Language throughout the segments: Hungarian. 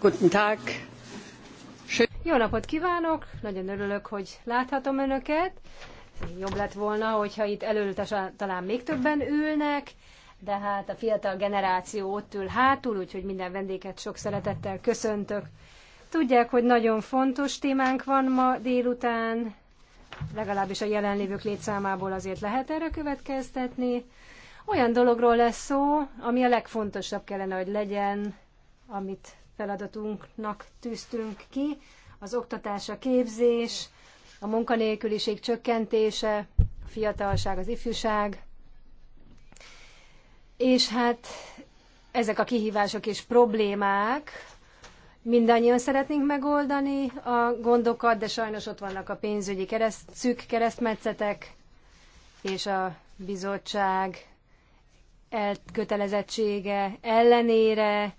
Guten Tag. Jó napot kívánok! Nagyon örülök, hogy láthatom Önöket. Jobb lett volna, hogyha itt előtt talán még többen ülnek, de hát a fiatal generáció ott ül hátul, úgyhogy minden vendéget sok szeretettel köszöntök. Tudják, hogy nagyon fontos témánk van ma délután, legalábbis a jelenlévők létszámából azért lehet erre következtetni. Olyan dologról lesz szó, ami a legfontosabb kellene, hogy legyen, amit feladatunknak tűztünk ki, az oktatás, a képzés, a munkanélküliség csökkentése, a fiatalság, az ifjúság. És hát ezek a kihívások és problémák, mindannyian szeretnénk megoldani a gondokat, de sajnos ott vannak a pénzügyi kereszt, szűk keresztmetszetek, és a bizottság elkötelezettsége ellenére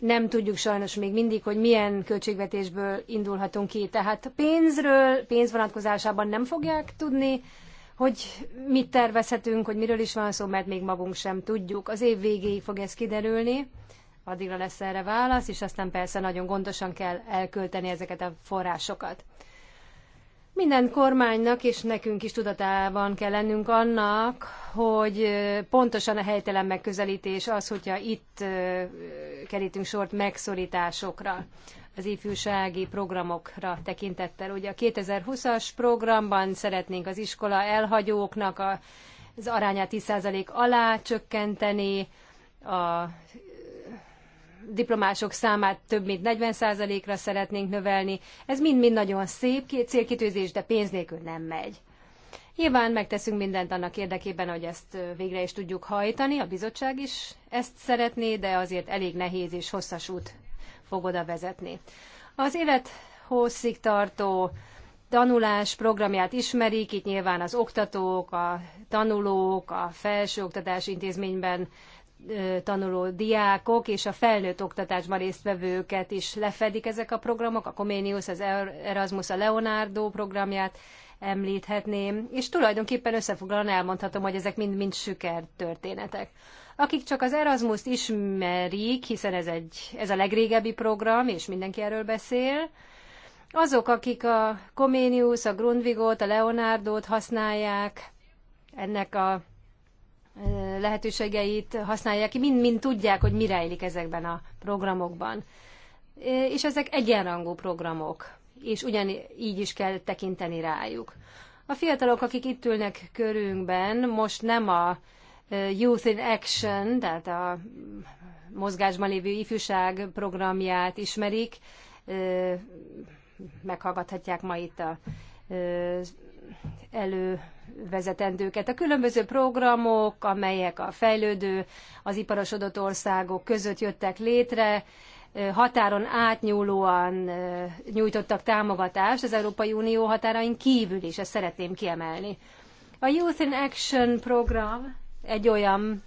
nem tudjuk sajnos még mindig, hogy milyen költségvetésből indulhatunk ki. Tehát a pénzről, pénz vonatkozásában nem fogják tudni, hogy mit tervezhetünk, hogy miről is van szó, mert még magunk sem tudjuk. Az év végéig fog ez kiderülni, addigra lesz erre válasz, és aztán persze nagyon gondosan kell elkölteni ezeket a forrásokat. Minden kormánynak és nekünk is tudatában kell lennünk annak, hogy pontosan a helytelen megközelítés az, hogyha itt kerítünk sort megszorításokra, az ifjúsági programokra tekintettel. Ugye a 2020-as programban szeretnénk az iskola elhagyóknak az arányát 10% alá csökkenteni, a diplomások számát több mint 40%-ra szeretnénk növelni. Ez mind-mind nagyon szép célkitűzés, de pénz nélkül nem megy. Nyilván megteszünk mindent annak érdekében, hogy ezt végre is tudjuk hajtani, a bizottság is ezt szeretné, de azért elég nehéz és hosszas út fog oda vezetni. Az élet hosszig tartó tanulás programját ismerik, itt nyilván az oktatók, a tanulók, a felsőoktatási intézményben tanuló diákok és a felnőtt oktatásban résztvevőket is lefedik ezek a programok, a Comenius, az Erasmus, a Leonardo programját említhetném, és tulajdonképpen összefoglalóan elmondhatom, hogy ezek mind-mind sikertörténetek. Akik csak az Erasmus-t ismerik, hiszen ez, egy, ez a legrégebbi program, és mindenki erről beszél, azok, akik a Comenius, a Grundvigot, a Leonardo-t használják, ennek a lehetőségeit használják ki, mind-mind tudják, hogy mi rejlik ezekben a programokban. És ezek egyenrangú programok, és ugyanígy is kell tekinteni rájuk. A fiatalok, akik itt ülnek körünkben, most nem a Youth in Action, tehát a mozgásban lévő ifjúság programját ismerik, meghallgathatják ma itt a elő vezetendőket. A különböző programok, amelyek a fejlődő, az iparosodott országok között jöttek létre, határon átnyúlóan nyújtottak támogatást az Európai Unió határain kívül is, ezt szeretném kiemelni. A Youth in Action program egy olyan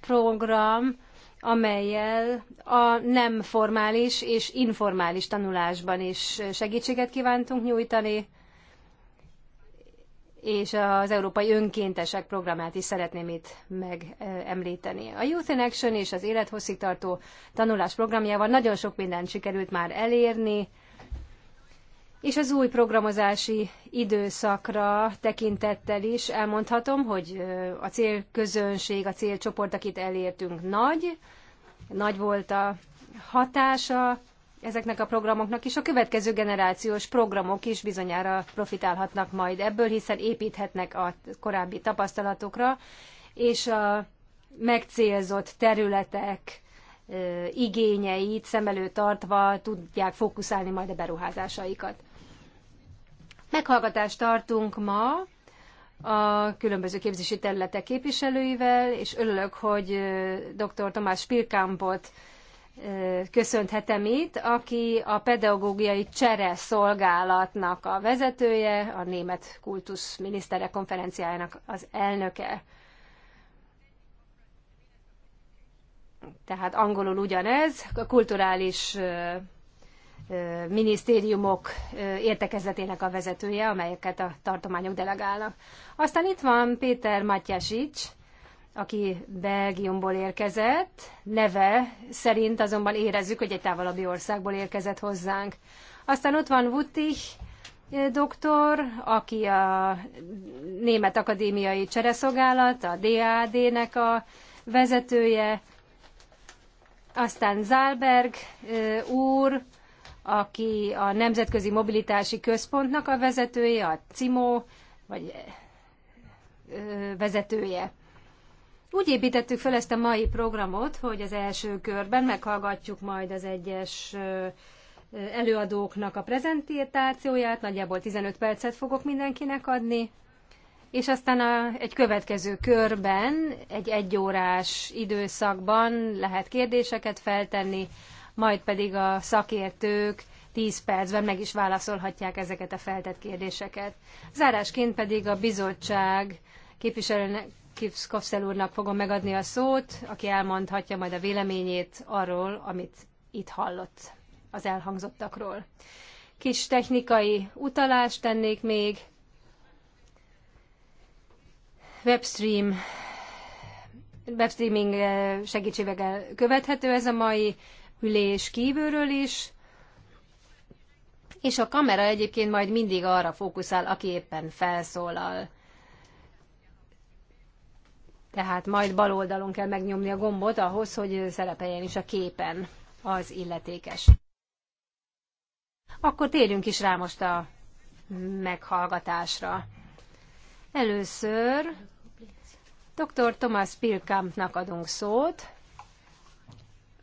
program, amelyel a nem formális és informális tanulásban is segítséget kívántunk nyújtani, és az Európai Önkéntesek programát is szeretném itt megemlíteni. A Youth in Action és az élethosszígtartó tanulás programjával nagyon sok mindent sikerült már elérni, és az új programozási időszakra tekintettel is elmondhatom, hogy a célközönség, a célcsoport, akit elértünk nagy, nagy volt a hatása, ezeknek a programoknak, és a következő generációs programok is bizonyára profitálhatnak majd ebből, hiszen építhetnek a korábbi tapasztalatokra, és a megcélzott területek igényeit szem előtt tartva tudják fókuszálni majd a beruházásaikat. Meghallgatást tartunk ma a különböző képzési területek képviselőivel, és örülök, hogy dr. Tomás Spirkámpot köszönhetem itt, aki a pedagógiai csere szolgálatnak a vezetője, a német kultuszminiszterek konferenciájának az elnöke. Tehát angolul ugyanez, a kulturális minisztériumok értekezletének a vezetője, amelyeket a tartományok delegálnak. Aztán itt van Péter Matyasics, aki Belgiumból érkezett, neve szerint azonban érezzük, hogy egy távolabbi országból érkezett hozzánk. Aztán ott van Wuttich eh, doktor, aki a Német Akadémiai Csereszolgálat, a DAD-nek a vezetője, aztán Zálberg eh, úr, aki a Nemzetközi Mobilitási Központnak a vezetője, a CIMO, vagy eh, vezetője. Úgy építettük fel ezt a mai programot, hogy az első körben meghallgatjuk majd az egyes előadóknak a prezentációját, nagyjából 15 percet fogok mindenkinek adni, és aztán a, egy következő körben, egy egyórás időszakban lehet kérdéseket feltenni, majd pedig a szakértők 10 percben meg is válaszolhatják ezeket a feltett kérdéseket. Zárásként pedig a bizottság képviselőnek Kivszkofszel úrnak fogom megadni a szót, aki elmondhatja majd a véleményét arról, amit itt hallott az elhangzottakról. Kis technikai utalást tennék még. Webstream webstreaming eh, segítségével követhető ez a mai ülés kívülről is, és a kamera egyébként majd mindig arra fókuszál, aki éppen felszólal. Tehát majd bal oldalon kell megnyomni a gombot ahhoz, hogy szerepeljen is a képen az illetékes. Akkor térjünk is rá most a meghallgatásra. Először dr. Thomas Pilkampnak adunk szót,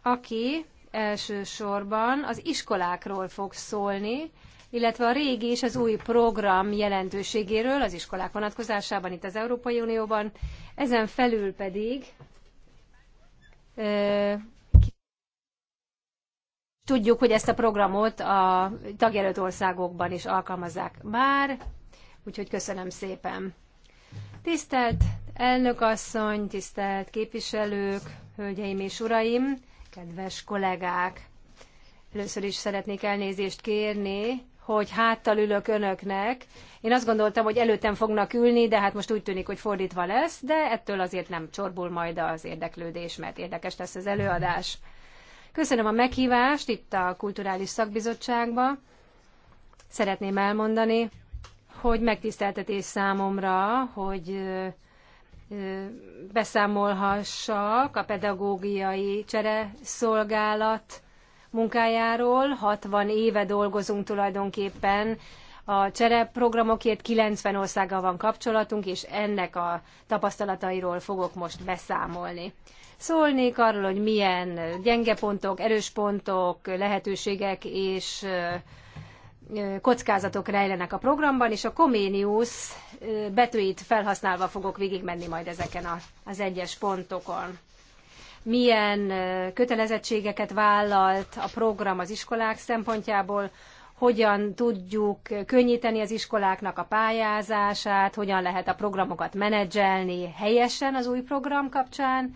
aki elsősorban az iskolákról fog szólni, illetve a régi és az új program jelentőségéről az iskolák vonatkozásában itt az Európai Unióban, ezen felül pedig euh, tudjuk, hogy ezt a programot a tagjelölt országokban is alkalmazzák már, úgyhogy köszönöm szépen. Tisztelt elnök asszony, tisztelt képviselők, hölgyeim és uraim, kedves kollégák! Először is szeretnék elnézést kérni hogy háttal ülök önöknek. Én azt gondoltam, hogy előttem fognak ülni, de hát most úgy tűnik, hogy fordítva lesz, de ettől azért nem csorbul majd az érdeklődés, mert érdekes lesz az előadás. Köszönöm a meghívást itt a Kulturális Szakbizottságba. Szeretném elmondani, hogy megtiszteltetés számomra, hogy beszámolhassak a pedagógiai csereszolgálat munkájáról. 60 éve dolgozunk tulajdonképpen a programokért 90 országgal van kapcsolatunk, és ennek a tapasztalatairól fogok most beszámolni. Szólnék arról, hogy milyen gyenge pontok, erős pontok, lehetőségek és kockázatok rejlenek a programban, és a Comenius betűit felhasználva fogok végigmenni majd ezeken az egyes pontokon milyen kötelezettségeket vállalt a program az iskolák szempontjából, hogyan tudjuk könnyíteni az iskoláknak a pályázását, hogyan lehet a programokat menedzselni helyesen az új program kapcsán.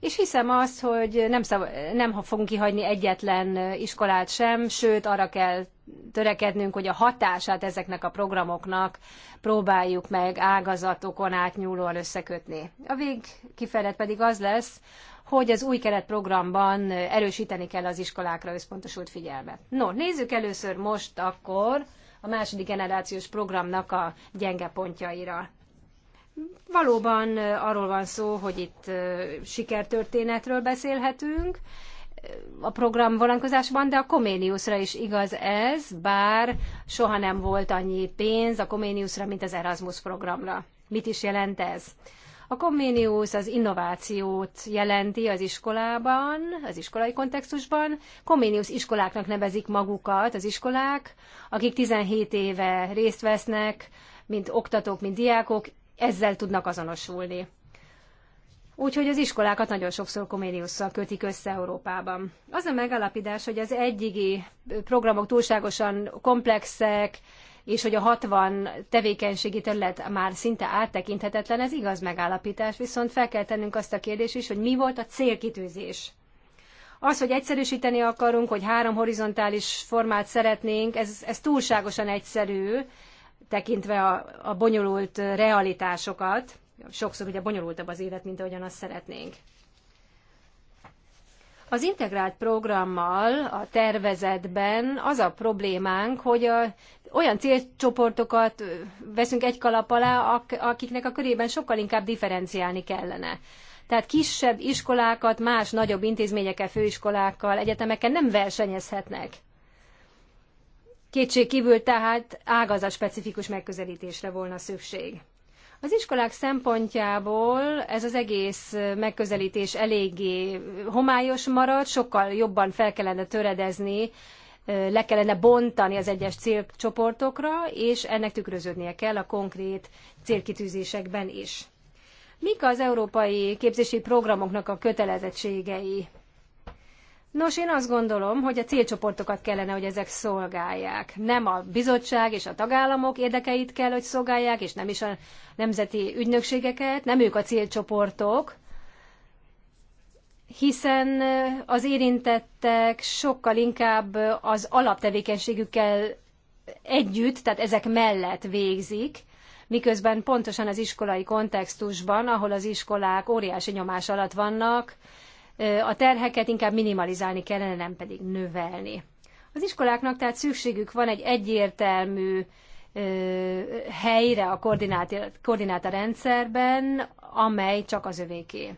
És hiszem azt, hogy nem, szav- nem fogunk kihagyni egyetlen iskolát sem, sőt arra kell törekednünk, hogy a hatását ezeknek a programoknak próbáljuk meg ágazatokon átnyúlóan összekötni. A vég kifejlet pedig az lesz, hogy az új keretprogramban erősíteni kell az iskolákra összpontosult figyelmet. No, nézzük először most akkor a második generációs programnak a gyenge pontjaira. Valóban arról van szó, hogy itt sikertörténetről beszélhetünk a program vonatkozásban, de a Koméniuszra is igaz ez, bár soha nem volt annyi pénz a Koméniuszra, mint az Erasmus programra. Mit is jelent ez? A Comenius az innovációt jelenti az iskolában, az iskolai kontextusban. Comenius iskoláknak nevezik magukat az iskolák, akik 17 éve részt vesznek, mint oktatók, mint diákok, ezzel tudnak azonosulni. Úgyhogy az iskolákat nagyon sokszor Koméniusszal kötik össze Európában. Az a megállapítás, hogy az egyigi programok túlságosan komplexek, és hogy a 60 tevékenységi terület már szinte áttekinthetetlen, ez igaz megállapítás, viszont fel kell tennünk azt a kérdést is, hogy mi volt a célkitűzés. Az, hogy egyszerűsíteni akarunk, hogy három horizontális formát szeretnénk, ez, ez túlságosan egyszerű, tekintve a, a bonyolult realitásokat. Sokszor ugye bonyolultabb az élet, mint ahogyan azt szeretnénk. Az integrált programmal a tervezetben az a problémánk, hogy a olyan célcsoportokat veszünk egy kalap alá, akiknek a körében sokkal inkább differenciálni kellene. Tehát kisebb iskolákat más nagyobb intézményekkel, főiskolákkal, egyetemekkel nem versenyezhetnek. Kétség kívül tehát ágazat specifikus megközelítésre volna szükség. Az iskolák szempontjából ez az egész megközelítés eléggé homályos marad, sokkal jobban fel kellene töredezni le kellene bontani az egyes célcsoportokra, és ennek tükröződnie kell a konkrét célkitűzésekben is. Mik az európai képzési programoknak a kötelezettségei? Nos, én azt gondolom, hogy a célcsoportokat kellene, hogy ezek szolgálják. Nem a bizottság és a tagállamok érdekeit kell, hogy szolgálják, és nem is a nemzeti ügynökségeket, nem ők a célcsoportok, hiszen az érintettek sokkal inkább az alaptevékenységükkel együtt, tehát ezek mellett végzik, miközben pontosan az iskolai kontextusban, ahol az iskolák óriási nyomás alatt vannak, a terheket inkább minimalizálni kellene, nem pedig növelni. Az iskoláknak tehát szükségük van egy egyértelmű helyre a koordináta rendszerben, amely csak az övéké.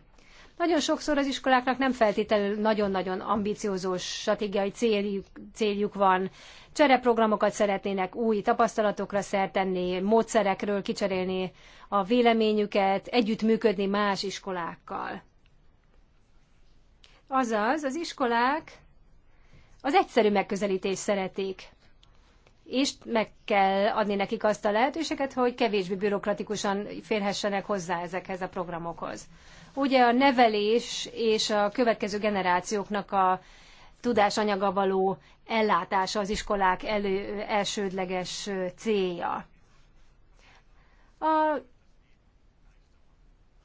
Nagyon sokszor az iskoláknak nem feltétlenül nagyon-nagyon ambiciózus stratégiai céljuk, céljuk van. Csereprogramokat szeretnének új tapasztalatokra szertenni, módszerekről kicserélni a véleményüket, együttműködni más iskolákkal. Azaz, az iskolák az egyszerű megközelítést szeretik, és meg kell adni nekik azt a lehetőséget, hogy kevésbé bürokratikusan férhessenek hozzá ezekhez a programokhoz ugye a nevelés és a következő generációknak a tudásanyaga való ellátása az iskolák elő, elsődleges célja. A,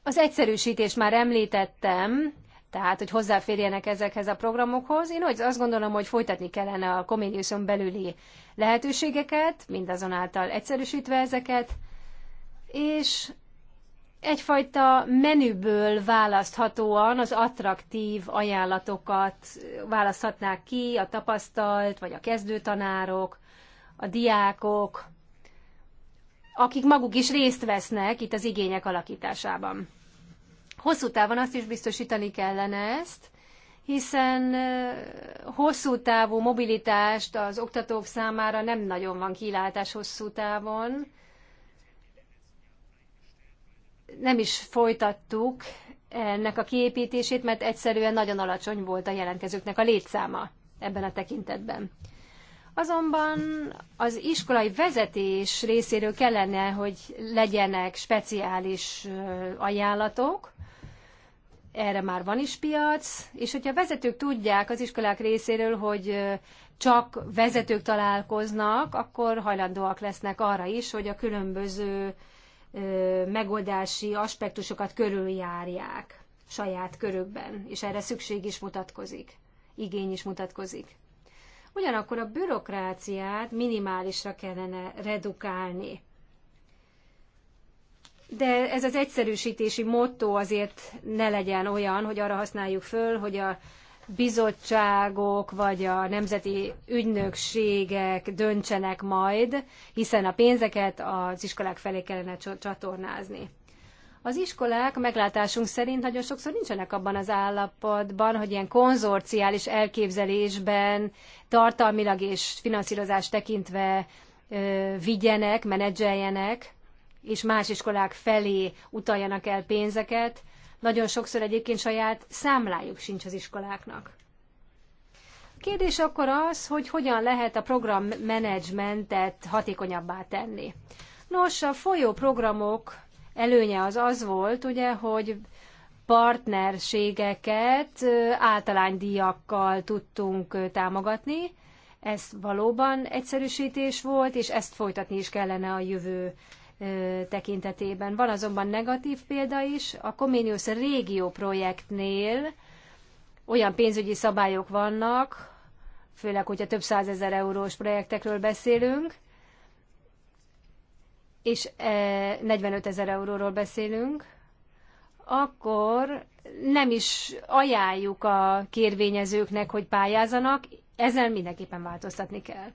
az egyszerűsítést már említettem, tehát hogy hozzáférjenek ezekhez a programokhoz. Én úgy azt gondolom, hogy folytatni kellene a Comeniuson belüli lehetőségeket, mindazonáltal egyszerűsítve ezeket, és egyfajta menüből választhatóan az attraktív ajánlatokat választhatnák ki a tapasztalt, vagy a kezdőtanárok, a diákok, akik maguk is részt vesznek itt az igények alakításában. Hosszú távon azt is biztosítani kellene ezt, hiszen hosszú távú mobilitást az oktatók számára nem nagyon van kilátás hosszú távon, nem is folytattuk ennek a kiépítését, mert egyszerűen nagyon alacsony volt a jelentkezőknek a létszáma ebben a tekintetben. Azonban az iskolai vezetés részéről kellene, hogy legyenek speciális ajánlatok, erre már van is piac, és hogyha vezetők tudják az iskolák részéről, hogy csak vezetők találkoznak, akkor hajlandóak lesznek arra is, hogy a különböző megoldási aspektusokat körüljárják saját körükben, és erre szükség is mutatkozik, igény is mutatkozik. Ugyanakkor a bürokráciát minimálisra kellene redukálni. De ez az egyszerűsítési motto azért ne legyen olyan, hogy arra használjuk föl, hogy a bizottságok vagy a nemzeti ügynökségek döntsenek majd, hiszen a pénzeket az iskolák felé kellene csatornázni. Az iskolák meglátásunk szerint nagyon sokszor nincsenek abban az állapotban, hogy ilyen konzorciális elképzelésben tartalmilag és finanszírozást tekintve ö, vigyenek, menedzseljenek, és más iskolák felé utaljanak el pénzeket, nagyon sokszor egyébként saját számlájuk sincs az iskoláknak. A kérdés akkor az, hogy hogyan lehet a programmenedzsmentet hatékonyabbá tenni. Nos, a folyó programok előnye az az volt, ugye, hogy partnerségeket általánydíjakkal tudtunk támogatni. Ez valóban egyszerűsítés volt, és ezt folytatni is kellene a jövő tekintetében. Van azonban negatív példa is, a Comenius régió projektnél olyan pénzügyi szabályok vannak, főleg, hogyha több százezer eurós projektekről beszélünk, és 45 ezer euróról beszélünk, akkor nem is ajánljuk a kérvényezőknek, hogy pályázanak, ezzel mindenképpen változtatni kell.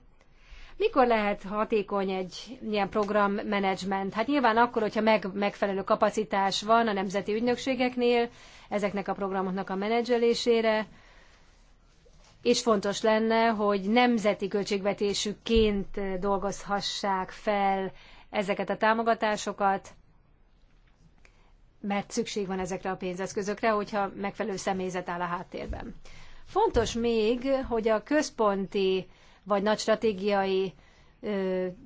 Mikor lehet hatékony egy ilyen programmenedzsment? Hát nyilván akkor, hogyha meg, megfelelő kapacitás van a nemzeti ügynökségeknél, ezeknek a programoknak a menedzselésére, és fontos lenne, hogy nemzeti költségvetésükként dolgozhassák fel ezeket a támogatásokat, mert szükség van ezekre a pénzeszközökre, hogyha megfelelő személyzet áll a háttérben. Fontos még, hogy a központi vagy nagy stratégiai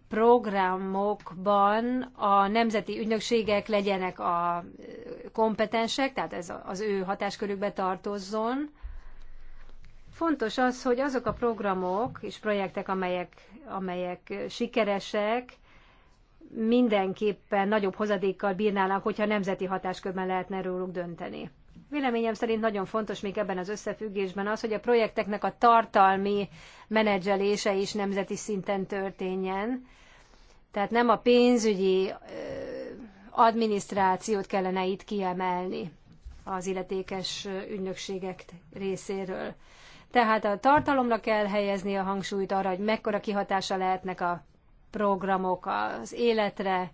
programokban a nemzeti ügynökségek legyenek a kompetensek, tehát ez az ő hatáskörükbe tartozzon. Fontos az, hogy azok a programok és projektek, amelyek, amelyek sikeresek, mindenképpen nagyobb hozadékkal bírnának, hogyha nemzeti hatáskörben lehetne róluk dönteni. Véleményem szerint nagyon fontos még ebben az összefüggésben az, hogy a projekteknek a tartalmi menedzselése is nemzeti szinten történjen. Tehát nem a pénzügyi adminisztrációt kellene itt kiemelni az illetékes ügynökségek részéről. Tehát a tartalomra kell helyezni a hangsúlyt arra, hogy mekkora kihatása lehetnek a programok az életre,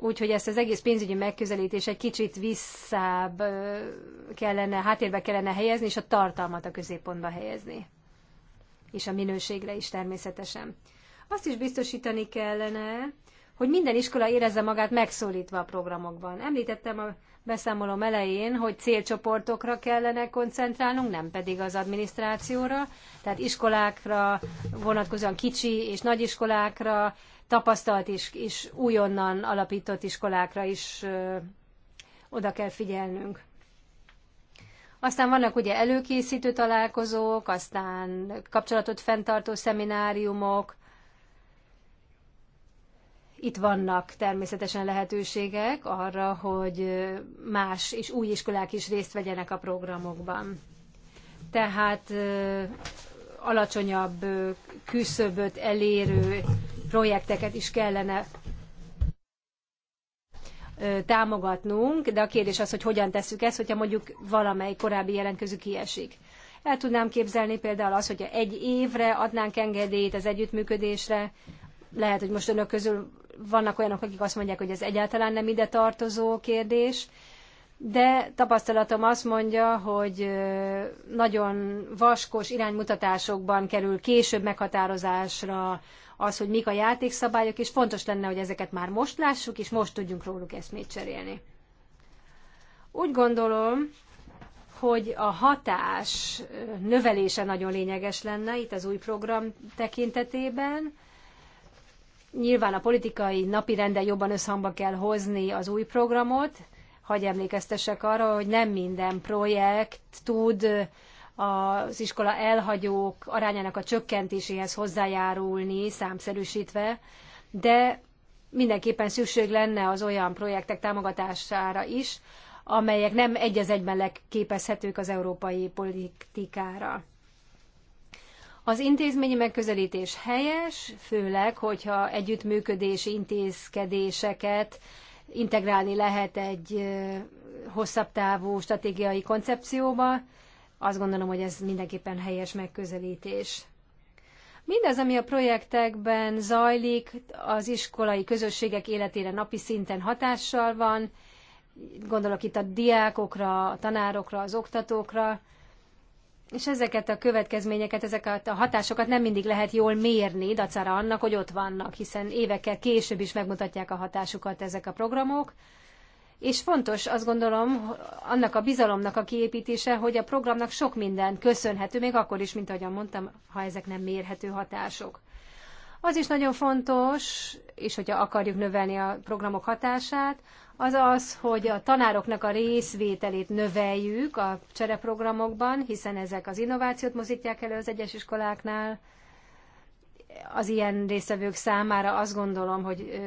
Úgyhogy ezt az egész pénzügyi megközelítés egy kicsit visszább kellene, háttérbe kellene helyezni, és a tartalmat a középpontba helyezni. És a minőségre is természetesen. Azt is biztosítani kellene, hogy minden iskola érezze magát megszólítva a programokban. Említettem a beszámolom elején, hogy célcsoportokra kellene koncentrálnunk, nem pedig az adminisztrációra, tehát iskolákra, vonatkozóan kicsi és nagy iskolákra, tapasztalt és, és újonnan alapított iskolákra is ö, oda kell figyelnünk. Aztán vannak ugye előkészítő találkozók, aztán kapcsolatot fenntartó szemináriumok. Itt vannak természetesen lehetőségek arra, hogy más és új iskolák is részt vegyenek a programokban. Tehát alacsonyabb küszöböt elérő projekteket is kellene támogatnunk, de a kérdés az, hogy hogyan tesszük ezt, hogyha mondjuk valamely korábbi jelentkező kiesik. El tudnám képzelni például az, hogyha egy évre adnánk engedélyt az együttműködésre, lehet, hogy most önök közül vannak olyanok, akik azt mondják, hogy ez egyáltalán nem ide tartozó kérdés, de tapasztalatom azt mondja, hogy nagyon vaskos iránymutatásokban kerül később meghatározásra az, hogy mik a játékszabályok, és fontos lenne, hogy ezeket már most lássuk, és most tudjunk róluk eszmét cserélni. Úgy gondolom, hogy a hatás növelése nagyon lényeges lenne itt az új program tekintetében. Nyilván a politikai napirenden jobban összhangba kell hozni az új programot. Hagy emlékeztessek arra, hogy nem minden projekt tud az iskola elhagyók arányának a csökkentéséhez hozzájárulni, számszerűsítve, de mindenképpen szükség lenne az olyan projektek támogatására is, amelyek nem egy az egyben legképezhetők az európai politikára. Az intézményi megközelítés helyes, főleg, hogyha együttműködési intézkedéseket integrálni lehet egy hosszabb távú stratégiai koncepcióba, azt gondolom, hogy ez mindenképpen helyes megközelítés. Mindez, ami a projektekben zajlik, az iskolai közösségek életére napi szinten hatással van. Gondolok itt a diákokra, a tanárokra, az oktatókra. És ezeket a következményeket, ezeket a hatásokat nem mindig lehet jól mérni, dacára annak, hogy ott vannak, hiszen évekkel később is megmutatják a hatásukat ezek a programok és fontos azt gondolom annak a bizalomnak a kiépítése, hogy a programnak sok minden köszönhető, még akkor is, mint ahogyan mondtam, ha ezek nem mérhető hatások. Az is nagyon fontos, és hogyha akarjuk növelni a programok hatását, az az, hogy a tanároknak a részvételét növeljük a csereprogramokban, hiszen ezek az innovációt mozítják elő az egyes iskoláknál. Az ilyen részevők számára azt gondolom, hogy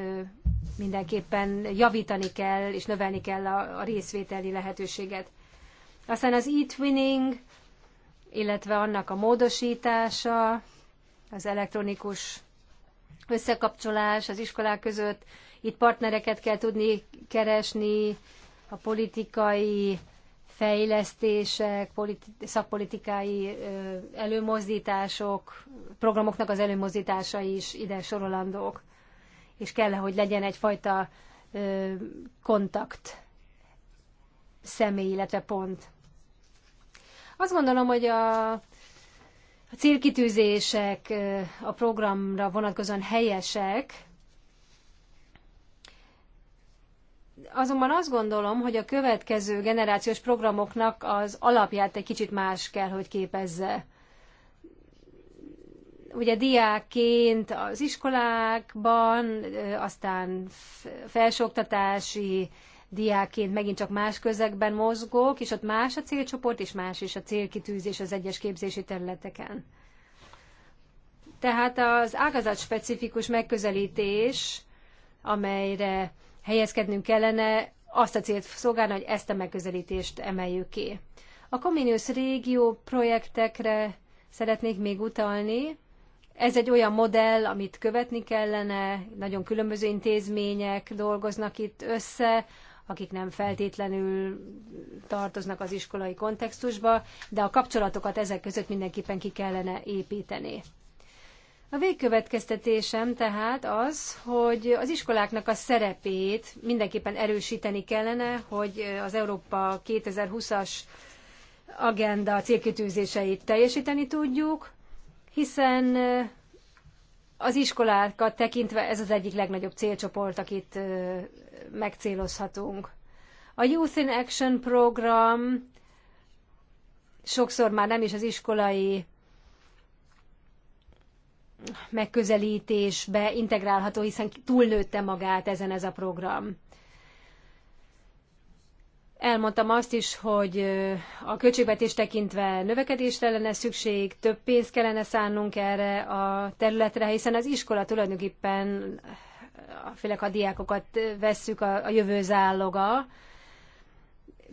mindenképpen javítani kell és növelni kell a, a részvételi lehetőséget. Aztán az e-twinning, illetve annak a módosítása, az elektronikus összekapcsolás az iskolák között. Itt partnereket kell tudni keresni, a politikai fejlesztések, politi- szakpolitikai előmozdítások, programoknak az előmozdítása is ide sorolandók és kell, hogy legyen egyfajta ö, kontakt személy, illetve pont. Azt gondolom, hogy a, a célkitűzések a programra vonatkozóan helyesek, azonban azt gondolom, hogy a következő generációs programoknak az alapját egy kicsit más kell, hogy képezze ugye diákként az iskolákban, aztán felsőoktatási diákként megint csak más közegben mozgok, és ott más a célcsoport, és más is a célkitűzés az egyes képzési területeken. Tehát az ágazat specifikus megközelítés, amelyre helyezkednünk kellene, azt a célt szolgálna, hogy ezt a megközelítést emeljük ki. A Comenius régió projektekre szeretnék még utalni, ez egy olyan modell, amit követni kellene, nagyon különböző intézmények dolgoznak itt össze, akik nem feltétlenül tartoznak az iskolai kontextusba, de a kapcsolatokat ezek között mindenképpen ki kellene építeni. A végkövetkeztetésem tehát az, hogy az iskoláknak a szerepét mindenképpen erősíteni kellene, hogy az Európa 2020-as agenda célkitűzéseit teljesíteni tudjuk, hiszen az iskolákat tekintve ez az egyik legnagyobb célcsoport, akit megcélozhatunk. A Youth in Action program sokszor már nem is az iskolai megközelítésbe integrálható, hiszen túlnőtte magát ezen ez a program. Elmondtam azt is, hogy a költségvetés tekintve növekedésre lenne szükség, több pénzt kellene szánnunk erre a területre, hiszen az iskola tulajdonképpen, főleg a diákokat vesszük, a, a jövő záloga,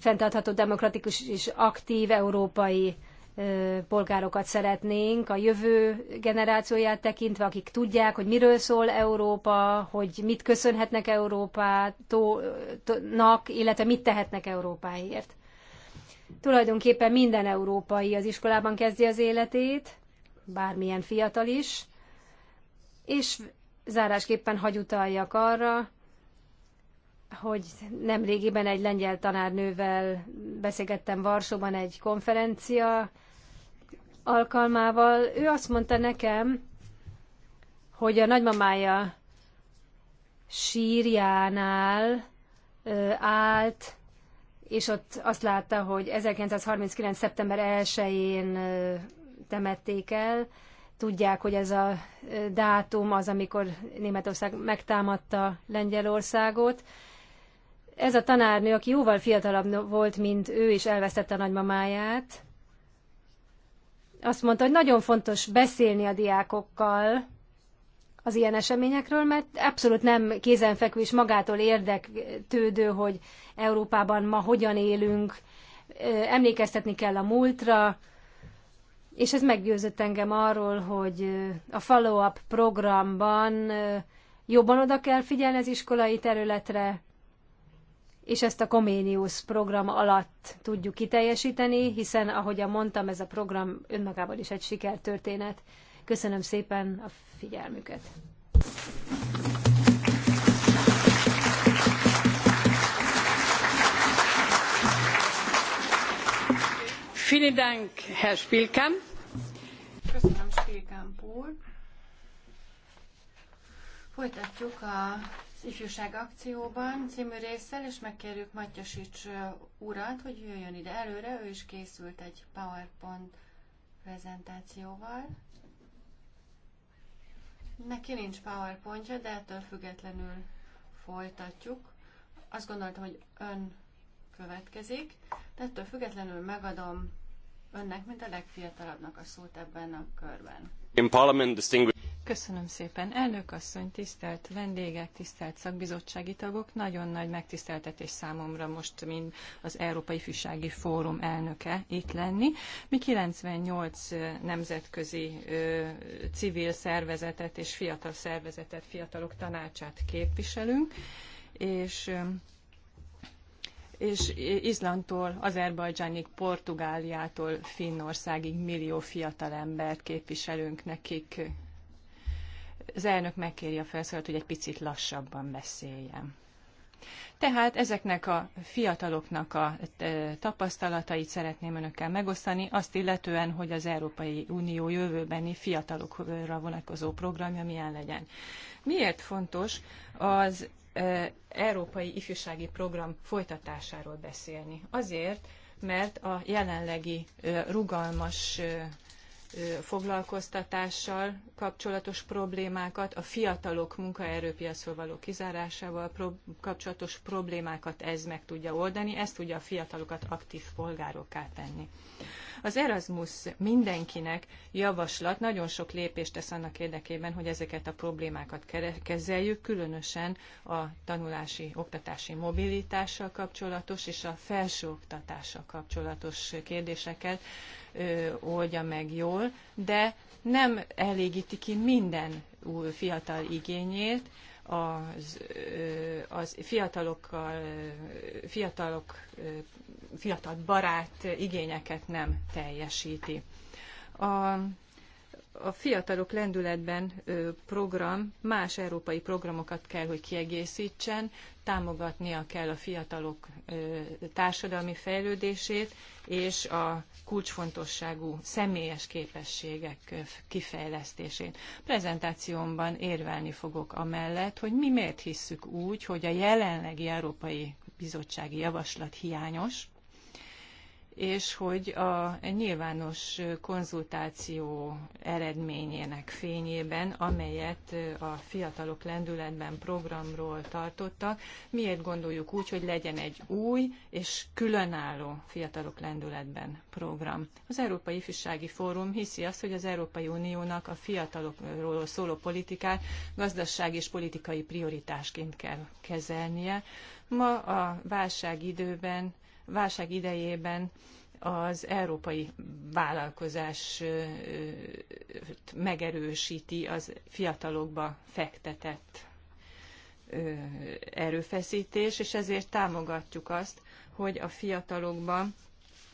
fenntartható demokratikus és aktív európai polgárokat szeretnénk, a jövő generációját tekintve, akik tudják, hogy miről szól Európa, hogy mit köszönhetnek Európának, illetve mit tehetnek Európáért. Tulajdonképpen minden európai az iskolában kezdi az életét, bármilyen fiatal is, és zárásképpen hagy utaljak arra, hogy nemrégiben egy lengyel tanárnővel beszélgettem Varsóban egy konferencia alkalmával. Ő azt mondta nekem, hogy a nagymamája sírjánál állt, és ott azt látta, hogy 1939. szeptember 1-én temették el. Tudják, hogy ez a dátum az, amikor Németország megtámadta Lengyelországot. Ez a tanárnő, aki jóval fiatalabb volt, mint ő, és elvesztette a nagymamáját, azt mondta, hogy nagyon fontos beszélni a diákokkal az ilyen eseményekről, mert abszolút nem kézenfekvő és magától érdektődő, hogy Európában ma hogyan élünk, emlékeztetni kell a múltra, és ez meggyőzött engem arról, hogy a follow-up programban jobban oda kell figyelni az iskolai területre, és ezt a Comenius program alatt tudjuk kiteljesíteni, hiszen, ahogy mondtam, ez a program önmagában is egy sikertörténet. Köszönöm szépen a figyelmüket! Vielen Dank, Herr Spielkamp. Köszönöm, Spielkamp úr. Folytatjuk a ifjúság akcióban című részsel, és megkérjük Matyasics urat, hogy jöjjön ide előre, ő is készült egy PowerPoint prezentációval. Neki nincs PowerPointja, de ettől függetlenül folytatjuk. Azt gondoltam, hogy ön következik, de ettől függetlenül megadom önnek, mint a legfiatalabbnak a szót ebben a körben. Köszönöm szépen. Elnök asszony, tisztelt vendégek, tisztelt szakbizottsági tagok, nagyon nagy megtiszteltetés számomra most, mint az Európai Ifjúsági Fórum elnöke itt lenni. Mi 98 nemzetközi civil szervezetet és fiatal szervezetet, fiatalok tanácsát képviselünk, és és Izlandtól, Azerbajdzsánig, Portugáliától Finnországig millió embert képviselünk nekik. Az elnök megkéri a felszólalt, hogy egy picit lassabban beszéljem. Tehát ezeknek a fiataloknak a e, tapasztalatait szeretném önökkel megosztani, azt illetően, hogy az Európai Unió jövőbeni fiatalokra vonatkozó programja milyen legyen. Miért fontos az európai ifjúsági program folytatásáról beszélni. Azért, mert a jelenlegi rugalmas foglalkoztatással kapcsolatos problémákat, a fiatalok munkaerőpiacról való kizárásával kapcsolatos problémákat ez meg tudja oldani, ez tudja a fiatalokat aktív polgárokká tenni. Az Erasmus mindenkinek javaslat nagyon sok lépést tesz annak érdekében, hogy ezeket a problémákat kezeljük, különösen a tanulási, oktatási mobilitással kapcsolatos és a felsőoktatással kapcsolatos kérdéseket oldja meg jól, de nem elégíti ki minden új fiatal igényét, az, az fiatalokkal, fiatalok, fiatal barát igényeket nem teljesíti. A a Fiatalok Lendületben program más európai programokat kell, hogy kiegészítsen, támogatnia kell a fiatalok társadalmi fejlődését és a kulcsfontosságú személyes képességek kifejlesztését. Prezentációmban érvelni fogok amellett, hogy mi miért hisszük úgy, hogy a jelenlegi Európai Bizottsági Javaslat hiányos, és hogy a nyilvános konzultáció eredményének fényében, amelyet a Fiatalok Lendületben programról tartottak, miért gondoljuk úgy, hogy legyen egy új és különálló Fiatalok Lendületben program. Az Európai Ifjúsági Fórum hiszi azt, hogy az Európai Uniónak a fiatalokról szóló politikát gazdasági és politikai prioritásként kell kezelnie. Ma a válság időben válság idejében az európai vállalkozás megerősíti az fiatalokba fektetett erőfeszítés, és ezért támogatjuk azt, hogy a fiatalokba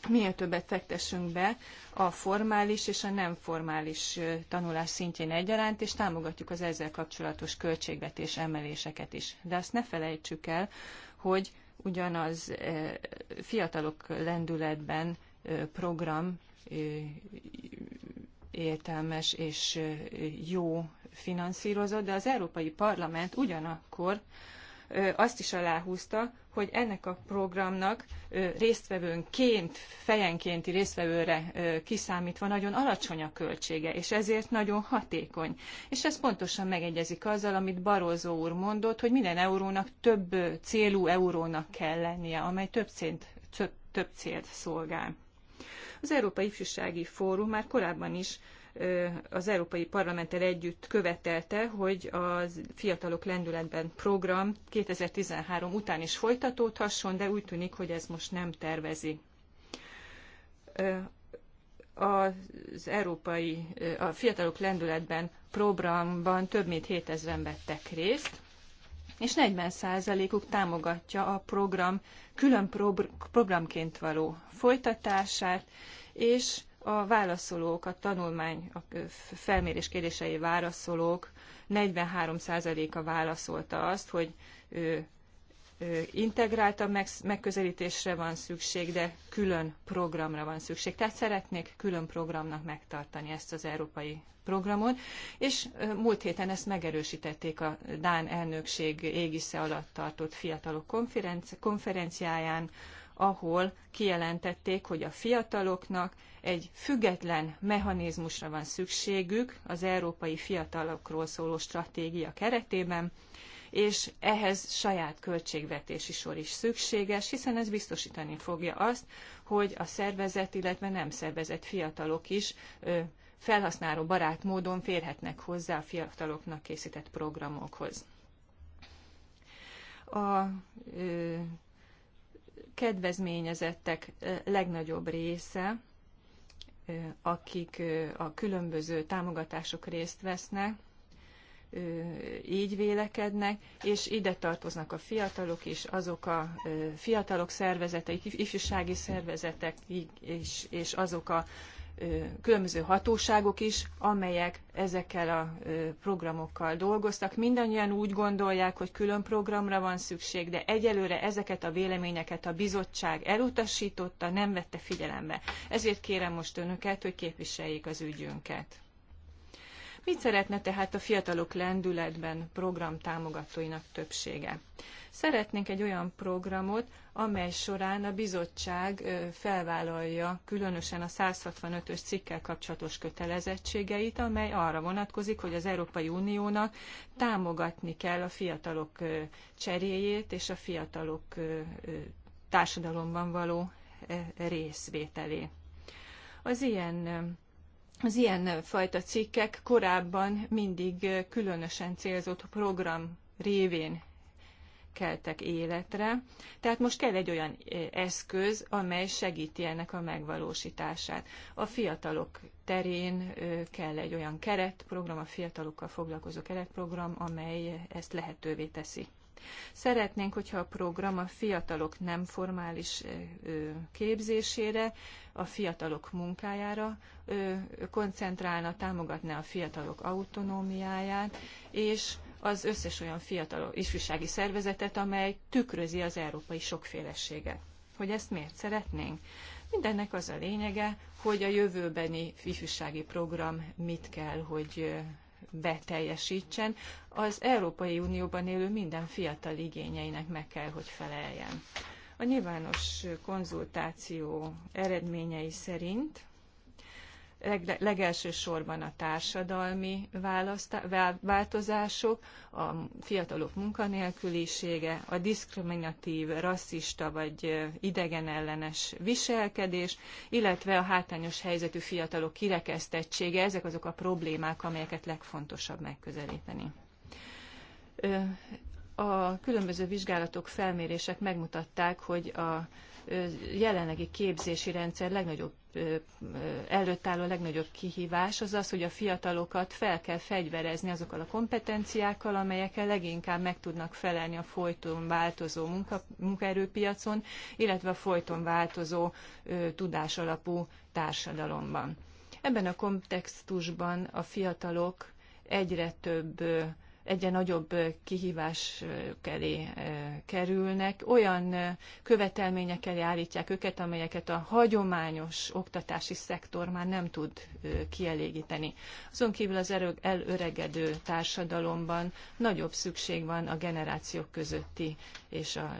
minél többet fektessünk be a formális és a nem formális tanulás szintjén egyaránt, és támogatjuk az ezzel kapcsolatos költségvetés emeléseket is. De azt ne felejtsük el, hogy ugyanaz fiatalok lendületben program értelmes és jó finanszírozott, de az Európai Parlament ugyanakkor azt is aláhúzta, hogy ennek a programnak résztvevőnként, fejenkénti résztvevőre kiszámítva nagyon alacsony a költsége, és ezért nagyon hatékony. És ez pontosan megegyezik azzal, amit Barózó úr mondott, hogy minden eurónak több célú eurónak kell lennie, amely több, célt, több, több célt szolgál. Az Európai Ifjúsági Fórum már korábban is az Európai Parlamenttel együtt követelte, hogy a Fiatalok Lendületben program 2013 után is folytatódhasson, de úgy tűnik, hogy ez most nem tervezi az európai, a Fiatalok Lendületben programban több mint 7000-en vettek részt, és 40%-uk támogatja a program külön programként való folytatását, és a válaszolók, a tanulmány, a felmérés kérdései válaszolók 43%-a válaszolta azt, hogy ő, ő integráltabb meg, megközelítésre van szükség, de külön programra van szükség. Tehát szeretnék külön programnak megtartani ezt az európai programon, és múlt héten ezt megerősítették a Dán elnökség égisze alatt tartott fiatalok konferenci konferenciáján, ahol kijelentették, hogy a fiataloknak egy független mechanizmusra van szükségük az európai fiatalokról szóló stratégia keretében, és ehhez saját költségvetési sor is szükséges, hiszen ez biztosítani fogja azt, hogy a szervezet, illetve nem szervezett fiatalok is felhasználó barát módon férhetnek hozzá a fiataloknak készített programokhoz. A kedvezményezettek legnagyobb része, akik a különböző támogatások részt vesznek, így vélekednek, és ide tartoznak a fiatalok is, azok a fiatalok szervezetei, ifjúsági szervezetek is, és azok a különböző hatóságok is, amelyek ezekkel a programokkal dolgoztak. Mindannyian úgy gondolják, hogy külön programra van szükség, de egyelőre ezeket a véleményeket a bizottság elutasította, nem vette figyelembe. Ezért kérem most önöket, hogy képviseljék az ügyünket. Mit szeretne tehát a fiatalok lendületben program támogatóinak többsége? Szeretnénk egy olyan programot, amely során a bizottság felvállalja különösen a 165-ös cikkel kapcsolatos kötelezettségeit, amely arra vonatkozik, hogy az Európai Uniónak támogatni kell a fiatalok cseréjét és a fiatalok társadalomban való e, részvételét. Az ilyen az ilyen fajta cikkek korábban mindig különösen célzott program révén keltek életre. Tehát most kell egy olyan eszköz, amely segíti ennek a megvalósítását. A fiatalok terén kell egy olyan keretprogram, a fiatalokkal foglalkozó keretprogram, amely ezt lehetővé teszi. Szeretnénk, hogyha a program a fiatalok nem formális képzésére, a fiatalok munkájára koncentrálna, támogatná a fiatalok autonómiáját, és az összes olyan fiatal ifjúsági szervezetet, amely tükrözi az európai sokféleséget. Hogy ezt miért szeretnénk? Mindennek az a lényege, hogy a jövőbeni ifjúsági program mit kell, hogy beteljesítsen, az Európai Unióban élő minden fiatal igényeinek meg kell, hogy feleljen. A nyilvános konzultáció eredményei szerint legelső sorban a társadalmi változások, a fiatalok munkanélkülisége, a diszkriminatív, rasszista vagy idegenellenes viselkedés, illetve a hátrányos helyzetű fiatalok kirekesztettsége, ezek azok a problémák, amelyeket legfontosabb megközelíteni. A különböző vizsgálatok, felmérések megmutatták, hogy a jelenlegi képzési rendszer legnagyobb előtt álló legnagyobb kihívás az az, hogy a fiatalokat fel kell fegyverezni azokkal a kompetenciákkal, amelyekkel leginkább meg tudnak felelni a folyton változó munka, munkaerőpiacon, illetve a folyton változó tudásalapú társadalomban. Ebben a kontextusban a fiatalok egyre több egyre nagyobb kihívás elé kerülnek, olyan követelmények elé állítják őket, amelyeket a hagyományos oktatási szektor már nem tud kielégíteni. Azon kívül az erő, elöregedő társadalomban nagyobb szükség van a generációk közötti és a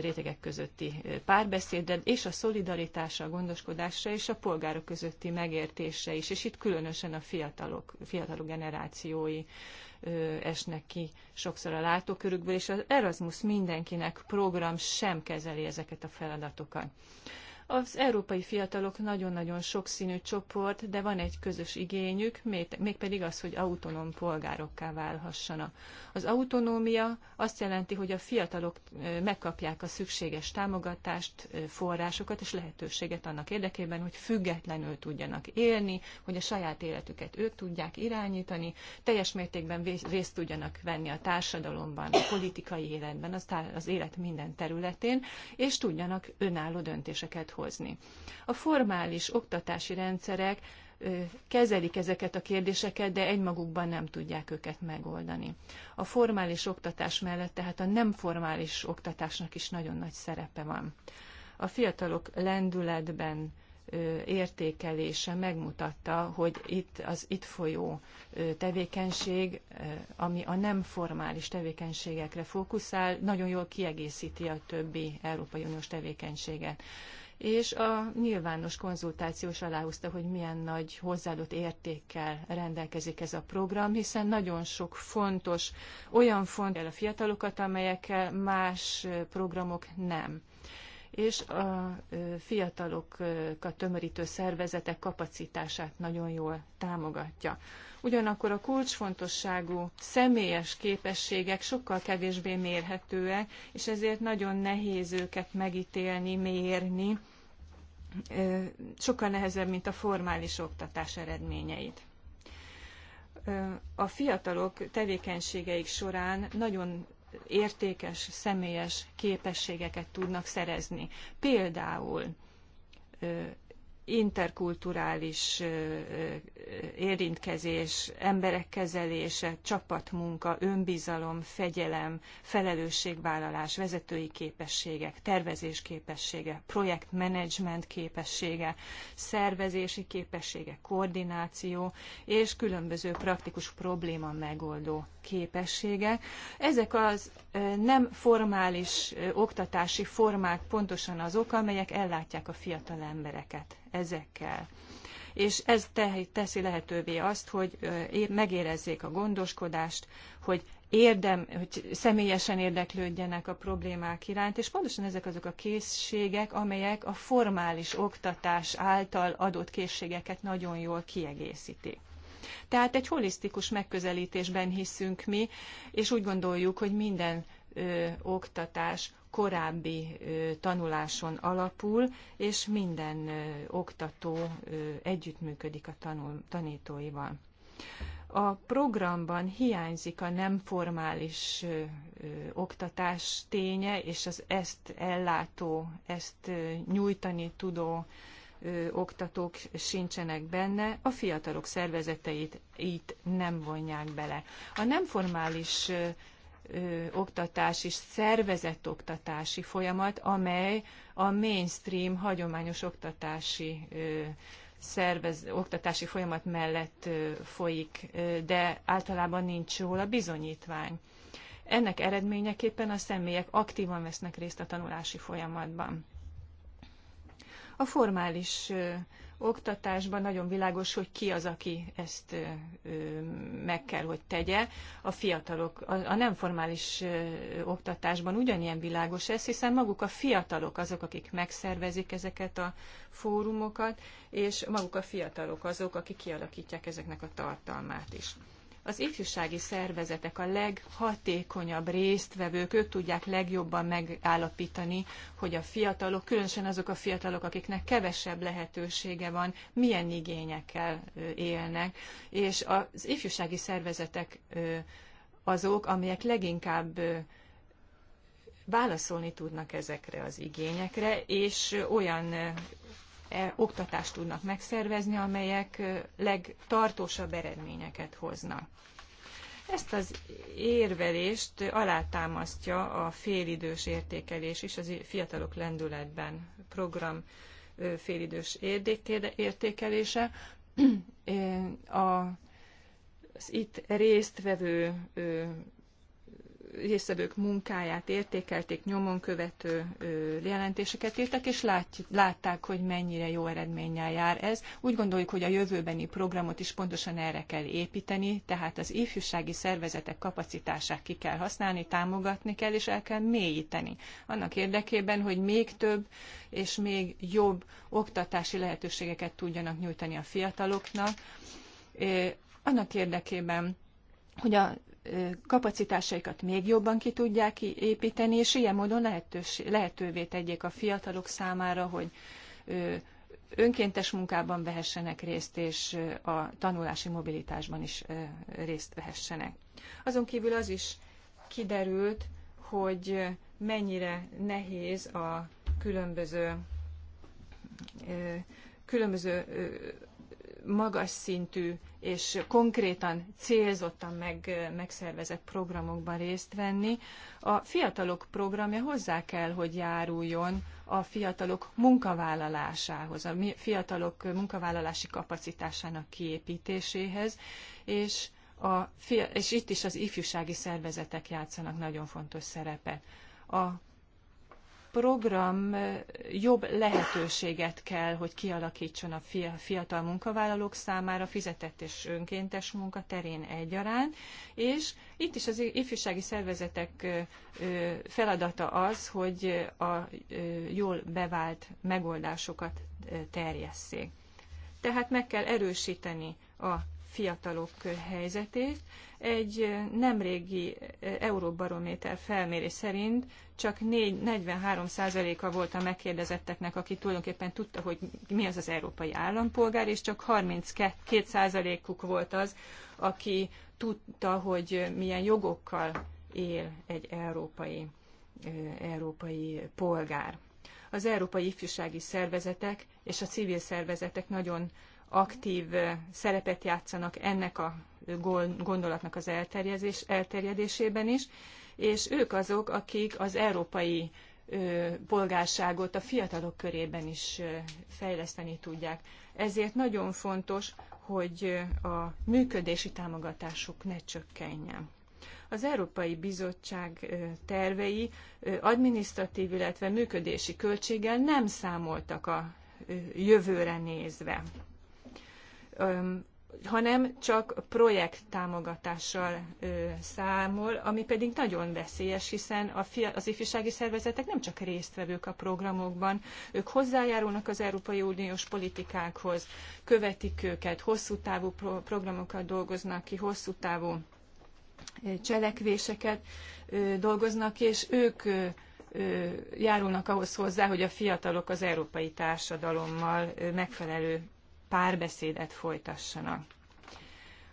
rétegek közötti párbeszédre, és a szolidaritásra, a gondoskodásra és a polgárok közötti megértésre is, és itt különösen a fiatalok, fiatalok generációi esnek ki sokszor a látókörükből, és az Erasmus mindenkinek program sem kezeli ezeket a feladatokat. Az európai fiatalok nagyon-nagyon sokszínű csoport, de van egy közös igényük, mégpedig az, hogy autonóm polgárokká válhassanak. Az autonómia azt jelenti, hogy a fiatalok megkapják a szükséges támogatást, forrásokat és lehetőséget annak érdekében, hogy függetlenül tudjanak élni, hogy a saját életüket ők tudják irányítani, teljes mértékben részt tudjanak venni a társadalomban, a politikai életben, az élet minden területén, és tudjanak önálló döntéseket hozni. A formális oktatási rendszerek kezelik ezeket a kérdéseket, de egymagukban nem tudják őket megoldani. A formális oktatás mellett tehát a nem formális oktatásnak is nagyon nagy szerepe van. A fiatalok lendületben értékelése megmutatta, hogy itt az itt folyó tevékenység, ami a nem formális tevékenységekre fókuszál, nagyon jól kiegészíti a többi Európai Uniós tevékenységet és a nyilvános konzultációs aláhúzta, hogy milyen nagy hozzáadott értékkel rendelkezik ez a program, hiszen nagyon sok fontos, olyan fontos a fiatalokat, amelyekkel más programok nem és a fiatalokat tömörítő szervezetek kapacitását nagyon jól támogatja ugyanakkor a kulcsfontosságú személyes képességek sokkal kevésbé mérhetőek, és ezért nagyon nehéz őket megítélni, mérni, sokkal nehezebb, mint a formális oktatás eredményeit a fiatalok tevékenységeik során nagyon értékes, személyes képességeket tudnak szerezni. Például interkulturális érintkezés, emberek kezelése, csapatmunka, önbizalom, fegyelem, felelősségvállalás, vezetői képességek, tervezés képessége, projektmenedzsment képessége, szervezési képessége, koordináció és különböző praktikus probléma megoldó képessége. Ezek az nem formális oktatási formák pontosan azok, amelyek ellátják a fiatal embereket ezekkel. És ez teszi lehetővé azt, hogy megérezzék a gondoskodást, hogy érdem, hogy személyesen érdeklődjenek a problémák iránt, és pontosan ezek azok a készségek, amelyek a formális oktatás által adott készségeket nagyon jól kiegészítik. Tehát egy holisztikus megközelítésben hiszünk mi, és úgy gondoljuk, hogy minden ö, oktatás korábbi tanuláson alapul, és minden oktató együttműködik a tanul, tanítóival. A programban hiányzik a nem formális oktatás ténye, és az ezt ellátó, ezt nyújtani tudó oktatók sincsenek benne, a fiatalok szervezeteit itt nem vonják bele. A nem formális oktatás és szervezett oktatási folyamat, amely a mainstream hagyományos oktatási ö, szervez, oktatási folyamat mellett ö, folyik, ö, de általában nincs róla bizonyítvány. Ennek eredményeképpen a személyek aktívan vesznek részt a tanulási folyamatban. A formális oktatásban nagyon világos, hogy ki az, aki ezt meg kell, hogy tegye. A fiatalok, a nem formális oktatásban ugyanilyen világos ez, hiszen maguk a fiatalok azok, akik megszervezik ezeket a fórumokat, és maguk a fiatalok azok, akik kialakítják ezeknek a tartalmát is. Az ifjúsági szervezetek a leghatékonyabb résztvevők, ők tudják legjobban megállapítani, hogy a fiatalok, különösen azok a fiatalok, akiknek kevesebb lehetősége van, milyen igényekkel élnek. És az ifjúsági szervezetek azok, amelyek leginkább válaszolni tudnak ezekre az igényekre, és olyan E, oktatást tudnak megszervezni, amelyek legtartósabb eredményeket hoznak. Ezt az érvelést alátámasztja a félidős értékelés is, az Fiatalok Lendületben program félidős értékelése. A, az itt résztvevő résztvevők munkáját értékelték, nyomon követő jelentéseket írtak, és lát, látták, hogy mennyire jó eredménnyel jár ez. Úgy gondoljuk, hogy a jövőbeni programot is pontosan erre kell építeni, tehát az ifjúsági szervezetek kapacitását ki kell használni, támogatni kell, és el kell mélyíteni. Annak érdekében, hogy még több és még jobb oktatási lehetőségeket tudjanak nyújtani a fiataloknak, annak érdekében, hogy a kapacitásaikat még jobban ki tudják építeni, és ilyen módon lehetős, lehetővé tegyék a fiatalok számára, hogy önkéntes munkában vehessenek részt, és a tanulási mobilitásban is részt vehessenek. Azon kívül az is kiderült, hogy mennyire nehéz a különböző különböző magas szintű és konkrétan, célzottan meg, megszervezett programokban részt venni. A fiatalok programja hozzá kell, hogy járuljon a fiatalok munkavállalásához, a fiatalok munkavállalási kapacitásának kiépítéséhez, és, a, és itt is az ifjúsági szervezetek játszanak nagyon fontos szerepet. A program jobb lehetőséget kell, hogy kialakítson a fiatal munkavállalók számára fizetett és önkéntes munka terén egyaránt, és itt is az ifjúsági szervezetek feladata az, hogy a jól bevált megoldásokat terjesszék. Tehát meg kell erősíteni a fiatalok helyzetét. Egy nemrégi Euróbarométer felmérés szerint csak 43%-a volt a megkérdezetteknek, aki tulajdonképpen tudta, hogy mi az az európai állampolgár, és csak 32%-uk volt az, aki tudta, hogy milyen jogokkal él egy európai, európai polgár. Az európai ifjúsági szervezetek és a civil szervezetek nagyon aktív szerepet játszanak ennek a gondolatnak az elterjedésében is és ők azok, akik az európai polgárságot a fiatalok körében is fejleszteni tudják. Ezért nagyon fontos, hogy a működési támogatásuk ne csökkenjen. Az Európai Bizottság tervei adminisztratív, illetve működési költséggel nem számoltak a jövőre nézve hanem csak projekt támogatással számol, ami pedig nagyon veszélyes, hiszen a fia, az ifjúsági szervezetek nem csak résztvevők a programokban, ők hozzájárulnak az Európai Uniós politikákhoz, követik őket, hosszú távú pro programokat dolgoznak ki, hosszú távú cselekvéseket dolgoznak, és ők járulnak ahhoz hozzá, hogy a fiatalok az európai társadalommal megfelelő párbeszédet folytassanak.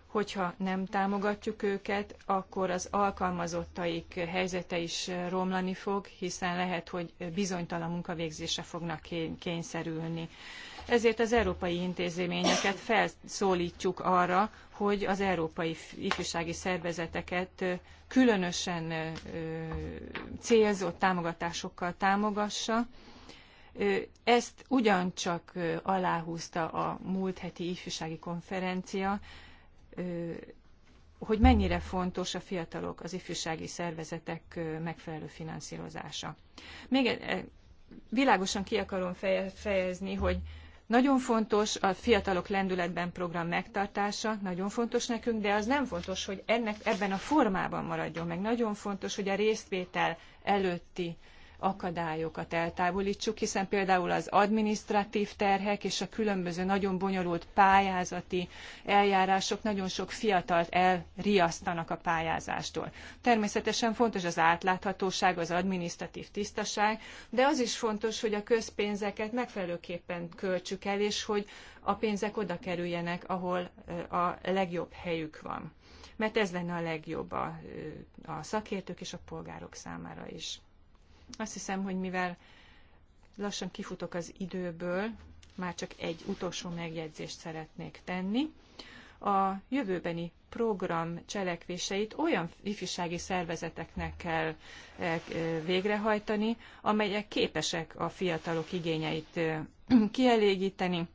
Hogyha nem támogatjuk őket, akkor az alkalmazottaik helyzete is romlani fog, hiszen lehet, hogy bizonytalan munkavégzésre fognak kényszerülni. Ezért az európai intézményeket felszólítjuk arra, hogy az európai ifjúsági szervezeteket különösen célzott támogatásokkal támogassa, ezt ugyancsak aláhúzta a múlt heti ifjúsági konferencia, hogy mennyire fontos a fiatalok, az ifjúsági szervezetek megfelelő finanszírozása. Még e, e, világosan ki akarom fejezni, hogy nagyon fontos a fiatalok lendületben program megtartása, nagyon fontos nekünk, de az nem fontos, hogy ennek ebben a formában maradjon meg. Nagyon fontos, hogy a résztvétel előtti akadályokat eltávolítsuk, hiszen például az administratív terhek és a különböző nagyon bonyolult pályázati eljárások nagyon sok fiatalt elriasztanak a pályázástól. Természetesen fontos az átláthatóság, az administratív tisztaság, de az is fontos, hogy a közpénzeket megfelelőképpen költsük el, és hogy a pénzek oda kerüljenek, ahol a legjobb helyük van. Mert ez lenne a legjobb a, a szakértők és a polgárok számára is. Azt hiszem, hogy mivel lassan kifutok az időből, már csak egy utolsó megjegyzést szeretnék tenni. A jövőbeni program cselekvéseit olyan ifjúsági szervezeteknek kell eh, végrehajtani, amelyek képesek a fiatalok igényeit eh, kielégíteni,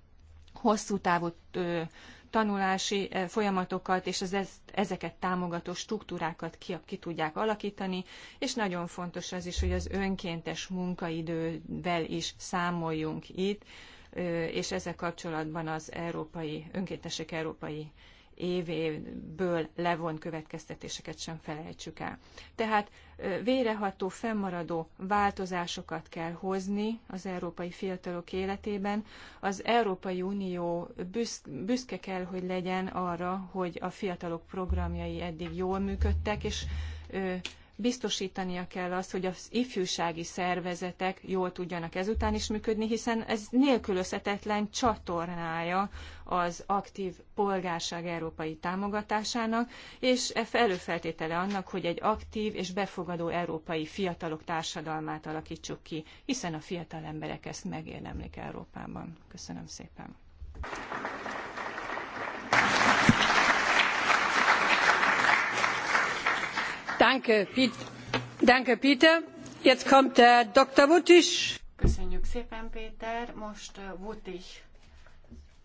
hosszú távú eh, tanulási eh, folyamatokat és az ezt, ezeket támogató struktúrákat ki, ki tudják alakítani, és nagyon fontos az is, hogy az önkéntes munkaidővel is számoljunk itt, eh, és ezzel kapcsolatban az Európai Önkéntesek Európai évéből levon következtetéseket sem felejtsük el. Tehát véreható, fennmaradó változásokat kell hozni az európai fiatalok életében. Az Európai Unió büszke kell, hogy legyen arra, hogy a fiatalok programjai eddig jól működtek, és biztosítania kell azt, hogy az ifjúsági szervezetek jól tudjanak ezután is működni, hiszen ez nélkülözhetetlen csatornája az aktív polgárság európai támogatásának, és e előfeltétele annak, hogy egy aktív és befogadó európai fiatalok társadalmát alakítsuk ki, hiszen a fiatal emberek ezt megérdemlik Európában. Köszönöm szépen! Äh, Köszönjük szépen, Péter. Most äh, Wuttig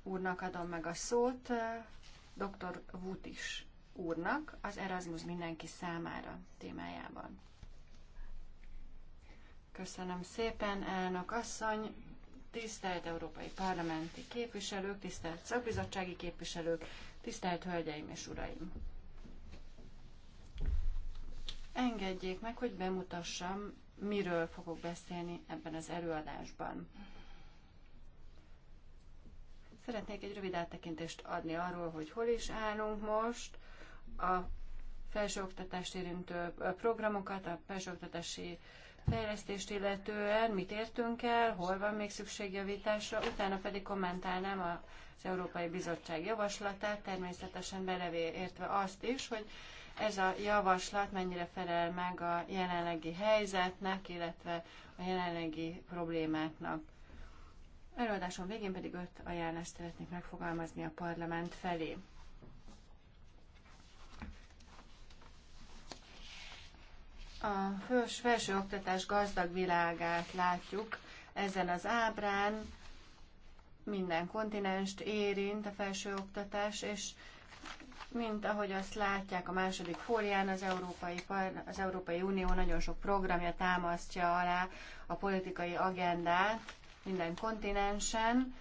úrnak adom meg a szót, äh, dr. Wuttig úrnak az Erasmus mindenki számára témájában. Köszönöm szépen, elnök asszony, tisztelt európai parlamenti képviselők, tisztelt szakbizottsági képviselők, tisztelt hölgyeim és uraim! Engedjék meg, hogy bemutassam, miről fogok beszélni ebben az előadásban. Szeretnék egy rövid áttekintést adni arról, hogy hol is állunk most, a felsőoktatást érintő programokat, a felsőoktatási uh, fejlesztést illetően, mit értünk el, hol van még szükség javításra, utána pedig kommentálnám az Európai Bizottság javaslatát, természetesen belevé értve azt is, hogy ez a javaslat mennyire felel meg a jelenlegi helyzetnek, illetve a jelenlegi problémáknak. Előadásom végén pedig öt ajánlást szeretnék megfogalmazni a parlament felé. A fős, felső oktatás gazdag világát látjuk ezen az ábrán. Minden kontinenst érint a felső oktatás, és mint ahogy azt látják a második fólián, az Európai, az Európai Unió nagyon sok programja támasztja alá a politikai agendát minden kontinensen.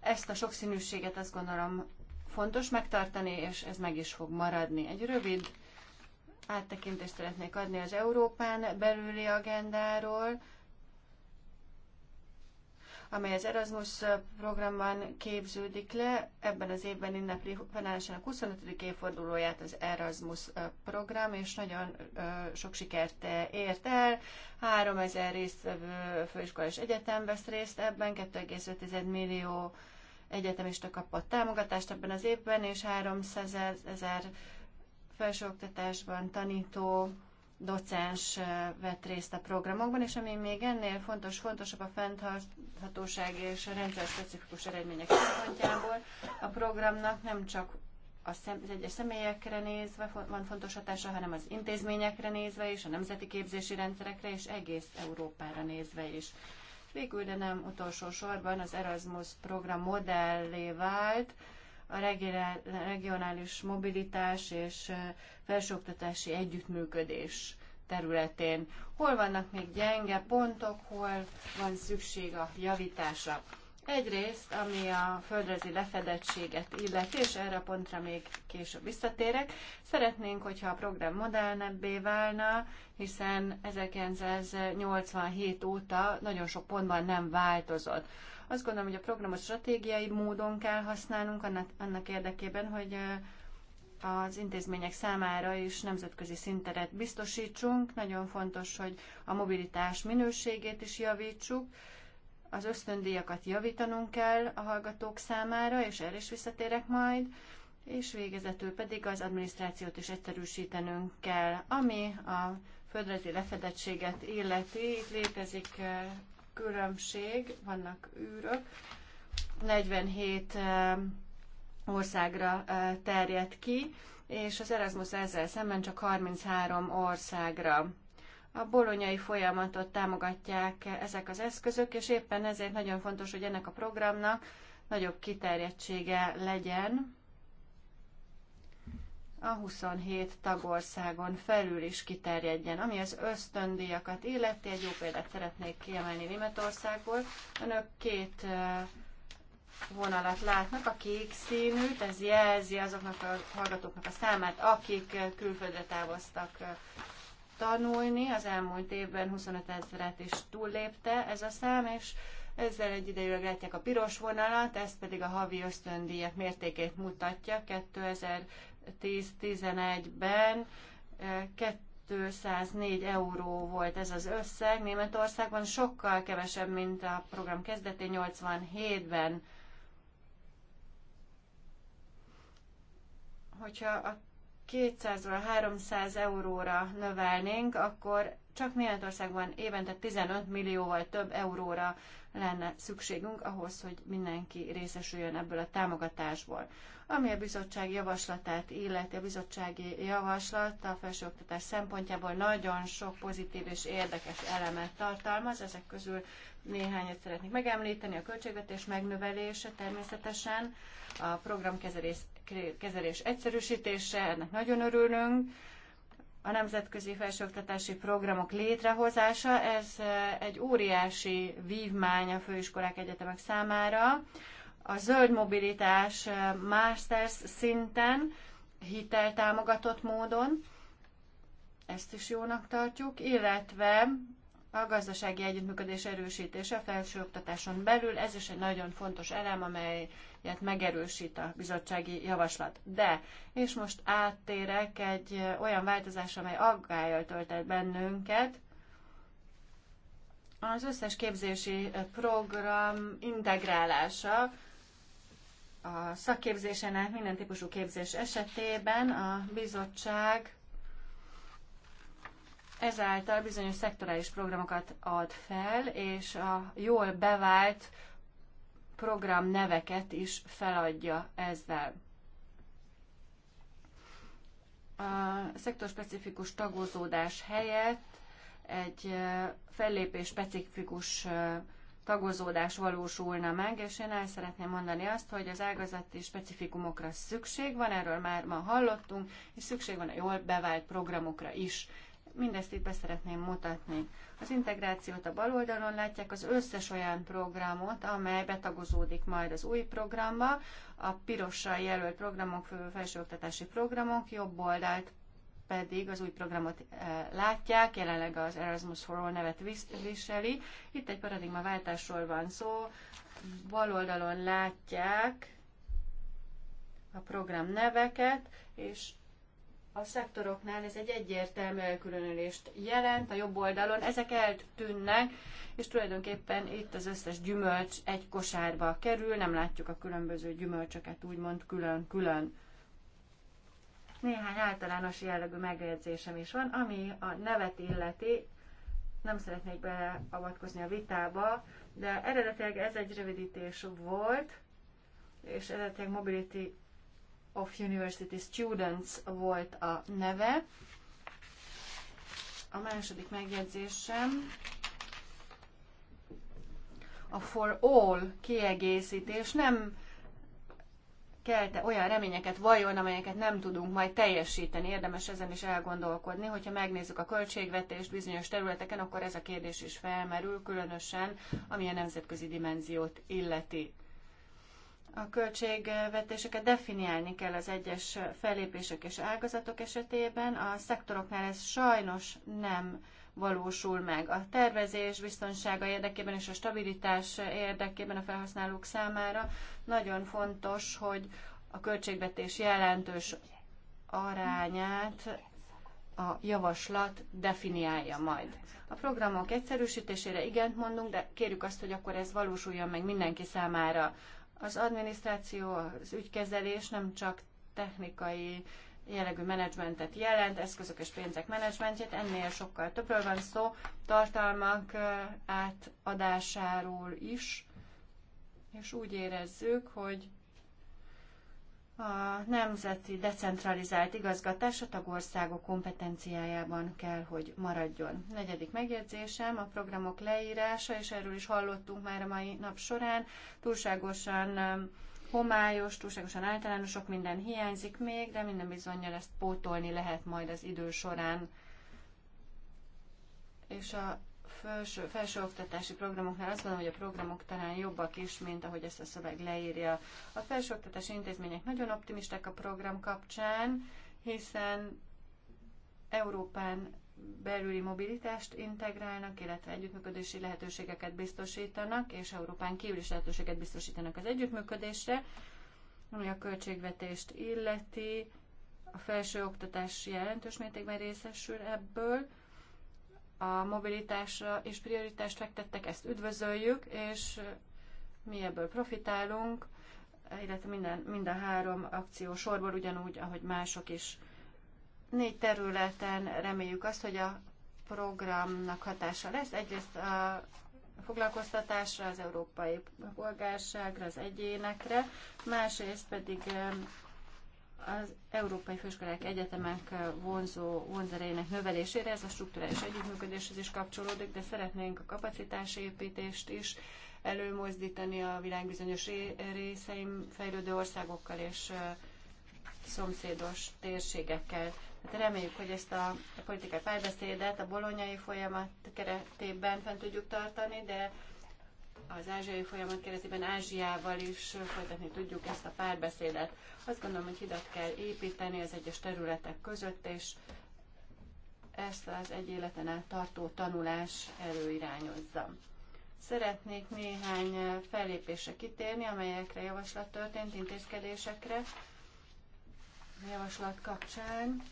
Ezt a sokszínűséget azt gondolom fontos megtartani, és ez meg is fog maradni. Egy rövid áttekintést szeretnék adni az Európán belüli agendáról, amely az Erasmus programban képződik le. Ebben az évben ünnepli a 25. évfordulóját az Erasmus program, és nagyon sok sikert ért el. 3000 résztvevő főiskolás egyetem vesz részt ebben, 2,5 millió egyetemista kapott támogatást ebben az évben, és 300 ezer felsőoktatásban tanító docens vett részt a programokban, és ami még ennél fontos, fontosabb a fenntarthatóság és a rendszer specifikus eredmények szempontjából, a programnak nem csak a szem, az egyes személyekre nézve van fontos hatása, hanem az intézményekre nézve is, a nemzeti képzési rendszerekre és egész Európára nézve is. Végül, de nem utolsó sorban az Erasmus program modellé vált, a regionális mobilitás és felsőoktatási együttműködés területén. Hol vannak még gyenge pontok, hol van szükség a javításra. Egyrészt, ami a földrezi lefedettséget illeti, és erre a pontra még később visszatérek, szeretnénk, hogyha a program modellnebbé válna, hiszen 1987 óta nagyon sok pontban nem változott. Azt gondolom, hogy a programot stratégiai módon kell használnunk annak érdekében, hogy az intézmények számára is nemzetközi szinteret biztosítsunk. Nagyon fontos, hogy a mobilitás minőségét is javítsuk, az ösztöndíjakat javítanunk kell a hallgatók számára, és erre is visszatérek majd, és végezetül pedig az adminisztrációt is egyszerűsítenünk kell, ami a földrajzi lefedettséget illeti. Itt létezik különbség, vannak űrök, 47 eh, országra eh, terjed ki, és az Erasmus ezzel szemben csak 33 országra. A bolonyai folyamatot támogatják eh, ezek az eszközök, és éppen ezért nagyon fontos, hogy ennek a programnak nagyobb kiterjedtsége legyen, a 27 tagországon felül is kiterjedjen. Ami az ösztöndíjakat illeti, egy jó példát szeretnék kiemelni Németországból. Önök két vonalat látnak, a kék színűt, ez jelzi azoknak a hallgatóknak a számát, akik külföldre távoztak tanulni. Az elmúlt évben 25 ezeret is túllépte ez a szám, és ezzel egy idejűleg látják a piros vonalat, ez pedig a havi ösztöndíjak mértékét mutatja. 2000 2010-11-ben 204 euró volt ez az összeg. Németországban sokkal kevesebb, mint a program kezdetén 87-ben. Hogyha a 200-ról 300 euróra növelnénk, akkor csak Németországban évente 15 millióval több euróra lenne szükségünk ahhoz, hogy mindenki részesüljön ebből a támogatásból. Ami a bizottság javaslatát illeti, a bizottsági javaslat a felsőoktatás szempontjából nagyon sok pozitív és érdekes elemet tartalmaz, ezek közül néhányat szeretnék megemlíteni, a költségvetés megnövelése természetesen, a programkezelés kezelés egyszerűsítése, ennek nagyon örülünk, a nemzetközi felsőoktatási programok létrehozása, ez eh, egy óriási vívmány a főiskolák egyetemek számára a zöld mobilitás masters szinten, hiteltámogatott módon, ezt is jónak tartjuk, illetve a gazdasági együttműködés erősítése a felsőoktatáson belül, ez is egy nagyon fontos elem, amelyet megerősít a bizottsági javaslat. De, és most áttérek egy olyan változás, amely aggájjal töltett bennünket, az összes képzési program integrálása a szakképzésen át minden típusú képzés esetében a bizottság ezáltal bizonyos szektorális programokat ad fel, és a jól bevált program neveket is feladja ezzel. A szektorspecifikus tagozódás helyett egy fellépés specifikus tagozódás valósulna meg, és én el szeretném mondani azt, hogy az ágazati specifikumokra szükség van, erről már ma hallottunk, és szükség van a jól bevált programokra is. Mindezt itt be szeretném mutatni. Az integrációt a bal oldalon látják, az összes olyan programot, amely betagozódik majd az új programba, a pirossal jelölt programok, felsőoktatási programok jobb oldalt pedig az új programot eh, látják, jelenleg az Erasmus for All nevet viseli. Itt egy paradigmaváltásról van szó, bal oldalon látják a program neveket, és a szektoroknál ez egy egyértelmű elkülönülést jelent, a jobb oldalon ezek eltűnnek, és tulajdonképpen itt az összes gyümölcs egy kosárba kerül, nem látjuk a különböző gyümölcsöket úgymond külön-külön néhány általános jellegű megjegyzésem is van, ami a nevet illeti, nem szeretnék beavatkozni a vitába, de eredetileg ez egy rövidítés volt, és eredetileg Mobility of University Students volt a neve. A második megjegyzésem a for all kiegészítés nem kelte olyan reményeket vajon, amelyeket nem tudunk majd teljesíteni. Érdemes ezen is elgondolkodni, hogyha megnézzük a költségvetést bizonyos területeken, akkor ez a kérdés is felmerül, különösen ami a nemzetközi dimenziót illeti. A költségvetéseket definiálni kell az egyes fellépések és ágazatok esetében. A szektoroknál ez sajnos nem valósul meg. A tervezés biztonsága érdekében és a stabilitás érdekében a felhasználók számára nagyon fontos, hogy a költségvetés jelentős arányát a javaslat definiálja majd. A programok egyszerűsítésére igent mondunk, de kérjük azt, hogy akkor ez valósuljon meg mindenki számára. Az adminisztráció, az ügykezelés nem csak technikai jellegű menedzsmentet jelent, eszközök és pénzek menedzsmentjét, ennél sokkal többről van szó, tartalmak átadásáról is, és úgy érezzük, hogy a nemzeti decentralizált igazgatás a tagországok kompetenciájában kell, hogy maradjon. Negyedik megjegyzésem, a programok leírása, és erről is hallottunk már a mai nap során, túlságosan homályos, túlságosan általános, sok minden hiányzik még, de minden bizonyal ezt pótolni lehet majd az idő során. És a felső, felsőoktatási programoknál azt gondolom, hogy a programok talán jobbak is, mint ahogy ezt a szöveg leírja. A felsőoktatási intézmények nagyon optimisták a program kapcsán, hiszen Európán belüli mobilitást integrálnak, illetve együttműködési lehetőségeket biztosítanak, és Európán kívül is lehetőséget biztosítanak az együttműködésre, ami a költségvetést illeti, a felső oktatás jelentős mértékben részesül ebből, a mobilitásra és prioritást fektettek, ezt üdvözöljük, és mi ebből profitálunk, illetve minden, mind a három akció sorból ugyanúgy, ahogy mások is Négy területen reméljük azt, hogy a programnak hatása lesz. Egyrészt a foglalkoztatásra, az európai polgárságra, az egyénekre, másrészt pedig az európai főiskolák, egyetemek vonzó vonzerejének növelésére, ez a struktúrális együttműködéshez is kapcsolódik, de szeretnénk a kapacitásépítést is előmozdítani a világ bizonyos részeim fejlődő országokkal és szomszédos térségekkel. Hát reméljük, hogy ezt a, a politikai párbeszédet a bolonyai folyamat keretében fent tudjuk tartani, de az ázsiai folyamat keretében Ázsiával is folytatni tudjuk ezt a párbeszédet. Azt gondolom, hogy hidat kell építeni az egyes területek között, és ezt az egy életen át tartó tanulás előirányozza. Szeretnék néhány fellépésre kitérni, amelyekre javaslat történt, intézkedésekre javaslat kapcsán.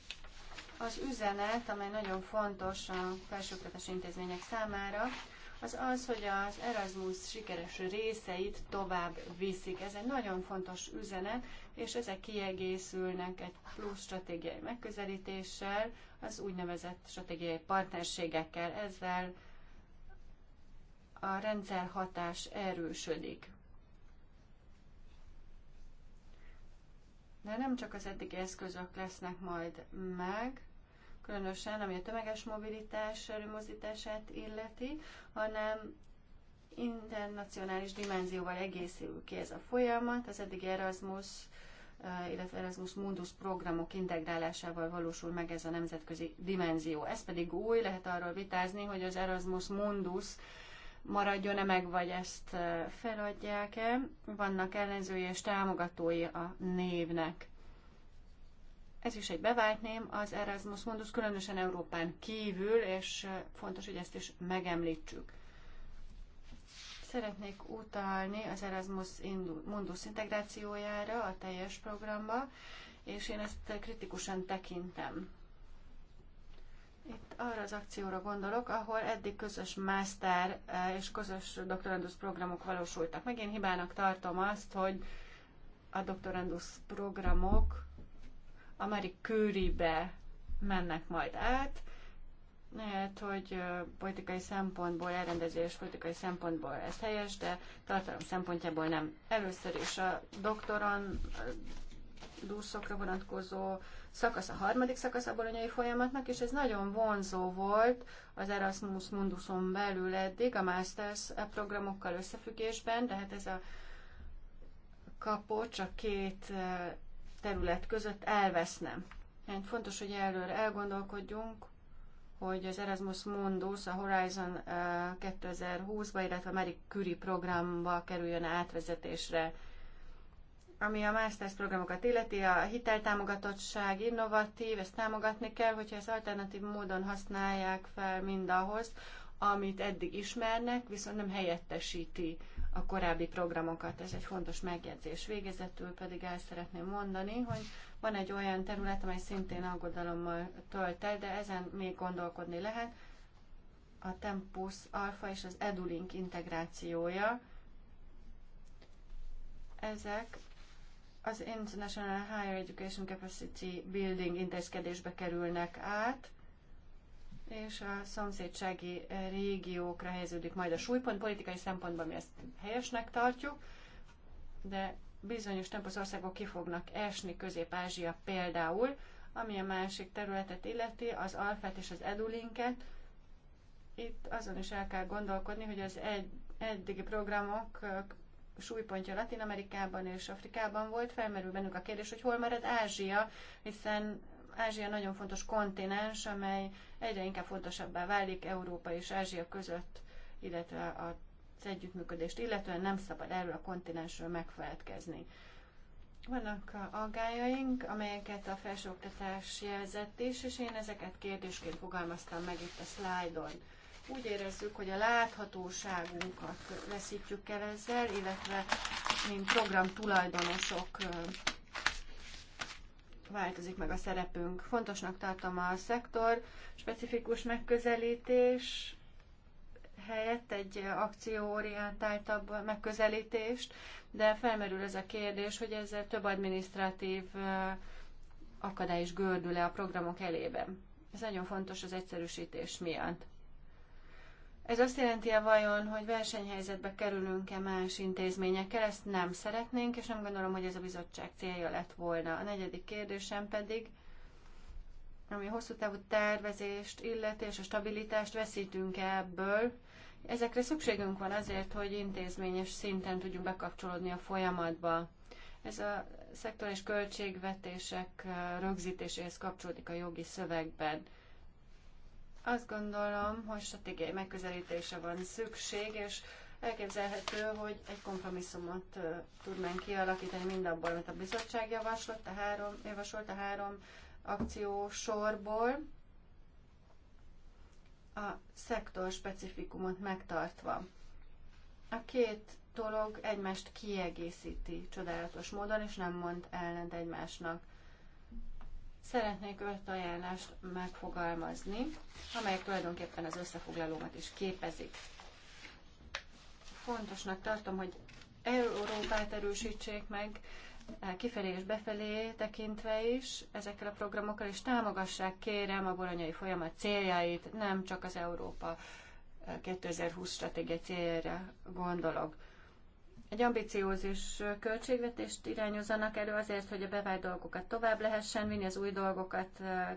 Az üzenet, amely nagyon fontos a felsőoktatási intézmények számára, az az, hogy az Erasmus sikeres részeit tovább viszik. Ez egy nagyon fontos üzenet, és ezek kiegészülnek egy plusz stratégiai megközelítéssel, az úgynevezett stratégiai partnerségekkel. Ezzel a rendszer hatás erősödik. de nem csak az eddigi eszközök lesznek majd meg, különösen ami a tömeges mobilitás előmozdítását illeti, hanem internacionális dimenzióval egészül ki ez a folyamat. Az eddig Erasmus, illetve Erasmus Mundus programok integrálásával valósul meg ez a nemzetközi dimenzió. Ez pedig új, lehet arról vitázni, hogy az Erasmus Mundus maradjon-e meg, vagy ezt feladják-e. Vannak ellenzői és támogatói a névnek. Ez is egy bevált név, az Erasmus Mundus, különösen Európán kívül, és fontos, hogy ezt is megemlítsük. Szeretnék utalni az Erasmus Mundus integrációjára a teljes programba, és én ezt kritikusan tekintem. Itt arra az akcióra gondolok, ahol eddig közös master e, és közös doktorandusz programok valósultak meg. Én hibának tartom azt, hogy a doktorandusz programok a Marie Curie-be mennek majd át, mert hogy e, politikai szempontból, elrendezés politikai szempontból ez helyes, de tartalom szempontjából nem. Először is a doktoron dúszokra vonatkozó szakasz, a harmadik szakasz a bolonyai folyamatnak, és ez nagyon vonzó volt az Erasmus Munduson belül eddig a Masters programokkal összefüggésben, de hát ez a kapocs a két eh, terület között elveszne. Hát fontos, hogy előre elgondolkodjunk, hogy az Erasmus Mundus a Horizon 2020-ba, eh, illetve a Marie Curie programba kerüljön átvezetésre ami a Masters programokat illeti, a hiteltámogatottság innovatív, ezt támogatni kell, hogyha ezt alternatív módon használják fel mindahhoz, amit eddig ismernek, viszont nem helyettesíti a korábbi programokat. Ez egy fontos megjegyzés. Végezetül pedig el szeretném mondani, hogy van egy olyan terület, amely szintén aggodalommal tölt el, de ezen még gondolkodni lehet, a Tempus Alpha és az Edulink integrációja. Ezek az International Higher Education Capacity Building intézkedésbe kerülnek át, és a szomszédsági régiókra helyeződik majd a súlypont. Politikai szempontból mi ezt helyesnek tartjuk, de bizonyos tempos országok ki fognak esni, Közép-Ázsia például, ami a másik területet illeti, az alfát és az edulinket. Itt azon is el kell gondolkodni, hogy az egy, eddigi programok súlypontja Latin Amerikában és Afrikában volt, felmerül bennük a kérdés, hogy hol marad Ázsia, hiszen Ázsia nagyon fontos kontinens, amely egyre inkább fontosabbá válik Európa és Ázsia között, illetve az együttműködést, illetően nem szabad erről a kontinensről megfeledkezni. Vannak aggájaink, amelyeket a felsőoktatás jelzett is, és én ezeket kérdésként fogalmaztam meg itt a szlájdon. Úgy érezzük, hogy a láthatóságunkat veszítjük el ezzel, illetve mint program tulajdonosok változik meg a szerepünk. Fontosnak tartom a szektor specifikus megközelítés helyett egy akcióorientáltabb megközelítést, de felmerül ez a kérdés, hogy ezzel több adminisztratív akadály is gördül le a programok elében. Ez nagyon fontos az egyszerűsítés miatt. Ez azt jelenti -e vajon, hogy versenyhelyzetbe kerülünk-e más intézményekkel? Ezt nem szeretnénk, és nem gondolom, hogy ez a bizottság célja lett volna. A negyedik kérdésem pedig, ami a hosszú távú tervezést illeti, és a stabilitást veszítünk -e ebből. Ezekre szükségünk van azért, hogy intézményes szinten tudjunk bekapcsolódni a folyamatba. Ez a szektor és költségvetések eh, rögzítéséhez kapcsolódik a jogi szövegben. Azt gondolom, hogy stratégiai megközelítése van szükség, és elképzelhető, hogy egy kompromisszumot tudnánk kialakítani mindabból, amit a bizottság javaslott, a három, javasolt a három akció sorból, a szektor specifikumot megtartva. A két dolog egymást kiegészíti csodálatos módon, és nem mond ellent egymásnak. Szeretnék öt ajánlást megfogalmazni, amelyek tulajdonképpen az összefoglalómat is képezik. Fontosnak tartom, hogy Európát erősítsék meg, kifelé és befelé tekintve is ezekkel a programokkal, és támogassák, kérem, a bolonyai folyamat céljait, nem csak az Európa eh, 2020 stratégia céljára gondolok egy ambiciózus költségvetést irányozzanak elő azért, hogy a bevált dolgokat tovább lehessen vinni, az új dolgokat eh,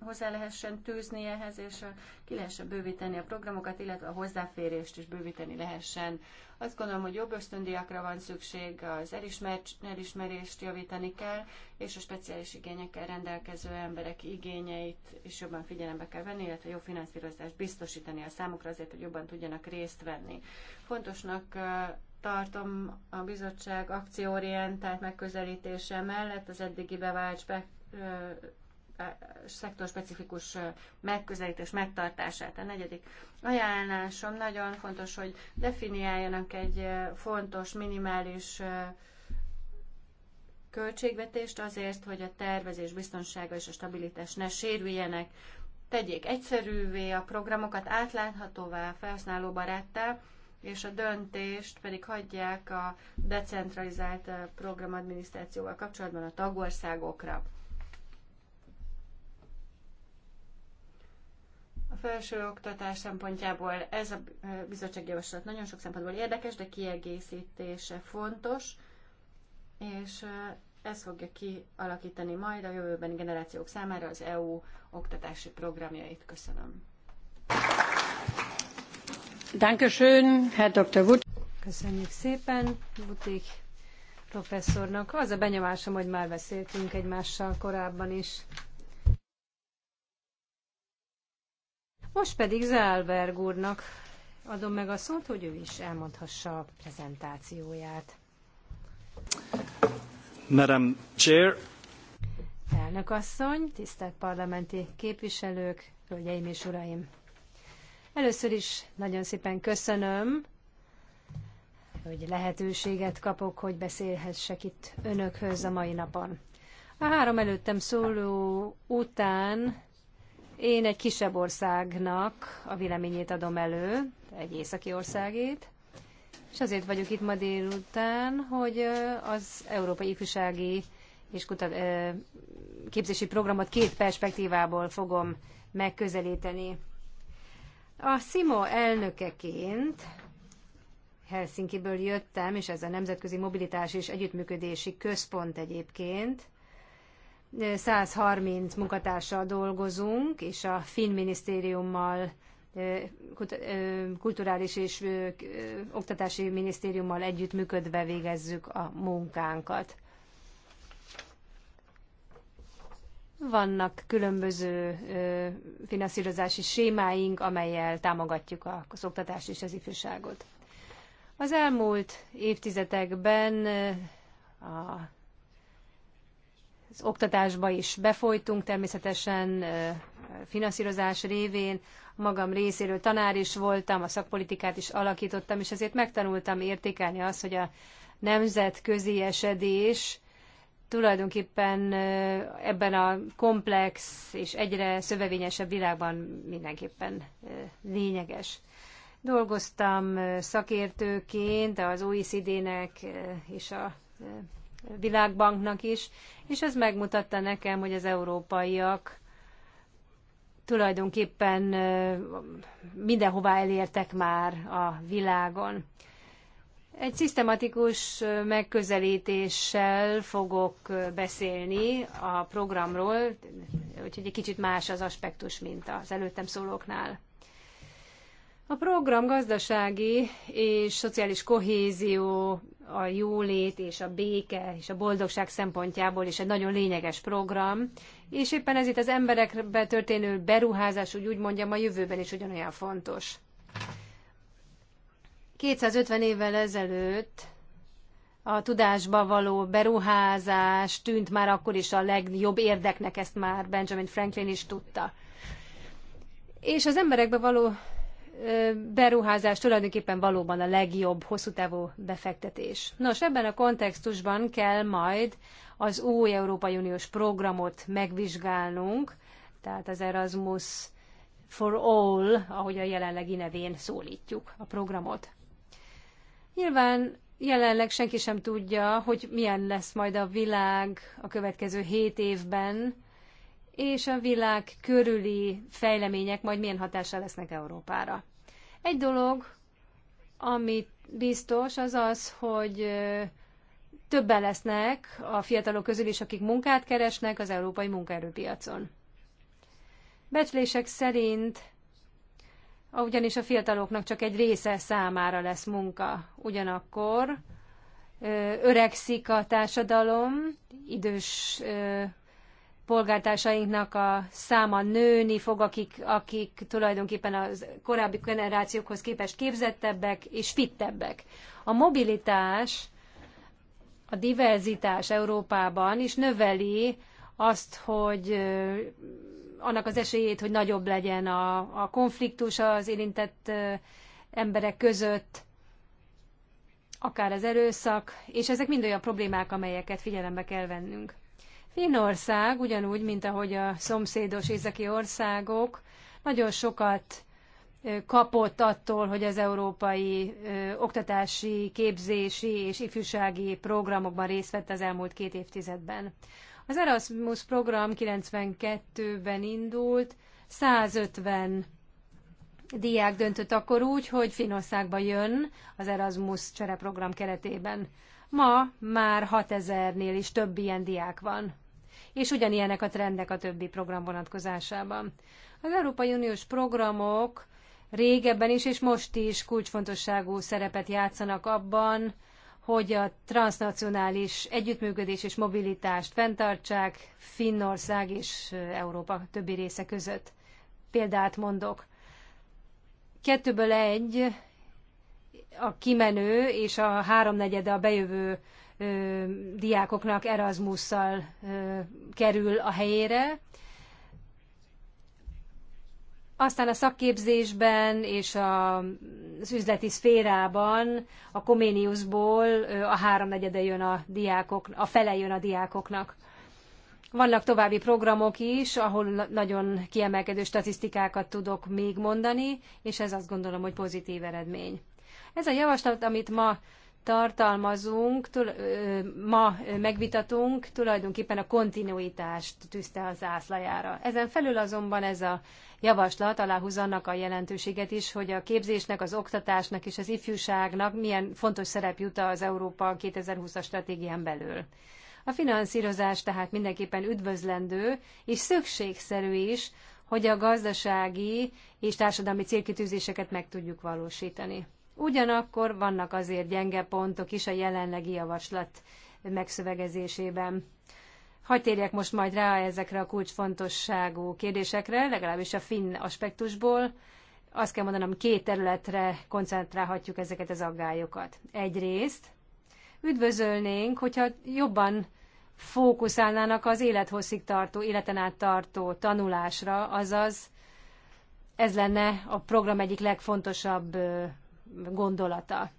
hozzá lehessen tűzni ehhez, és eh, ki lehessen bővíteni a programokat, illetve a hozzáférést is bővíteni lehessen. Azt gondolom, hogy jobb ösztöndiakra van szükség, az elismer, elismerést javítani kell, és a speciális igényekkel rendelkező emberek igényeit is jobban figyelembe kell venni, illetve jó finanszírozást biztosítani a számukra azért, hogy jobban tudjanak részt venni. Fontosnak eh, tartom a bizottság akcióorientált megközelítése mellett az eddigi bevált szektorspecifikus megközelítés megtartását. A negyedik ajánlásom nagyon fontos, hogy definiáljanak egy fontos, minimális költségvetést azért, hogy a tervezés biztonsága és a stabilitás ne sérüljenek. Tegyék egyszerűvé a programokat, átláthatóvá, felhasználóbaráttá, és a döntést pedig hagyják a decentralizált programadminisztrációval kapcsolatban a tagországokra. A felső oktatás szempontjából ez a javaslat nagyon sok szempontból érdekes, de kiegészítése fontos, és ez fogja kialakítani majd a jövőben generációk számára az EU oktatási programjait. Köszönöm. Dr. Köszönjük szépen Butik professzornak. Az a benyomásom, hogy már beszéltünk egymással korábban is. Most pedig Zálberg úrnak adom meg a szót, hogy ő is elmondhassa a prezentációját. Madam Chair. Elnök asszony, tisztelt parlamenti képviselők, hölgyeim és uraim! Először is nagyon szépen köszönöm, hogy lehetőséget kapok, hogy beszélhessek itt önökhöz a mai napon. A három előttem szóló után én egy kisebb országnak a véleményét adom elő, egy északi országét, és azért vagyok itt ma délután, hogy az Európai Ifjúsági és kutat, képzési programot két perspektívából fogom megközelíteni. A SIMO elnökeként Helsinkiből jöttem, és ez a Nemzetközi Mobilitás és Együttműködési Központ egyébként. 130 munkatársal dolgozunk, és a Finn minisztériummal, kulturális és oktatási minisztériummal együttműködve végezzük a munkánkat. Vannak különböző finanszírozási sémáink, amelyel támogatjuk a oktatást és az ifjúságot. Az elmúlt évtizedekben a az oktatásba is befolytunk természetesen finanszírozás révén. Magam részéről tanár is voltam, a szakpolitikát is alakítottam, és ezért megtanultam értékelni azt, hogy a nemzetközi esedés tulajdonképpen ebben a komplex és egyre szövevényesebb világban mindenképpen lényeges. Dolgoztam szakértőként az OECD-nek és a világbanknak is, és ez megmutatta nekem, hogy az európaiak tulajdonképpen mindenhová elértek már a világon. Egy szisztematikus megközelítéssel fogok beszélni a programról, úgyhogy egy kicsit más az aspektus, mint az előttem szólóknál. A program gazdasági és szociális kohézió, a jólét és a béke és a boldogság szempontjából is egy nagyon lényeges program, és éppen ez itt az emberekbe történő beruházás, úgy, úgy mondjam, a jövőben is ugyanolyan fontos. 250 évvel ezelőtt a tudásba való beruházás tűnt már akkor is a legjobb érdeknek, ezt már Benjamin Franklin is tudta. És az emberekbe való beruházás tulajdonképpen valóban a legjobb hosszú távú befektetés. Nos, ebben a kontextusban kell majd az új Európai Uniós programot megvizsgálnunk, tehát az Erasmus for All, ahogy a jelenlegi nevén szólítjuk a programot. Nyilván jelenleg senki sem tudja, hogy milyen lesz majd a világ a következő hét évben, és a világ körüli fejlemények majd milyen hatással lesznek Európára. Egy dolog, amit biztos, az az, hogy többen lesznek a fiatalok közül is, akik munkát keresnek az európai munkaerőpiacon. Becslések szerint ugyanis a fiataloknak csak egy része számára lesz munka. Ugyanakkor öregszik a társadalom, idős polgártársainknak a száma nőni fog, akik, akik tulajdonképpen a korábbi generációkhoz képest képzettebbek és fittebbek. A mobilitás, a diverzitás Európában is növeli azt, hogy annak az esélyét, hogy nagyobb legyen a, a konfliktus az érintett emberek között, akár az erőszak, és ezek mind olyan problémák, amelyeket figyelembe kell vennünk. Finnország, ugyanúgy, mint ahogy a szomszédos északi országok, nagyon sokat kapott attól, hogy az európai ö, oktatási, képzési és ifjúsági programokban részt vett az elmúlt két évtizedben. Az Erasmus program 92-ben indult, 150 diák döntött akkor úgy, hogy Finországba jön az Erasmus csereprogram keretében. Ma már 6000-nél is több ilyen diák van. És ugyanilyenek a trendek a többi program vonatkozásában. Az Európai Uniós programok régebben is és most is kulcsfontosságú szerepet játszanak abban, hogy a transnacionális együttműködés és mobilitást fenntartsák Finnország és Európa többi része között. Példát mondok. Kettőből egy a kimenő és a háromnegyede a bejövő ö, diákoknak Erasmusszal ö, kerül a helyére, aztán a szakképzésben és a, az üzleti szférában a Koméniusból a háromnegyede jön a diákok, a fele jön a diákoknak. Vannak további programok is, ahol nagyon kiemelkedő statisztikákat tudok még mondani, és ez azt gondolom, hogy pozitív eredmény. Ez a javaslat, amit ma tartalmazunk, tül, ma megvitatunk, tulajdonképpen a kontinuitást tűzte az ászlajára. Ezen felül azonban ez a javaslat aláhúz annak a jelentőséget is, hogy a képzésnek, az oktatásnak és az ifjúságnak milyen fontos szerep jut az Európa 2020-as stratégián belül. A finanszírozás tehát mindenképpen üdvözlendő és szükségszerű is, hogy a gazdasági és társadalmi célkitűzéseket meg tudjuk valósítani. Ugyanakkor vannak azért gyenge pontok is a jelenlegi javaslat megszövegezésében. Hagy térjek most majd rá ezekre a kulcsfontosságú kérdésekre, legalábbis a finn aspektusból. Azt kell mondanom, két területre koncentrálhatjuk ezeket az aggályokat. Egyrészt üdvözölnénk, hogyha jobban fókuszálnának az élethosszig tartó, életen át tartó tanulásra, azaz ez lenne a program egyik legfontosabb gondolata.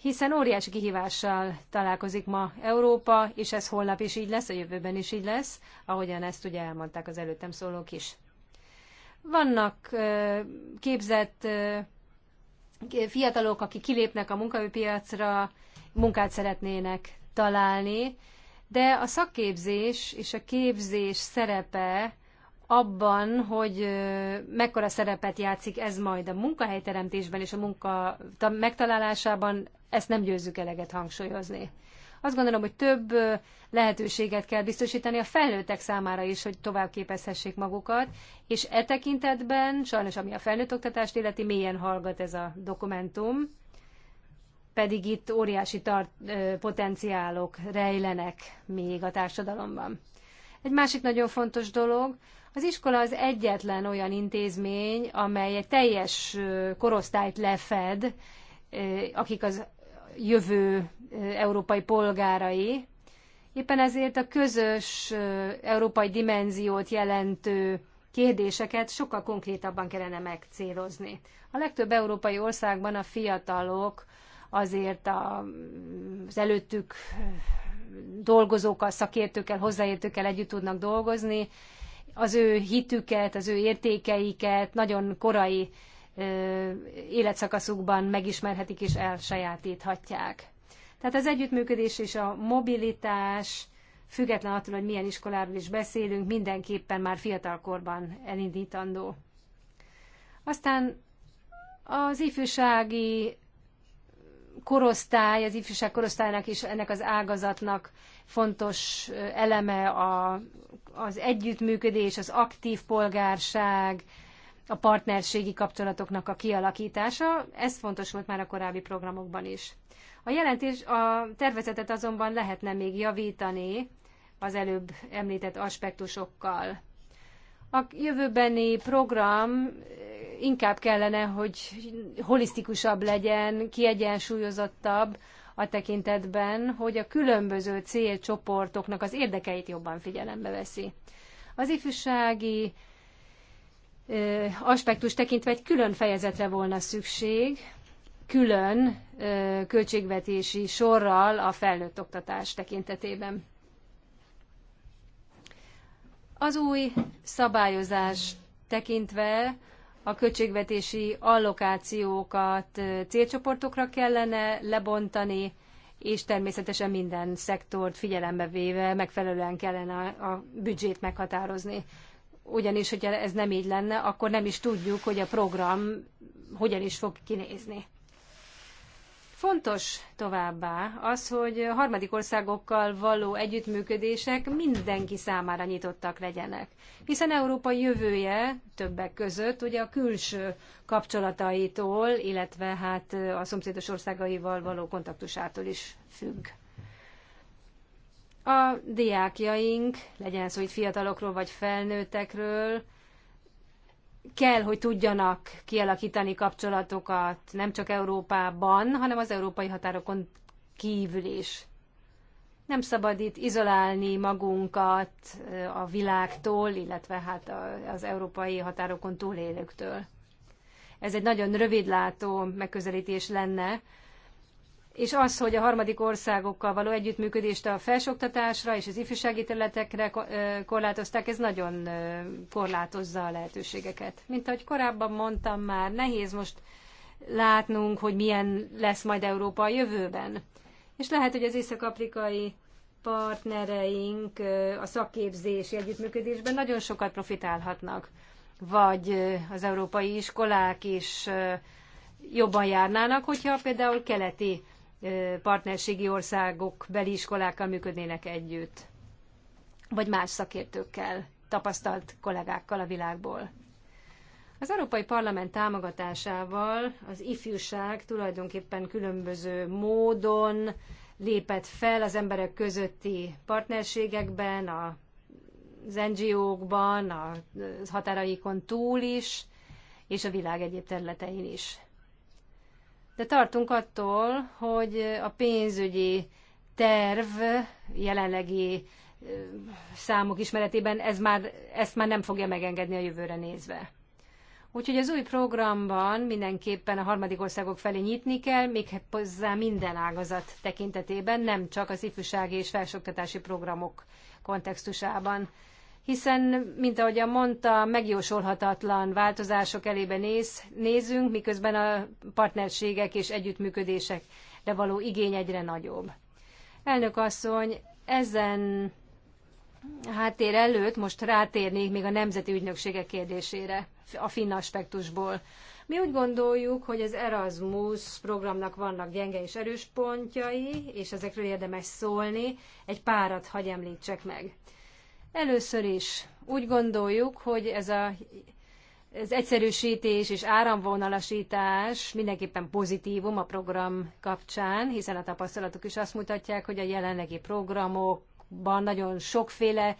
Hiszen óriási kihívással találkozik ma Európa, és ez holnap is így lesz, a jövőben is így lesz, ahogyan ezt ugye elmondták az előttem szólók is. Vannak képzett fiatalok, akik kilépnek a munkaőpiacra, munkát szeretnének találni, de a szakképzés és a képzés szerepe abban, hogy mekkora szerepet játszik ez majd a munkahelyteremtésben és a munka megtalálásában, ezt nem győzzük eleget hangsúlyozni. Azt gondolom, hogy több lehetőséget kell biztosítani a felnőttek számára is, hogy tovább képezhessék magukat, és e tekintetben, sajnos ami a felnőtt oktatást illeti, mélyen hallgat ez a dokumentum, pedig itt óriási tart, potenciálok rejlenek még a társadalomban. Egy másik nagyon fontos dolog, az iskola az egyetlen olyan intézmény, amely egy teljes korosztályt lefed, akik az jövő európai polgárai. Éppen ezért a közös európai dimenziót jelentő kérdéseket sokkal konkrétabban kellene megcélozni. A legtöbb európai országban a fiatalok azért a, az előttük dolgozókkal, szakértőkkel, hozzáértőkkel együtt tudnak dolgozni, az ő hitüket, az ő értékeiket nagyon korai életszakaszukban megismerhetik és elsajátíthatják. Tehát az együttműködés és a mobilitás, független attól, hogy milyen iskoláról is beszélünk, mindenképpen már fiatalkorban elindítandó. Aztán az ifjúsági korosztály, az ifjúság korosztálynak is ennek az ágazatnak fontos eleme a az együttműködés, az aktív polgárság, a partnerségi kapcsolatoknak a kialakítása, ez fontos volt már a korábbi programokban is. A jelentés, a tervezetet azonban lehetne még javítani az előbb említett aspektusokkal. A jövőbeni program inkább kellene, hogy holisztikusabb legyen, kiegyensúlyozottabb a tekintetben, hogy a különböző célcsoportoknak az érdekeit jobban figyelembe veszi. Az ifjúsági ö, aspektus tekintve egy külön fejezetre volna szükség, külön ö, költségvetési sorral a felnőtt oktatás tekintetében. Az új szabályozás tekintve a költségvetési allokációkat célcsoportokra kellene lebontani, és természetesen minden szektort figyelembe véve megfelelően kellene a, büdzsét meghatározni. Ugyanis, hogyha ez nem így lenne, akkor nem is tudjuk, hogy a program hogyan is fog kinézni. Fontos továbbá az, hogy harmadik országokkal való együttműködések mindenki számára nyitottak legyenek, hiszen Európa jövője többek között ugye a külső kapcsolataitól, illetve hát a szomszédos országaival való kontaktusától is függ. A diákjaink, legyen szó itt fiatalokról vagy felnőttekről, kell, hogy tudjanak kialakítani kapcsolatokat nem csak Európában, hanem az európai határokon kívül is. Nem szabad itt izolálni magunkat a világtól, illetve hát az európai határokon túlélőktől. Ez egy nagyon rövidlátó megközelítés lenne, és az, hogy a harmadik országokkal való együttműködést a felsoktatásra és az ifjúsági területekre korlátozták, ez nagyon korlátozza a lehetőségeket. Mint ahogy korábban mondtam már, nehéz most látnunk, hogy milyen lesz majd Európa a jövőben. És lehet, hogy az észak-afrikai partnereink a szakképzési együttműködésben nagyon sokat profitálhatnak. Vagy az európai iskolák is jobban járnának, hogyha például keleti partnerségi országok beli iskolákkal működnének együtt, vagy más szakértőkkel, tapasztalt kollégákkal a világból. Az Európai Parlament támogatásával az ifjúság tulajdonképpen különböző módon lépett fel az emberek közötti partnerségekben, a az NGO-kban, a határaikon túl is, és a világ egyéb területein is de tartunk attól, hogy a pénzügyi terv jelenlegi számok ismeretében ez már, ezt már nem fogja megengedni a jövőre nézve. Úgyhogy az új programban mindenképpen a harmadik országok felé nyitni kell, még hozzá minden ágazat tekintetében, nem csak az ifjúsági és felsőoktatási programok kontextusában hiszen, mint ahogyan mondta, megjósolhatatlan változások elébe néz, nézünk, miközben a partnerségek és együttműködésekre való igény egyre nagyobb. Elnök asszony, ezen háttér előtt most rátérnék még a nemzeti ügynökségek kérdésére a finn aspektusból. Mi úgy gondoljuk, hogy az Erasmus programnak vannak gyenge és erős pontjai, és ezekről érdemes szólni. Egy párat hagy említsek meg. Először is úgy gondoljuk, hogy ez a az egyszerűsítés és áramvonalasítás mindenképpen pozitívum a program kapcsán, hiszen a tapasztalatok is azt mutatják, hogy a jelenlegi programokban nagyon sokféle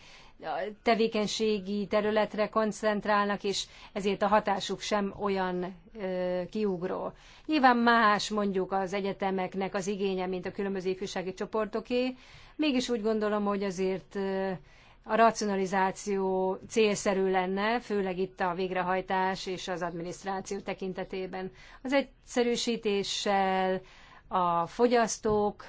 tevékenységi területre koncentrálnak, és ezért a hatásuk sem olyan ö, kiugró. Nyilván más mondjuk az egyetemeknek az igénye, mint a különböző ifjúsági csoportoké, mégis úgy gondolom, hogy azért ö, a racionalizáció célszerű lenne, főleg itt a végrehajtás és az adminisztráció tekintetében. Az egyszerűsítéssel a fogyasztók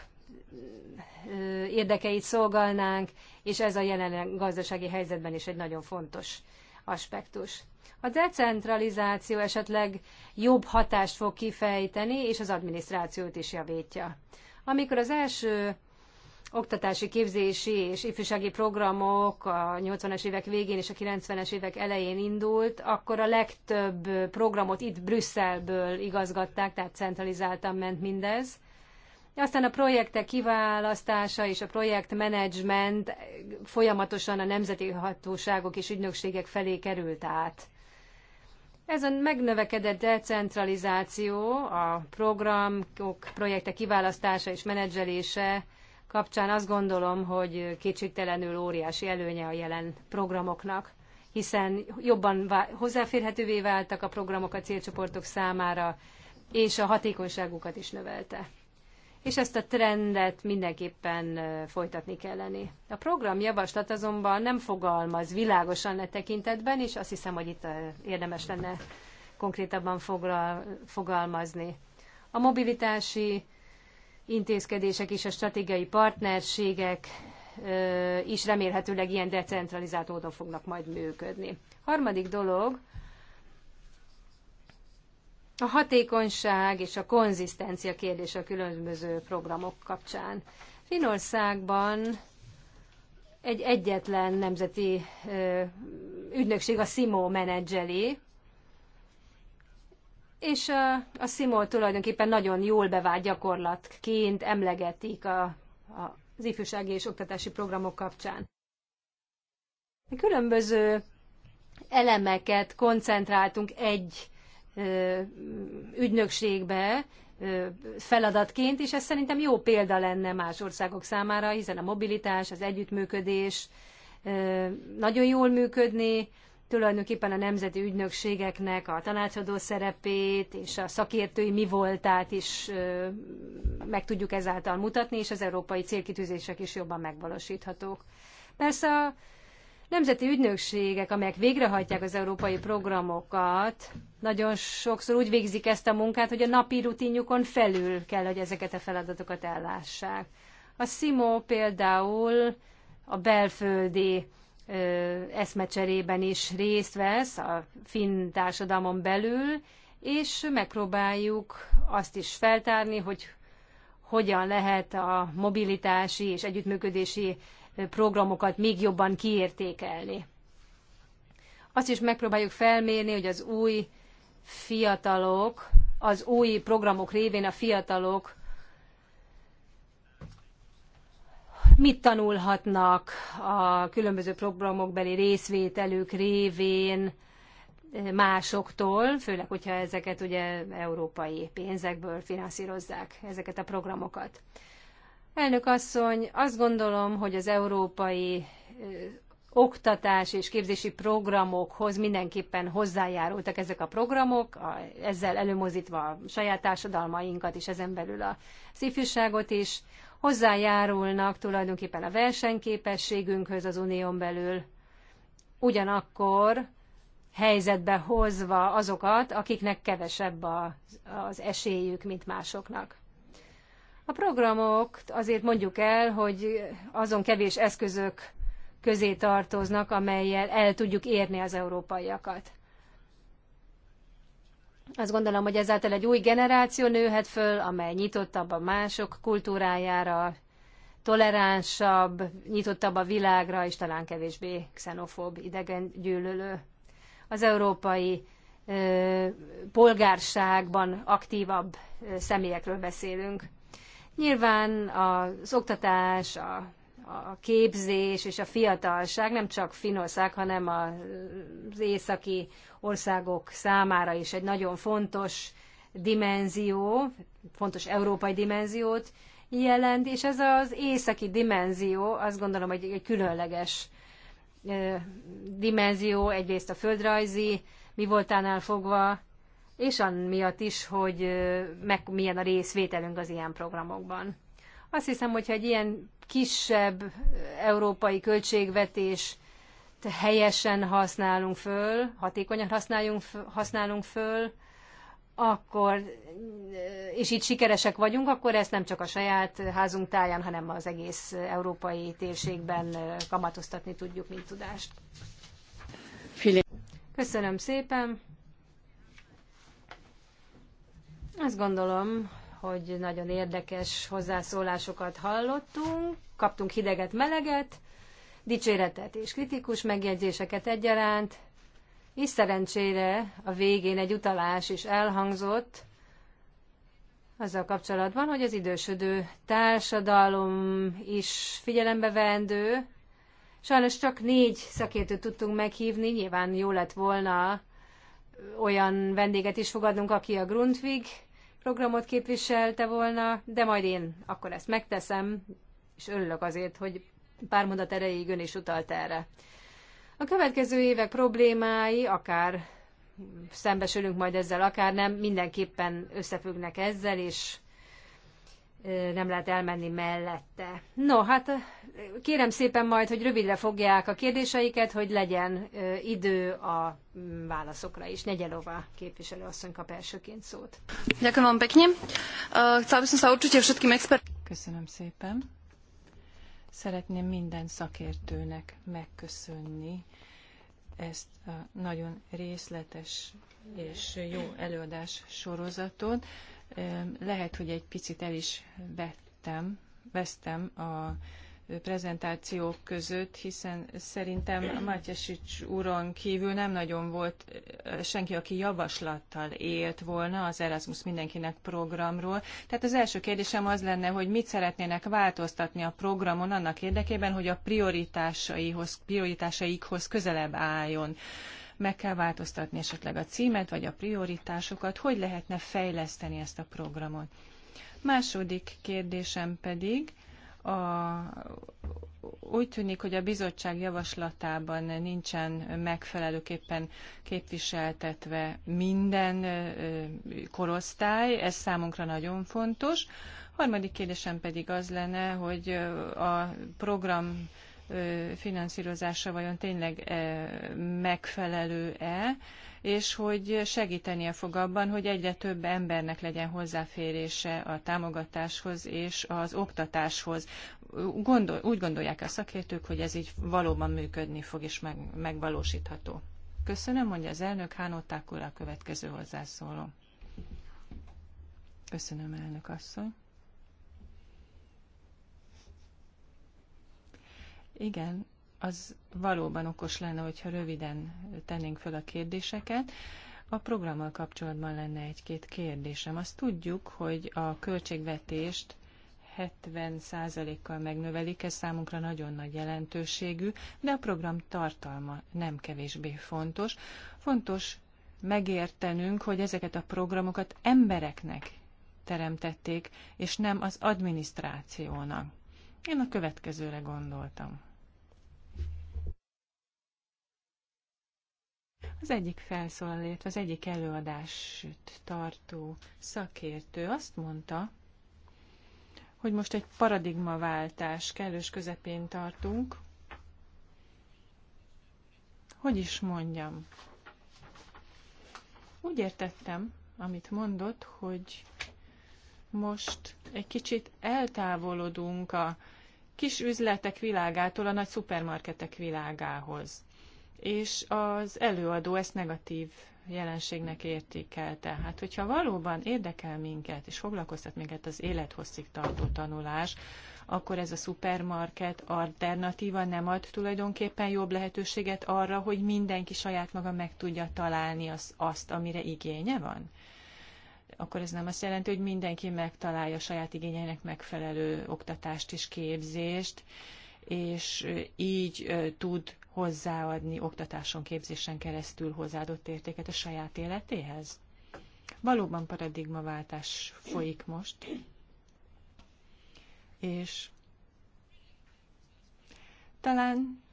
érdekeit szolgálnánk, és ez a jelen gazdasági helyzetben is egy nagyon fontos aspektus. A decentralizáció esetleg jobb hatást fog kifejteni, és az adminisztrációt is javítja. Amikor az első oktatási, képzési és ifjúsági programok a 80-es évek végén és a 90-es évek elején indult, akkor a legtöbb programot itt Brüsszelből igazgatták, tehát centralizáltan ment mindez. Aztán a projektek kiválasztása és a projektmenedzsment folyamatosan a nemzeti hatóságok és ügynökségek felé került át. Ez a megnövekedett decentralizáció, a programok, projektek kiválasztása és menedzselése kapcsán azt gondolom, hogy kétségtelenül óriási előnye a jelen programoknak, hiszen jobban hozzáférhetővé váltak a programok a célcsoportok számára, és a hatékonyságukat is növelte. És ezt a trendet mindenképpen folytatni kellene. A program javaslat azonban nem fogalmaz világosan e tekintetben, és azt hiszem, hogy itt érdemes lenne konkrétabban fogalmazni. A mobilitási intézkedések és a stratégiai partnerségek is remélhetőleg ilyen decentralizált módon fognak majd működni. Harmadik dolog, a hatékonyság és a konzisztencia kérdése a különböző programok kapcsán. Finországban egy egyetlen nemzeti ügynökség a SIMO menedzseli, és a, a Simol tulajdonképpen nagyon jól bevált gyakorlatként emlegetik a, a, az ifjúsági és oktatási programok kapcsán. A különböző elemeket koncentráltunk egy ö, ügynökségbe ö, feladatként, és ez szerintem jó példa lenne más országok számára, hiszen a mobilitás, az együttműködés ö, nagyon jól működni, tulajdonképpen a nemzeti ügynökségeknek a tanácsadó szerepét és a szakértői mi voltát is meg tudjuk ezáltal mutatni, és az európai célkitűzések is jobban megvalósíthatók. Persze a nemzeti ügynökségek, amelyek végrehajtják az európai programokat, nagyon sokszor úgy végzik ezt a munkát, hogy a napi rutinjukon felül kell, hogy ezeket a feladatokat ellássák. A SIMO például a belföldi eszmecserében is részt vesz a finn társadalmon belül, és megpróbáljuk azt is feltárni, hogy hogyan lehet a mobilitási és együttműködési programokat még jobban kiértékelni. Azt is megpróbáljuk felmérni, hogy az új fiatalok, az új programok révén a fiatalok mit tanulhatnak a különböző programokbeli részvételük révén másoktól, főleg, hogyha ezeket ugye európai pénzekből finanszírozzák, ezeket a programokat. Elnök asszony, azt gondolom, hogy az európai oktatás és képzési programokhoz mindenképpen hozzájárultak ezek a programok, a, ezzel előmozítva a saját társadalmainkat és ezen belül a ifjúságot is hozzájárulnak tulajdonképpen a versenyképességünkhöz az unión belül, ugyanakkor helyzetbe hozva azokat, akiknek kevesebb az, az esélyük, mint másoknak. A programok azért mondjuk el, hogy azon kevés eszközök közé tartoznak, amelyel el tudjuk érni az európaiakat. Azt gondolom, hogy ezáltal egy új generáció nőhet föl, amely nyitottabb a mások kultúrájára, toleránsabb, nyitottabb a világra, és talán kevésbé xenofób, idegen gyűlölő. Az európai ö, polgárságban aktívabb ö, személyekről beszélünk. Nyilván az oktatás, a a képzés és a fiatalság nem csak Finország, hanem az északi országok számára is egy nagyon fontos dimenzió, fontos európai dimenziót jelent, és ez az északi dimenzió, azt gondolom, hogy egy különleges dimenzió, egyrészt a földrajzi, mi voltánál fogva, és amiatt is, hogy meg, milyen a részvételünk az ilyen programokban. Azt hiszem, hogyha egy ilyen kisebb európai költségvetés helyesen használunk föl, hatékonyan használjunk, használunk föl, akkor, és így sikeresek vagyunk, akkor ezt nem csak a saját házunk táján, hanem az egész európai térségben kamatoztatni tudjuk, mint tudást. Köszönöm szépen. Azt gondolom, hogy nagyon érdekes hozzászólásokat hallottunk, kaptunk hideget, meleget, dicséretet és kritikus megjegyzéseket egyaránt, és szerencsére a végén egy utalás is elhangzott, azzal kapcsolatban, hogy az idősödő társadalom is figyelembe vendő. Sajnos csak négy szakértőt tudtunk meghívni, nyilván jó lett volna olyan vendéget is fogadnunk, aki a Grundtvig programot képviselte volna, de majd én akkor ezt megteszem, és örülök azért, hogy pár mondat erejéig ön is utalt erre. A következő évek problémái, akár szembesülünk majd ezzel, akár nem, mindenképpen összefüggnek ezzel, és nem lehet elmenni mellette. No, hát kérem szépen majd, hogy rövidre fogják a kérdéseiket, hogy legyen idő a mm, válaszokra is. Negyelova képviselő asszony kap elsőként szót. Ďakujem pekne. Köszönöm szépen. Szeretném minden szakértőnek megköszönni ezt a nagyon részletes és jó előadás sorozatot. Lehet, hogy egy picit el is vettem, vesztem a prezentációk között, hiszen szerintem Matyasics úron kívül nem nagyon volt senki, aki javaslattal élt volna az Erasmus mindenkinek programról. Tehát az első kérdésem az lenne, hogy mit szeretnének változtatni a programon annak érdekében, hogy a prioritásaihoz, prioritásaikhoz közelebb álljon meg kell változtatni esetleg a címet, vagy a prioritásokat, hogy lehetne fejleszteni ezt a programot. Második kérdésem pedig, a, úgy tűnik, hogy a bizottság javaslatában nincsen megfelelőképpen képviseltetve minden korosztály, ez számunkra nagyon fontos. Harmadik kérdésem pedig az lenne, hogy a program finanszírozása vajon tényleg megfelelő-e, és hogy segítenie fog abban, hogy egyre több embernek legyen hozzáférése a támogatáshoz és az oktatáshoz. Gondol, úgy gondolják a szakértők, hogy ez így valóban működni fog és meg, megvalósítható. Köszönöm, mondja az elnök, Hánó a következő hozzászóló. Köszönöm, elnök asszony. Igen, az valóban okos lenne, hogyha röviden tennénk föl a kérdéseket. A programmal kapcsolatban lenne egy-két kérdésem. Azt tudjuk, hogy a költségvetést 70%-kal megnövelik, ez számunkra nagyon nagy jelentőségű, de a program tartalma nem kevésbé fontos. Fontos megértenünk, hogy ezeket a programokat embereknek teremtették, és nem az adminisztrációnak. Én a következőre gondoltam. Az egyik felszólaló, az egyik előadást tartó szakértő azt mondta, hogy most egy paradigmaváltás kellős közepén tartunk. Hogy is mondjam? Úgy értettem, amit mondott, hogy most egy kicsit eltávolodunk a kis üzletek világától a nagy szupermarketek világához. És az előadó ezt negatív jelenségnek értékelte. Hát, hogyha valóban érdekel minket, és foglalkoztat minket az élethosszig tartó tanulás, akkor ez a szupermarket alternatíva nem ad tulajdonképpen jobb lehetőséget arra, hogy mindenki saját maga meg tudja találni az, azt, amire igénye van? akkor ez nem azt jelenti, hogy mindenki megtalálja saját igényeinek megfelelő oktatást és képzést, és így tud hozzáadni oktatáson, képzésen keresztül hozzáadott értéket a saját életéhez. Valóban paradigmaváltás folyik most, és talán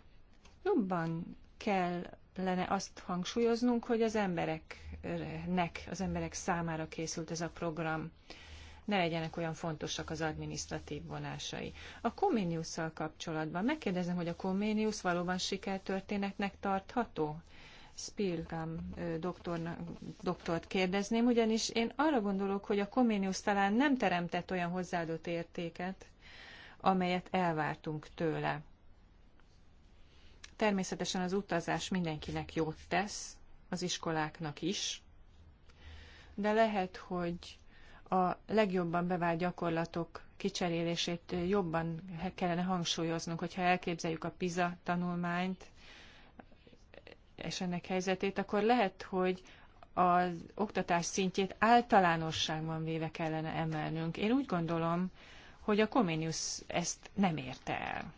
jobban kellene azt hangsúlyoznunk, hogy az emberek embereknek, az emberek számára készült ez a program. Ne legyenek olyan fontosak az administratív vonásai. A Comeniusszal kapcsolatban megkérdezem, hogy a Comenius valóban sikertörténetnek tartható? Spilgam doktort kérdezném, ugyanis én arra gondolok, hogy a Comenius talán nem teremtett olyan hozzáadott értéket, amelyet elvártunk tőle. Természetesen az utazás mindenkinek jót tesz, az iskoláknak is, de lehet, hogy a legjobban bevált gyakorlatok kicserélését jobban kellene hangsúlyoznunk, hogyha elképzeljük a PISA tanulmányt és ennek helyzetét, akkor lehet, hogy az oktatás szintjét általánosságban véve kellene emelnünk. Én úgy gondolom, hogy a Comenius ezt nem érte el.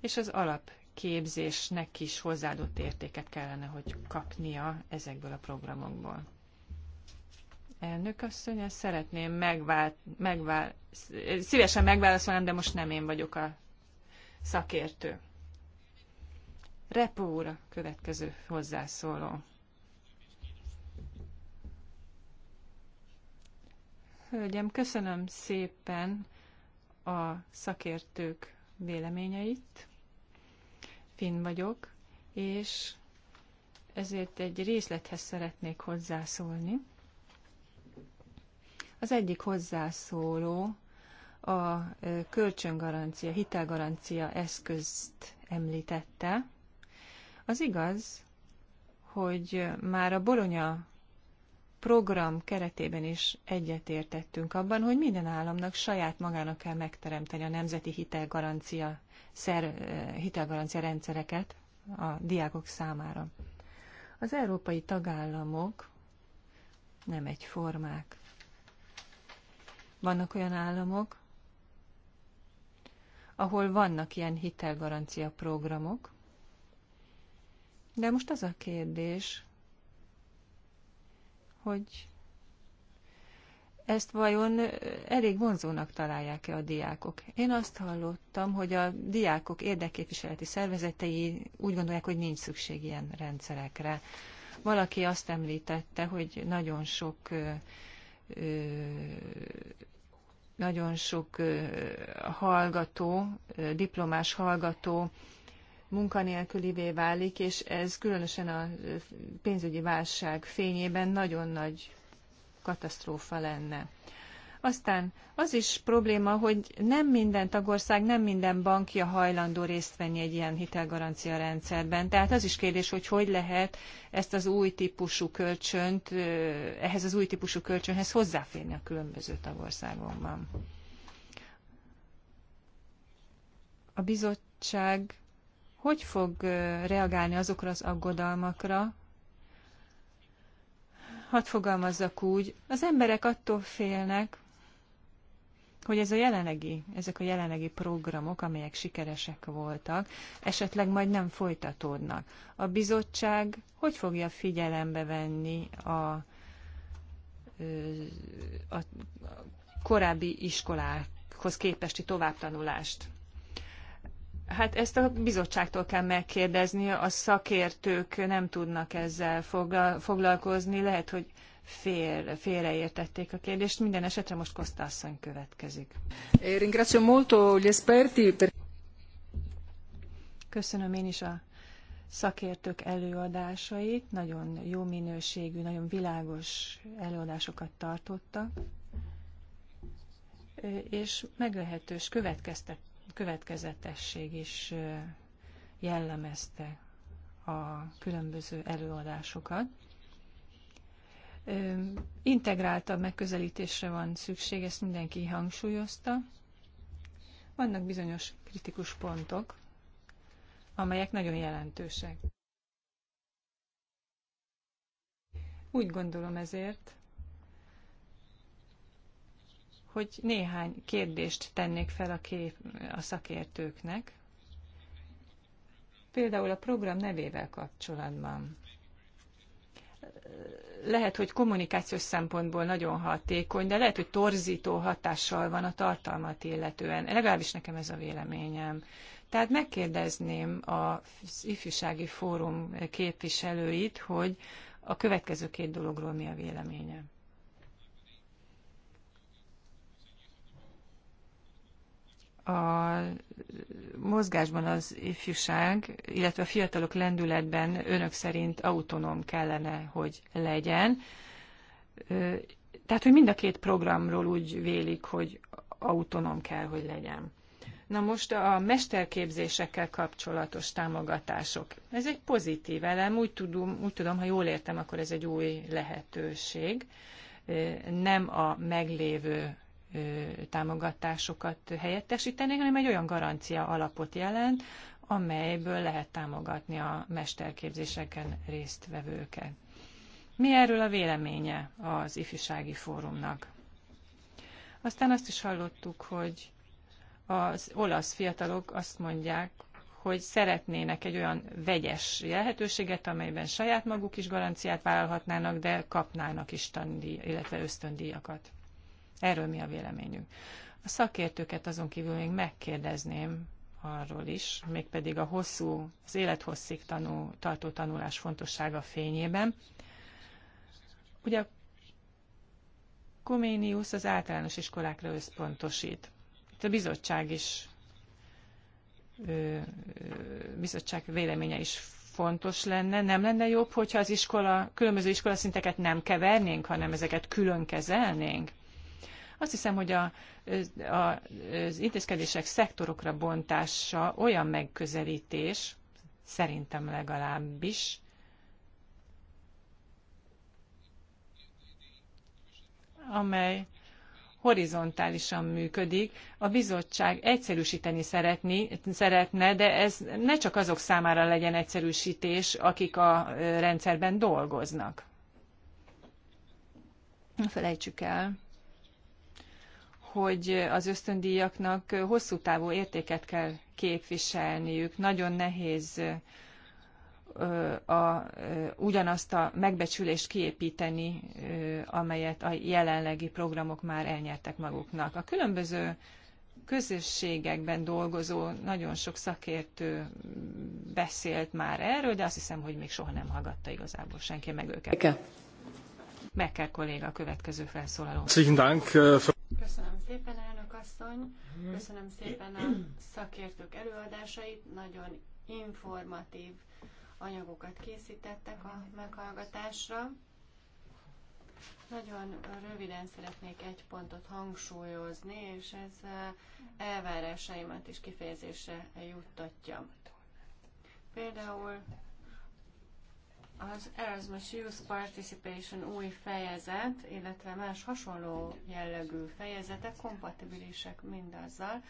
És az alap képzésnek is hozzáadott értéket kellene, hogy kapnia ezekből a programokból. Elnök asszony, ezt szeretném megvált, megvált, szívesen megválaszolnám, de most nem én vagyok a szakértő. Repó úr a következő hozzászóló. Hölgyem, köszönöm szépen a szakértők véleményeit. Finn vagyok, és ezért egy részlethez szeretnék hozzászólni. Az egyik hozzászóló a kölcsöngarancia, hitelgarancia eszközt említette. Az igaz, hogy már a Bolonya program keretében is egyetértettünk abban, hogy minden államnak saját magának kell megteremteni a nemzeti hitelgarancia, szer, hitelgarancia rendszereket a diákok számára. Az európai tagállamok nem egyformák. Vannak olyan államok, ahol vannak ilyen hitelgarancia programok, de most az a kérdés, hogy ezt vajon elég vonzónak találják-e a diákok? Én azt hallottam, hogy a diákok érdekképviseleti szervezetei úgy gondolják, hogy nincs szükség ilyen rendszerekre. Valaki azt említette, hogy nagyon sok nagyon sok hallgató, diplomás hallgató munkanélkülivé válik, és ez különösen a pénzügyi válság fényében nagyon nagy katasztrófa lenne. Aztán az is probléma, hogy nem minden tagország, nem minden bankja hajlandó részt venni egy ilyen hitelgarancia rendszerben. Tehát az is kérdés, hogy hogy lehet ezt az új típusú kölcsönt, ehhez az új típusú kölcsönhez hozzáférni a különböző tagországokban. A bizottság hogy fog reagálni azokra az aggodalmakra, hadd fogalmazzak úgy, az emberek attól félnek, hogy ez a jelenlegi, ezek a jelenlegi programok, amelyek sikeresek voltak, esetleg majd nem folytatódnak. A bizottság hogy fogja figyelembe venni a, a, a korábbi iskolákhoz képesti továbbtanulást? Hát ezt a bizottságtól kell megkérdezni, a szakértők nem tudnak ezzel foglalkozni, lehet, hogy fél, félreértették a kérdést. Minden esetre most Koszta asszony következik. Eh, molto gli esperti. Köszönöm én is a szakértők előadásait, nagyon jó minőségű, nagyon világos előadásokat tartottak, eh, és meglehetős következtet következetesség is jellemezte a különböző előadásokat. Integráltabb megközelítésre van szükség, ezt mindenki hangsúlyozta. Vannak bizonyos kritikus pontok, amelyek nagyon jelentősek. Úgy gondolom ezért, hogy néhány kérdést tennék fel a, kép, a szakértőknek, például a program nevével kapcsolatban. Lehet, hogy kommunikációs szempontból nagyon hatékony, de lehet, hogy torzító hatással van a tartalmat illetően. Legalábbis nekem ez a véleményem. Tehát megkérdezném az ifjúsági fórum képviselőit, hogy a következő két dologról mi a véleménye. a mozgásban az ifjúság, illetve a fiatalok lendületben önök szerint autonóm kellene, hogy legyen. Tehát, hogy mind a két programról úgy vélik, hogy autonóm kell, hogy legyen. Na most a mesterképzésekkel kapcsolatos támogatások. Ez egy pozitív elem, úgy tudom, úgy tudom, ha jól értem, akkor ez egy új lehetőség. Nem a meglévő támogatásokat helyettesíteni, hanem egy olyan garancia alapot jelent, amelyből lehet támogatni a mesterképzéseken résztvevőket. Mi erről a véleménye az ifjúsági fórumnak? Aztán azt is hallottuk, hogy az olasz fiatalok azt mondják, hogy szeretnének egy olyan vegyes lehetőséget, amelyben saját maguk is garanciát vállalhatnának, de kapnának is tandíj, illetve ösztöndíjakat. Erről mi a véleményünk? A szakértőket azon kívül még megkérdezném arról is, mégpedig a hosszú, az élethosszig tanú, tartó tanulás fontossága fényében. Ugye a Koméniusz az általános iskolákra összpontosít. Itt a bizottság is, bizottság véleménye is fontos lenne. Nem lenne jobb, hogyha az iskola, különböző iskolaszinteket nem kevernénk, hanem ezeket külön kezelnénk? Azt hiszem, hogy a, a, az intézkedések szektorokra bontása olyan megközelítés, szerintem legalábbis, amely horizontálisan működik. A bizottság egyszerűsíteni szeretni, szeretne, de ez ne csak azok számára legyen egyszerűsítés, akik a rendszerben dolgoznak. felejtsük el, hogy az ösztöndíjaknak hosszú távú értéket kell képviselniük. Nagyon nehéz a, ugyanazt a megbecsülést kiépíteni, amelyet a jelenlegi programok már elnyertek maguknak. A különböző közösségekben dolgozó nagyon sok szakértő beszélt már erről, de azt hiszem, hogy még soha nem hallgatta igazából senki meg őket. Becker kolléga a következő felszólaló. Äh, Köszönöm szépen, elnök asszony. Köszönöm szépen a szakértők előadásait. Nagyon informatív anyagokat készítettek a meghallgatásra. Nagyon röviden szeretnék egy pontot hangsúlyozni, és ez eh, elvárásaimat is kifejezésre juttatja. Például az Erasmus Youth Participation új fejezet, illetve más hasonló jellegű fejezetek kompatibilisek mindazzal,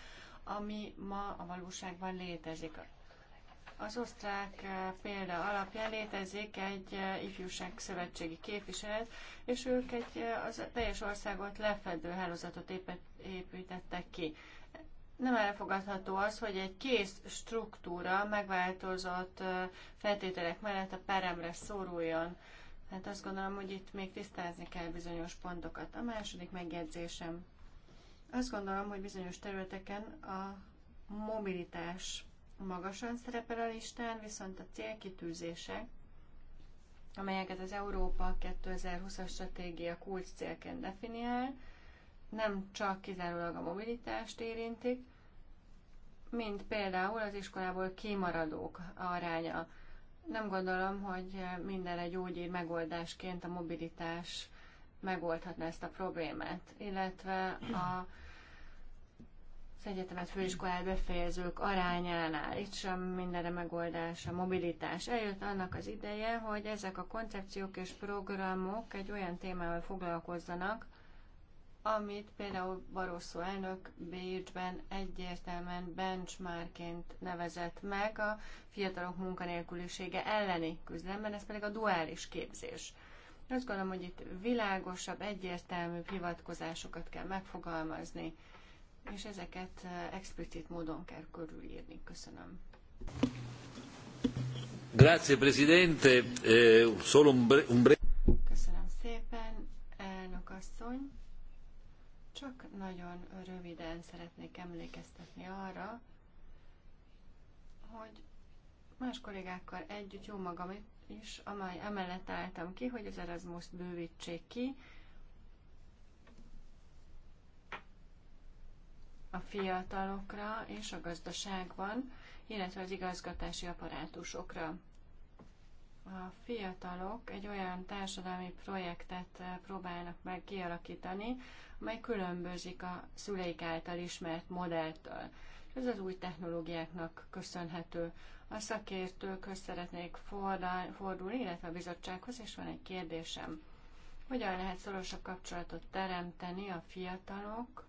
ami ma a valóságban létezik. Az osztrák eh, példa alapján létezik egy eh, ifjúság szövetségi képviselet, és ők egy eh, az teljes országot lefedő hálózatot építettek ki nem elfogadható az, hogy egy kész struktúra megváltozott feltételek mellett a peremre szoruljon. Hát azt gondolom, hogy itt még tisztázni kell bizonyos pontokat. A második megjegyzésem. Azt gondolom, hogy bizonyos területeken a mobilitás magasan szerepel a listán, viszont a célkitűzések, amelyeket az Európa 2020-as stratégia kulcs célként definiál, nem csak kizárólag a mobilitást érintik, mint például az iskolából kimaradók aránya. Nem gondolom, hogy minden egy gyógyír megoldásként a mobilitás megoldhatna ezt a problémát, illetve a az egyetemet főiskolát befejezők arányánál. Itt sem mindenre megoldás a mobilitás. Eljött annak az ideje, hogy ezek a koncepciók és programok egy olyan témával foglalkozzanak, amit például Barroso elnök Bécsben egyértelműen benchmarkként nevezett meg a fiatalok munkanélkülisége elleni küzdelemben, ez pedig a duális képzés. Azt gondolom, hogy itt világosabb, egyértelműbb hivatkozásokat kell megfogalmazni, és ezeket eh, explicit módon kell körülírni. Köszönöm. Grazie, Presidente. Eh, solo un bre- un bre- Köszönöm szépen, elnök asszony. Csak nagyon röviden szeretnék emlékeztetni arra, hogy más kollégákkal együtt, jó magam is, amely emellett álltam ki, hogy az erasmus bővítsék ki, a fiatalokra és a gazdaságban, illetve az igazgatási apparátusokra a fiatalok egy olyan társadalmi projektet eh, próbálnak meg kialakítani, amely különbözik a szüleik által ismert modelltől. Ez az új technológiáknak köszönhető. A szakértőkhöz szeretnék fordulni, illetve a bizottsághoz, és van egy kérdésem. Hogyan lehet szorosabb kapcsolatot teremteni a fiatalok,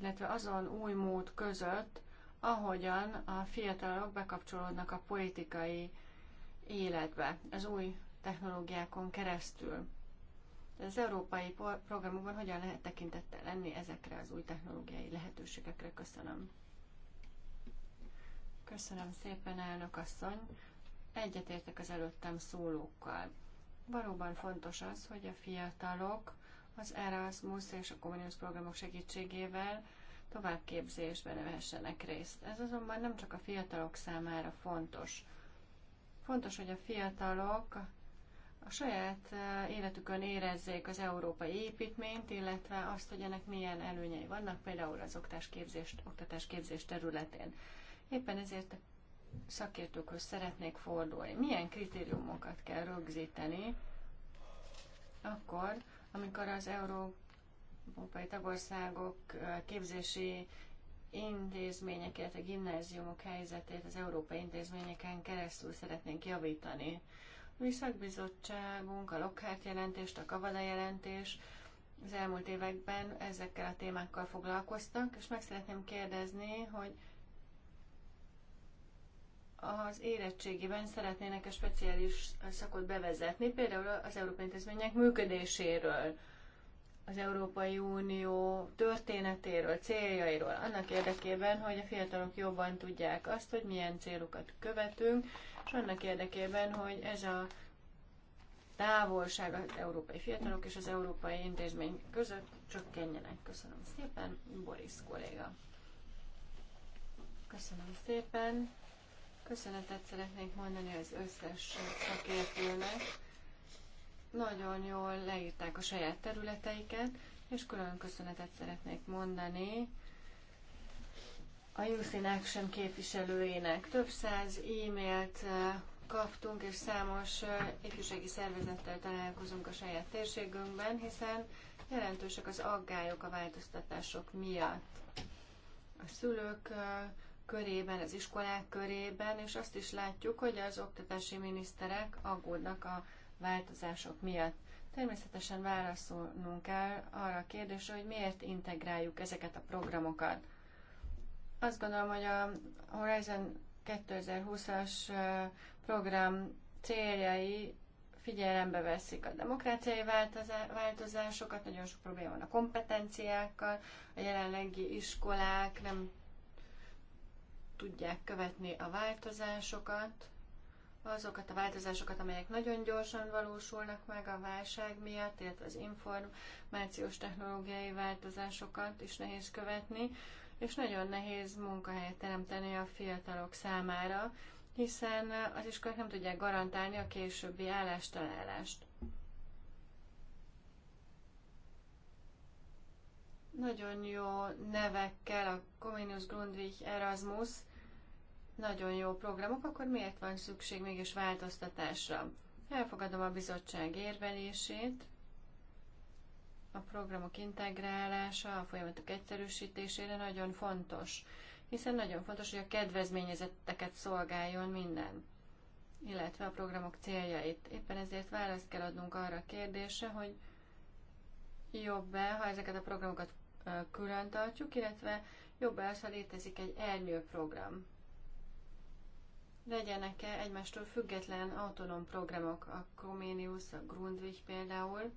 illetve azon új mód között, ahogyan a fiatalok bekapcsolódnak a politikai életbe az új technológiákon keresztül. Az európai programokban hogyan lehet tekintettel lenni ezekre az új technológiai lehetőségekre? Köszönöm. Köszönöm szépen, elnök asszony. Egyetértek az előttem szólókkal. Valóban fontos az, hogy a fiatalok az Erasmus és a Comenius programok segítségével továbbképzésben vehessenek részt. Ez azonban nem csak a fiatalok számára fontos, Fontos, hogy a fiatalok a saját eh, életükön érezzék az európai építményt, illetve azt, hogy ennek milyen előnyei vannak, például az oktatásképzés, képzés területén. Éppen ezért szakértőkhöz szeretnék fordulni. Milyen kritériumokat kell rögzíteni akkor, amikor az európai tagországok eh, képzési intézmények, illetve gimnáziumok helyzetét az európai intézményeken keresztül szeretnénk javítani. A mi szakbizottságunk, a Lockhart jelentést, a Kavada jelentés az elmúlt években ezekkel a témákkal foglalkoztak, és meg szeretném kérdezni, hogy az érettségiben szeretnének egy speciális szakot bevezetni, például az európai intézmények működéséről az Európai Unió történetéről, céljairól, annak érdekében, hogy a fiatalok jobban tudják azt, hogy milyen célokat követünk, és annak érdekében, hogy ez a távolság az európai fiatalok és az európai intézmény között csökkenjenek. Köszönöm szépen, Boris kolléga. Köszönöm szépen. Köszönetet szeretnék mondani az összes szakértőnek nagyon jól leírták a saját területeiket, és külön köszönetet szeretnék mondani a Youth in Action képviselőjének. Több száz e-mailt eh, kaptunk, és számos eh, ifjúsági szervezettel találkozunk a saját térségünkben, hiszen jelentősek az aggályok a változtatások miatt. A szülők eh, körében, az iskolák körében, és azt is látjuk, hogy az oktatási miniszterek aggódnak a változások miatt. Természetesen válaszolnunk kell arra a kérdésre, hogy miért integráljuk ezeket a programokat. Azt gondolom, hogy a Horizon 2020-as program céljai figyelembe veszik a demokráciai változásokat, nagyon sok probléma van a kompetenciákkal, a jelenlegi iskolák nem tudják követni a változásokat azokat a változásokat, amelyek nagyon gyorsan valósulnak meg a válság miatt, illetve az információs technológiai változásokat is nehéz követni, és nagyon nehéz munkahelyet teremteni a fiatalok számára, hiszen az iskolák nem tudják garantálni a későbbi állástalálást. Nagyon jó nevekkel a Comenius Grundvig Erasmus – nagyon jó programok, akkor miért van szükség mégis változtatásra? Elfogadom a bizottság érvelését, a programok integrálása, a folyamatok egyszerűsítésére nagyon fontos, hiszen nagyon fontos, hogy a kedvezményezetteket szolgáljon minden, illetve a programok céljait. Éppen ezért választ kell adnunk arra a kérdésre, hogy jobb-e, ha ezeket a programokat külön tartjuk, illetve jobb-e az, ha létezik egy elnyő program legyenek-e egymástól független autonóm programok, a Comenius, a Grundvig például.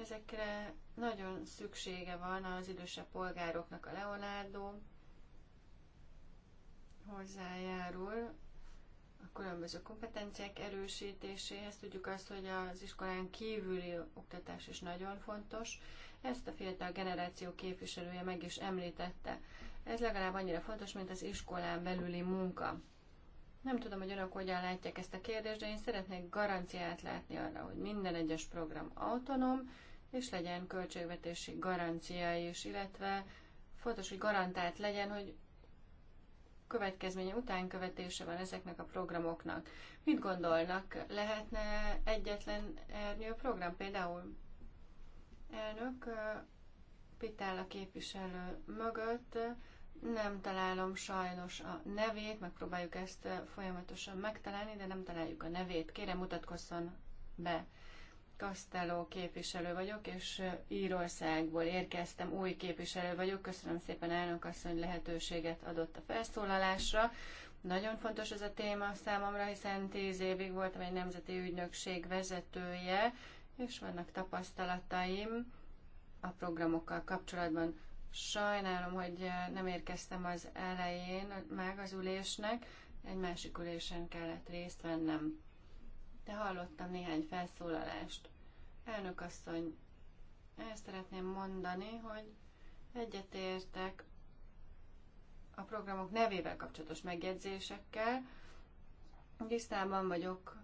Ezekre nagyon szüksége van az idősebb polgároknak a Leonardo, hozzájárul a különböző kompetenciák erősítéséhez. Tudjuk azt, hogy az iskolán kívüli oktatás is nagyon fontos. Ezt a fiatal generáció képviselője meg is említette. Ez legalább annyira fontos, mint az iskolán belüli munka. Nem tudom, hogy önök hogyan látják ezt a kérdést, de én szeretnék garanciát látni arra, hogy minden egyes program autonóm, és legyen költségvetési garancia is, illetve fontos, hogy garantált legyen, hogy következménye, utánkövetése van ezeknek a programoknak. Mit gondolnak, lehetne egyetlen ernyő program például? Elnök Pitál a képviselő mögött nem találom sajnos a nevét, megpróbáljuk ezt folyamatosan megtalálni, de nem találjuk a nevét. Kérem, mutatkozzon be. Kasztelló képviselő vagyok, és Írországból érkeztem, új képviselő vagyok. Köszönöm szépen elnök asszony lehetőséget adott a felszólalásra. Nagyon fontos ez a téma számomra, hiszen tíz évig voltam egy nemzeti ügynökség vezetője, és vannak tapasztalataim a programokkal kapcsolatban. Sajnálom, hogy eh, nem érkeztem az elején meg az ülésnek, egy másik ülésen kellett részt vennem. De hallottam néhány felszólalást. Elnök asszony, el szeretném mondani, hogy egyetértek a programok nevével kapcsolatos megjegyzésekkel. Tisztában vagyok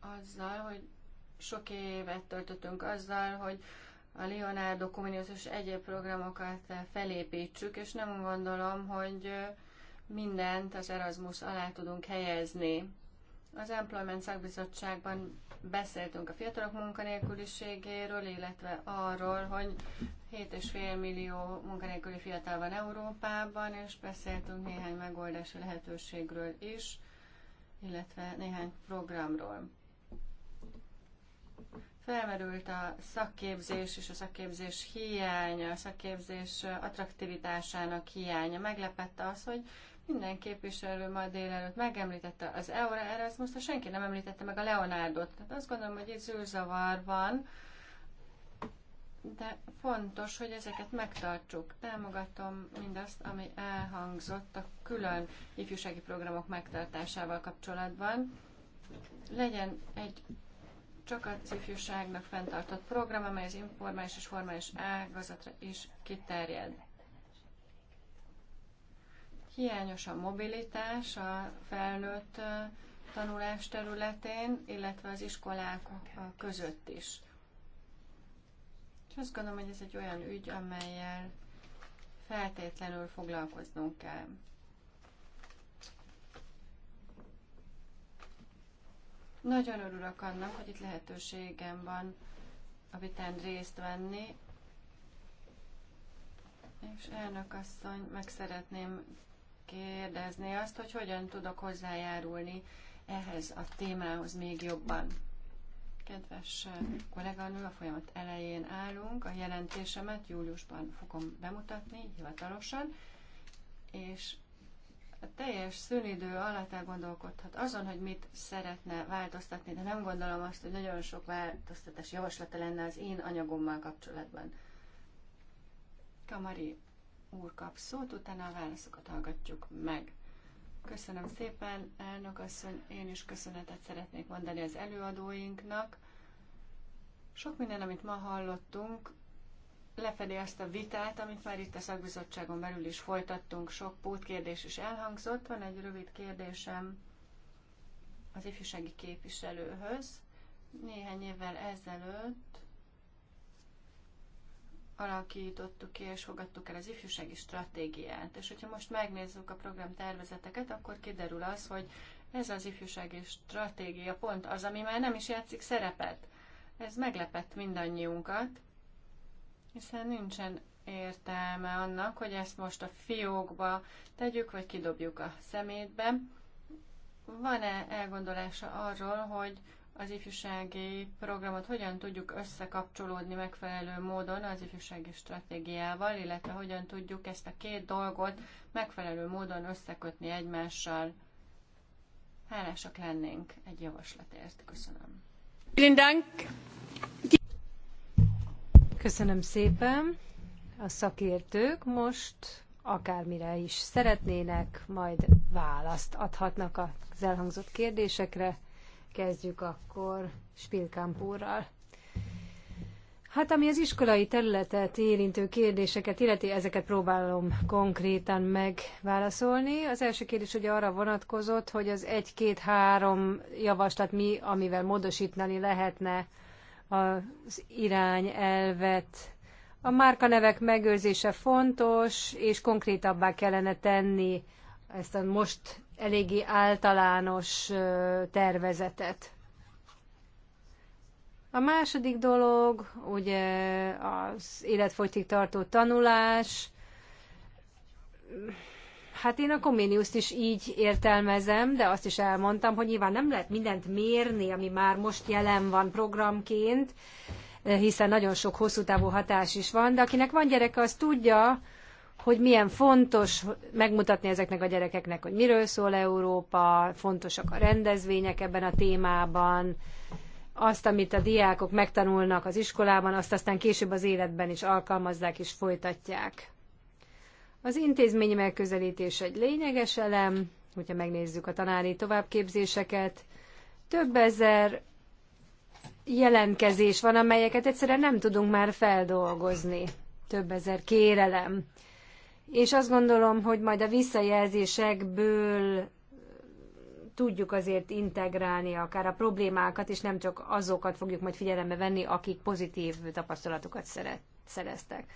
azzal, hogy sok évet töltöttünk azzal, hogy a Leonardo Comenius egyéb programokat felépítsük, és nem gondolom, hogy mindent az Erasmus alá tudunk helyezni. Az Employment Szakbizottságban beszéltünk a fiatalok munkanélküliségéről, illetve arról, hogy 7,5 millió munkanélküli fiatal van Európában, és beszéltünk néhány megoldási lehetőségről is, illetve néhány programról. Felmerült a szakképzés és a szakképzés hiánya, a szakképzés attraktivitásának hiánya. Meglepett az, hogy minden képviselő ma délelőtt megemlítette az Eura Erasmus, de senki nem említette meg a Leonardot. Tehát azt gondolom, hogy itt zűrzavar van, de fontos, hogy ezeket megtartsuk. Támogatom mindazt, ami elhangzott a külön ifjúsági programok megtartásával kapcsolatban. Legyen egy csak a ifjúságnak fenntartott program, amely az informális és formális ágazatra is kiterjed. Hiányos a mobilitás a felnőtt tanulás területén, illetve az iskolák között is. És azt gondolom, hogy ez egy olyan ügy, amelyel feltétlenül foglalkoznunk kell. Nagyon örülök annak, hogy itt lehetőségem van a vitán részt venni, és elnök asszony, meg szeretném kérdezni azt, hogy hogyan tudok hozzájárulni ehhez a témához még jobban. Kedves kolléganő, a folyamat elején állunk, a jelentésemet júliusban fogom bemutatni hivatalosan, és a teljes szünidő alatt elgondolkodhat azon, hogy mit szeretne változtatni, de nem gondolom azt, hogy nagyon sok változtatás javaslata lenne az én anyagommal kapcsolatban. Kamari úr kap szót, utána a válaszokat hallgatjuk meg. Köszönöm szépen, elnök asszony, én is köszönetet szeretnék mondani az előadóinknak. Sok minden, amit ma hallottunk, lefedi azt a vitát, amit már itt a szakbizottságon belül is folytattunk, sok pótkérdés is elhangzott. Van egy rövid kérdésem az ifjúsági képviselőhöz. Néhány évvel ezelőtt alakítottuk ki és fogadtuk el az ifjúsági stratégiát. És hogyha most megnézzük a program tervezeteket, akkor kiderül az, hogy ez az ifjúsági stratégia pont az, ami már nem is játszik szerepet. Ez meglepett mindannyiunkat hiszen nincsen értelme annak, hogy ezt most a fiókba tegyük, vagy kidobjuk a szemétbe. Van-e elgondolása arról, hogy az ifjúsági programot hogyan tudjuk összekapcsolódni megfelelő módon az ifjúsági stratégiával, illetve hogyan tudjuk ezt a két dolgot megfelelő módon összekötni egymással. Hálásak lennénk egy javaslatért. Köszönöm. Köszönöm szépen. A szakértők most akármire is szeretnének, majd választ adhatnak az elhangzott kérdésekre. Kezdjük akkor Spilkamp úrral. Hát ami az iskolai területet érintő kérdéseket illeti, ezeket próbálom konkrétan megválaszolni. Az első kérdés ugye arra vonatkozott, hogy az 1-2-3 javaslat mi, amivel módosítani lehetne az irányelvet. A márkanevek megőrzése fontos, és konkrétabbá kellene tenni ezt a most eléggé általános tervezetet. A második dolog, ugye az életfogytig tartó tanulás, Hát én a Comeniuszt is így értelmezem, de azt is elmondtam, hogy nyilván nem lehet mindent mérni, ami már most jelen van programként, hiszen nagyon sok hosszú távú hatás is van, de akinek van gyereke, az tudja, hogy milyen fontos megmutatni ezeknek a gyerekeknek, hogy miről szól Európa, fontosak a rendezvények ebben a témában, azt, amit a diákok megtanulnak az iskolában, azt aztán később az életben is alkalmazzák és folytatják. Az intézmény megközelítés egy lényeges elem, hogyha megnézzük a tanári továbbképzéseket. Több ezer jelentkezés van, amelyeket egyszerűen nem tudunk már feldolgozni. Több ezer kérelem. És azt gondolom, hogy majd a visszajelzésekből tudjuk azért integrálni akár a problémákat, és nem csak azokat fogjuk majd figyelembe venni, akik pozitív tapasztalatokat szereztek.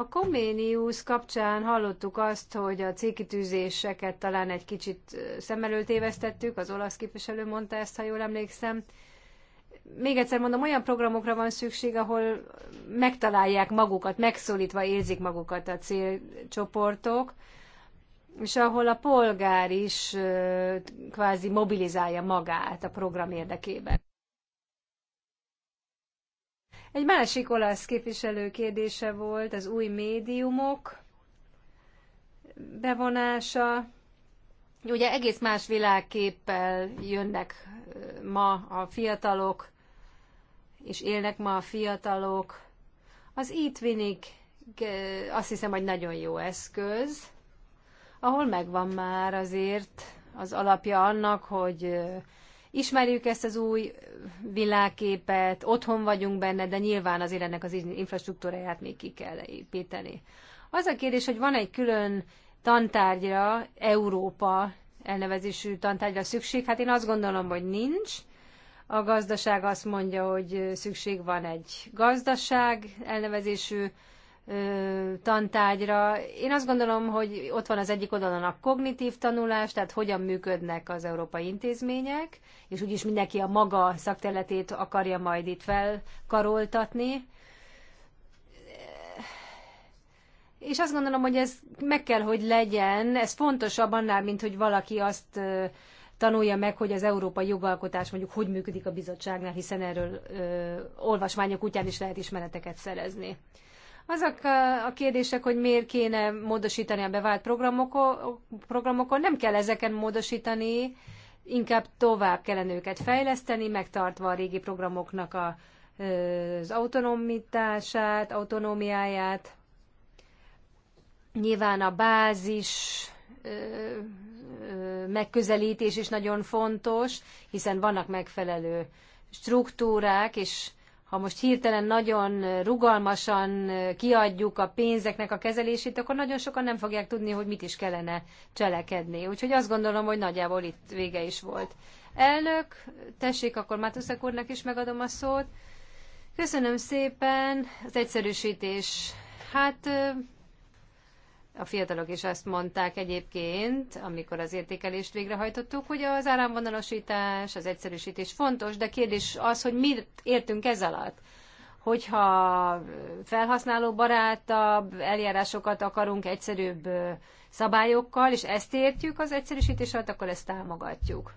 A Koméniusz kapcsán hallottuk azt, hogy a célkitűzéseket talán egy kicsit szem előtt évesztettük, az olasz képviselő mondta ezt, ha jól emlékszem. Még egyszer mondom, olyan programokra van szükség, ahol megtalálják magukat, megszólítva érzik magukat a célcsoportok, és ahol a polgár is kvázi mobilizálja magát a program érdekében. Egy másik olasz képviselő kérdése volt az új médiumok bevonása. Ugye egész más világképpel jönnek eh, ma a fiatalok, és élnek ma a fiatalok. Az itvinik eh, azt hiszem, hogy nagyon jó eszköz, ahol megvan már azért az alapja annak, hogy eh, Ismerjük ezt az új világképet, otthon vagyunk benne, de nyilván azért ennek az infrastruktúráját még ki kell építeni. Az a kérdés, hogy van egy külön tantárgyra, Európa elnevezésű tantárgyra szükség? Hát én azt gondolom, hogy nincs. A gazdaság azt mondja, hogy szükség van egy gazdaság elnevezésű tantágyra. Én azt gondolom, hogy ott van az egyik oldalon a kognitív tanulás, tehát hogyan működnek az európai intézmények, és úgyis mindenki a maga szakterületét akarja majd itt felkaroltatni. És azt gondolom, hogy ez meg kell, hogy legyen, ez fontosabb annál, mint hogy valaki azt tanulja meg, hogy az európai jogalkotás mondjuk hogy működik a bizottságnál, hiszen erről ö, olvasmányok útján is lehet ismereteket szerezni. Azok a kérdések, hogy miért kéne módosítani a bevált programokon, programokon nem kell ezeken módosítani, inkább tovább kellene őket fejleszteni, megtartva a régi programoknak a, az autonomitását, autonómiáját. Nyilván a bázis megközelítés is nagyon fontos, hiszen vannak megfelelő struktúrák, és ha most hirtelen nagyon rugalmasan kiadjuk a pénzeknek a kezelését, akkor nagyon sokan nem fogják tudni, hogy mit is kellene cselekedni. Úgyhogy azt gondolom, hogy nagyjából itt vége is volt. Elnök, tessék, akkor Mátuszek úrnak is megadom a szót. Köszönöm szépen az egyszerűsítés. Hát a fiatalok is azt mondták egyébként, amikor az értékelést végrehajtottuk, hogy az áramvonalasítás, az egyszerűsítés fontos, de kérdés az, hogy mi értünk ez alatt hogyha felhasználó barátabb eljárásokat akarunk egyszerűbb szabályokkal, és ezt értjük az egyszerűsítés alatt, akkor ezt támogatjuk.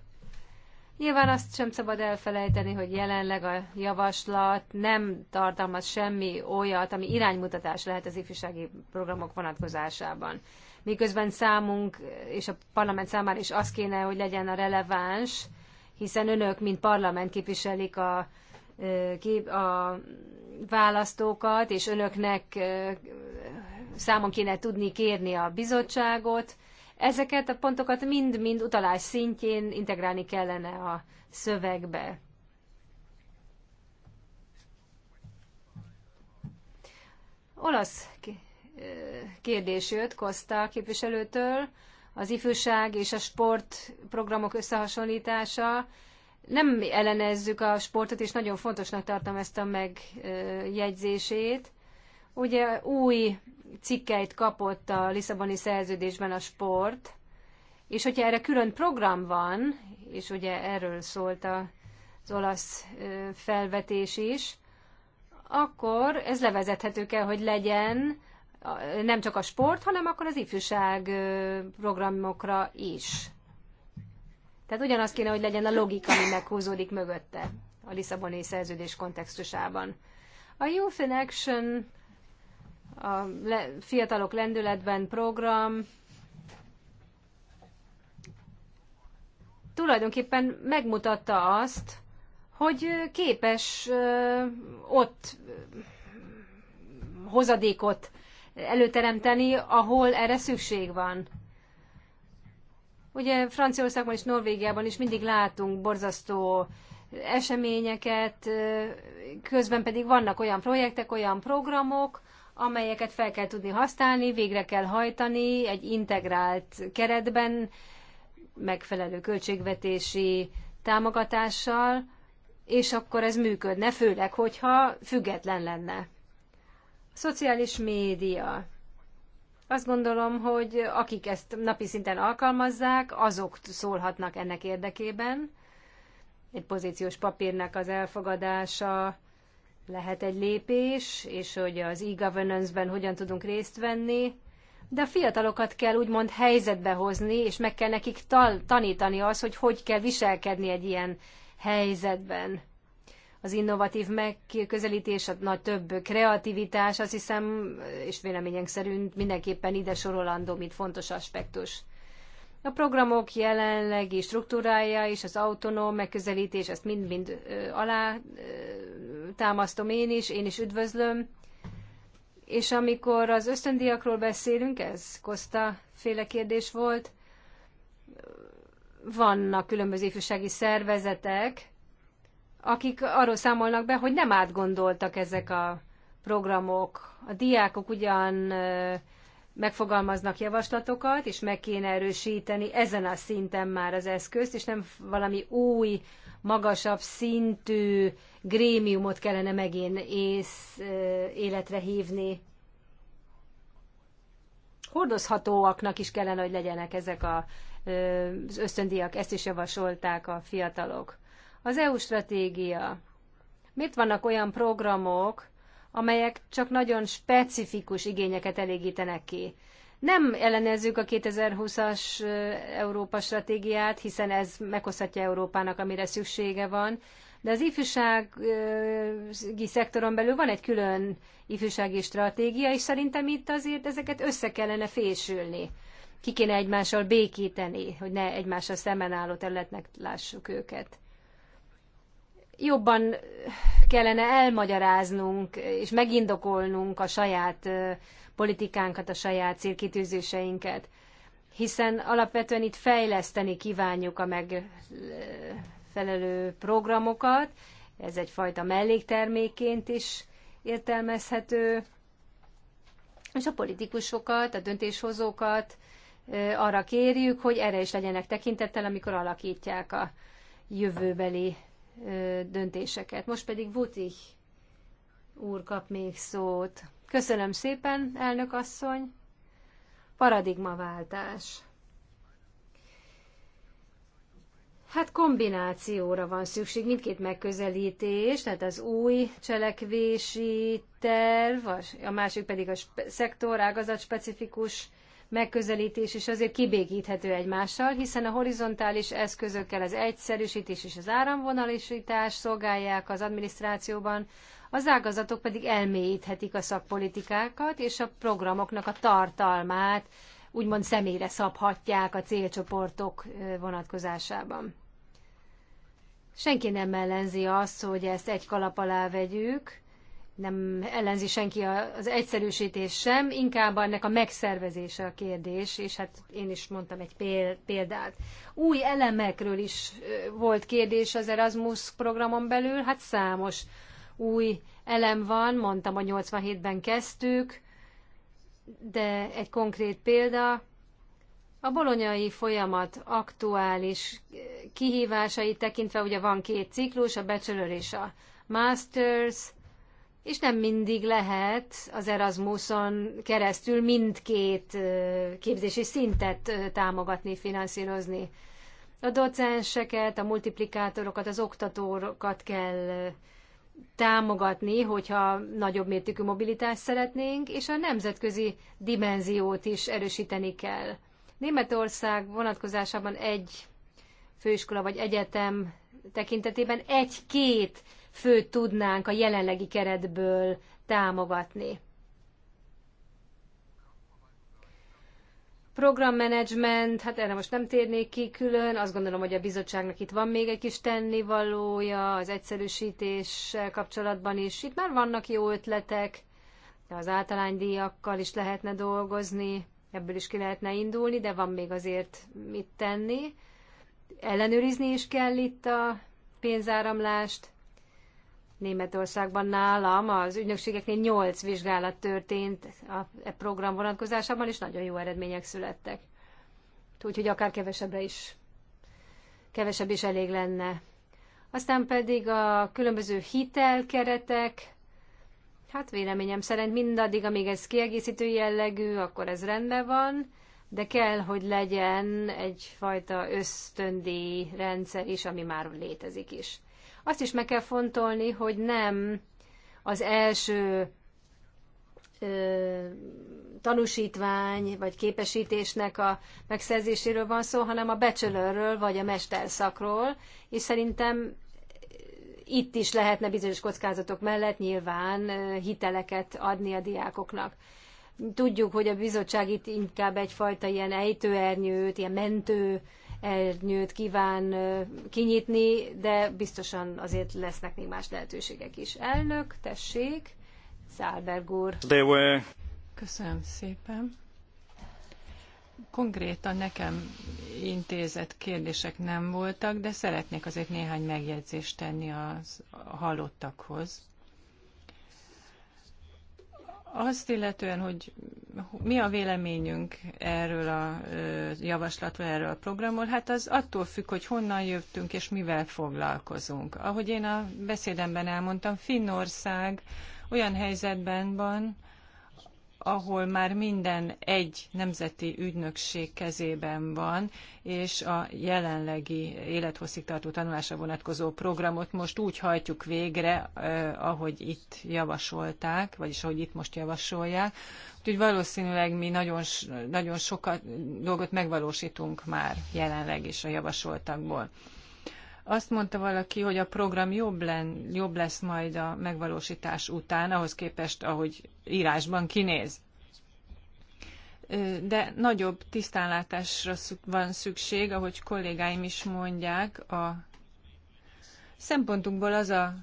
Nyilván azt sem szabad elfelejteni, hogy jelenleg a javaslat nem tartalmaz semmi olyat, ami iránymutatás lehet az ifjúsági programok vonatkozásában. Miközben számunk és a parlament számára is az kéne, hogy legyen a releváns, hiszen önök, mint parlament képviselik a, a választókat, és önöknek számon kéne tudni kérni a bizottságot, Ezeket a pontokat mind-mind utalás szintjén integrálni kellene a szövegbe. Olasz kérdés jött Koszta képviselőtől, az ifjúság és a sport programok összehasonlítása. Nem ellenezzük a sportot, és nagyon fontosnak tartom ezt a megjegyzését. Ugye új cikkeit kapott a Lisszaboni szerződésben a sport, és hogyha erre külön program van, és ugye erről szólt az olasz felvetés is, akkor ez levezethető kell, hogy legyen nem csak a sport, hanem akkor az ifjúság programokra is. Tehát ugyanaz kéne, hogy legyen a logika, ami meghúzódik mögötte a Lisszaboni szerződés kontextusában. A Youth in Action a Fiatalok Lendületben program tulajdonképpen megmutatta azt, hogy képes ott hozadékot előteremteni, ahol erre szükség van. Ugye Franciaországban és Norvégiában is mindig látunk borzasztó eseményeket, közben pedig vannak olyan projektek, olyan programok, amelyeket fel kell tudni használni, végre kell hajtani egy integrált keretben, megfelelő költségvetési támogatással, és akkor ez működne, főleg, hogyha független lenne. A szociális média. Azt gondolom, hogy akik ezt napi szinten alkalmazzák, azok szólhatnak ennek érdekében. Egy pozíciós papírnak az elfogadása, lehet egy lépés, és hogy az e-governance-ben hogyan tudunk részt venni, de a fiatalokat kell úgymond helyzetbe hozni, és meg kell nekik tanítani az, hogy hogy kell viselkedni egy ilyen helyzetben. Az innovatív megközelítés, a nagy több kreativitás, azt hiszem, és véleményünk szerint mindenképpen ide sorolandó, mint fontos aspektus. A programok jelenlegi struktúrája és az autonóm megközelítés, ezt mind-mind alá támasztom én is, én is üdvözlöm. És amikor az ösztöndiakról beszélünk, ez Kosta féle kérdés volt, vannak különböző ifjúsági szervezetek, akik arról számolnak be, hogy nem átgondoltak ezek a programok. A diákok ugyan megfogalmaznak javaslatokat, és meg kéne erősíteni ezen a szinten már az eszközt, és nem valami új, magasabb szintű grémiumot kellene megint ész, életre hívni. Hordozhatóaknak is kellene, hogy legyenek ezek a, az ösztöndiak, ezt is javasolták a fiatalok. Az EU stratégia. Miért vannak olyan programok, amelyek csak nagyon specifikus igényeket elégítenek ki. Nem ellenezzük a 2020-as Európa stratégiát, hiszen ez meghozhatja Európának, amire szüksége van, de az ifjúsági szektoron belül van egy külön ifjúsági stratégia, és szerintem itt azért ezeket össze kellene fésülni. Ki kéne egymással békíteni, hogy ne egymással szemben álló területnek lássuk őket jobban kellene elmagyaráznunk és megindokolnunk a saját politikánkat, a saját célkitűzéseinket, hiszen alapvetően itt fejleszteni kívánjuk a megfelelő programokat, ez egyfajta mellékterméként is értelmezhető, és a politikusokat, a döntéshozókat arra kérjük, hogy erre is legyenek tekintettel, amikor alakítják a jövőbeli döntéseket. Most pedig Butich úr kap még szót. Köszönöm szépen, elnök asszony. Paradigmaváltás. Hát kombinációra van szükség, mindkét megközelítés, tehát az új cselekvési terv, a másik pedig a szektor, ágazat specifikus megközelítés is azért kibékíthető egymással, hiszen a horizontális eszközökkel az egyszerűsítés és az áramvonalisítás szolgálják az adminisztrációban, az ágazatok pedig elmélyíthetik a szakpolitikákat, és a programoknak a tartalmát úgymond személyre szabhatják a célcsoportok vonatkozásában. Senki nem ellenzi azt, hogy ezt egy kalap alá vegyük, nem ellenzi senki az egyszerűsítés sem, inkább ennek a megszervezése a kérdés, és hát én is mondtam egy példát. Új elemekről is volt kérdés az Erasmus programon belül, hát számos új elem van, mondtam a 87-ben kezdtük, de egy konkrét példa, a bolonyai folyamat aktuális kihívásait tekintve ugye van két ciklus, a bachelor és a masters, és nem mindig lehet az Erasmuson keresztül mindkét képzési szintet támogatni, finanszírozni. A docenseket, a multiplikátorokat, az oktatókat kell támogatni, hogyha nagyobb mértékű mobilitást szeretnénk, és a nemzetközi dimenziót is erősíteni kell. Németország vonatkozásában egy főiskola vagy egyetem tekintetében egy-két fő tudnánk a jelenlegi keretből támogatni. Programmenedzsment, hát erre most nem térnék ki külön, azt gondolom, hogy a bizottságnak itt van még egy kis tennivalója az egyszerűsítés kapcsolatban is. Itt már vannak jó ötletek, az általánydíjakkal is lehetne dolgozni, ebből is ki lehetne indulni, de van még azért mit tenni. Ellenőrizni is kell itt a pénzáramlást, Németországban nálam az ügynökségeknél 8 vizsgálat történt a e program vonatkozásában, és nagyon jó eredmények születtek. Úgyhogy akár kevesebbre is, kevesebb is elég lenne. Aztán pedig a különböző hitelkeretek, hát véleményem szerint mindaddig, amíg ez kiegészítő jellegű, akkor ez rendben van, de kell, hogy legyen egyfajta ösztöndi rendszer is, ami már létezik is. Azt is meg kell fontolni, hogy nem az első ö, tanúsítvány vagy képesítésnek a megszerzéséről van szó, hanem a bachelorről vagy a mesterszakról, és szerintem itt is lehetne bizonyos kockázatok mellett nyilván hiteleket adni a diákoknak. Tudjuk, hogy a bizottság itt inkább egyfajta ilyen ejtőernyőt, ilyen mentő ernyőt kíván kinyitni, de biztosan azért lesznek még más lehetőségek is. Elnök, tessék, Szálberg úr. Köszönöm szépen. Konkrétan nekem intézett kérdések nem voltak, de szeretnék azért néhány megjegyzést tenni a hallottakhoz. Azt illetően, hogy mi a véleményünk erről a javaslatról, erről a programról, hát az attól függ, hogy honnan jöttünk és mivel foglalkozunk. Ahogy én a beszédemben elmondtam, Finnország olyan helyzetben van, ahol már minden egy nemzeti ügynökség kezében van, és a jelenlegi élethosszígtartó tanulásra vonatkozó programot most úgy hajtjuk végre, ahogy itt javasolták, vagyis ahogy itt most javasolják. Úgyhogy valószínűleg mi nagyon, nagyon sokat dolgot megvalósítunk már jelenleg is a javasoltakból. Azt mondta valaki, hogy a program jobb, len, jobb lesz majd a megvalósítás után, ahhoz képest, ahogy írásban kinéz. De nagyobb tisztánlátásra van szükség, ahogy kollégáim is mondják. A szempontunkból az a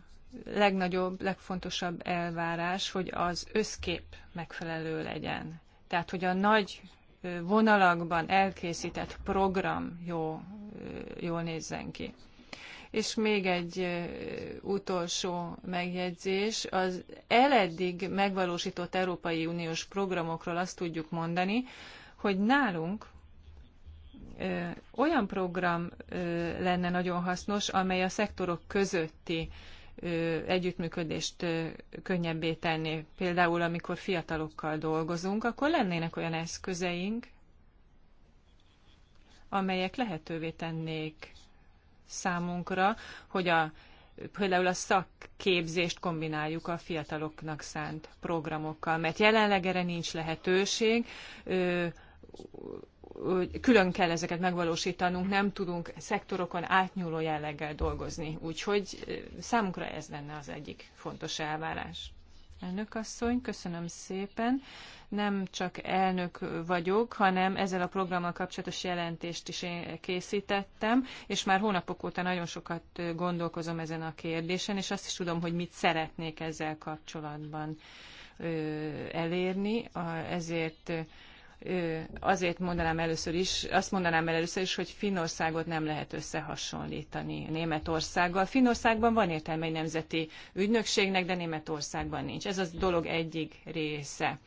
legnagyobb, legfontosabb elvárás, hogy az összkép megfelelő legyen. Tehát, hogy a nagy vonalakban elkészített program jó, jól nézzen ki. És még egy utolsó megjegyzés. Az eleddig megvalósított Európai Uniós programokról azt tudjuk mondani, hogy nálunk olyan program lenne nagyon hasznos, amely a szektorok közötti együttműködést könnyebbé tenni. Például, amikor fiatalokkal dolgozunk, akkor lennének olyan eszközeink, amelyek lehetővé tennék számunkra, hogy a, például a szakképzést kombináljuk a fiataloknak szánt programokkal, mert jelenleg erre nincs lehetőség, külön kell ezeket megvalósítanunk, nem tudunk szektorokon átnyúló jelleggel dolgozni. Úgyhogy számunkra ez lenne az egyik fontos elvárás. Elnök asszony, köszönöm szépen. Nem csak elnök vagyok, hanem ezzel a programmal kapcsolatos jelentést is én készítettem, és már hónapok óta nagyon sokat gondolkozom ezen a kérdésen, és azt is tudom, hogy mit szeretnék ezzel kapcsolatban elérni, ezért azért mondanám először is, azt mondanám el először is, hogy Finnországot nem lehet összehasonlítani Németországgal. Finnországban van értelme egy nemzeti ügynökségnek, de Németországban nincs. Ez a dolog egyik része.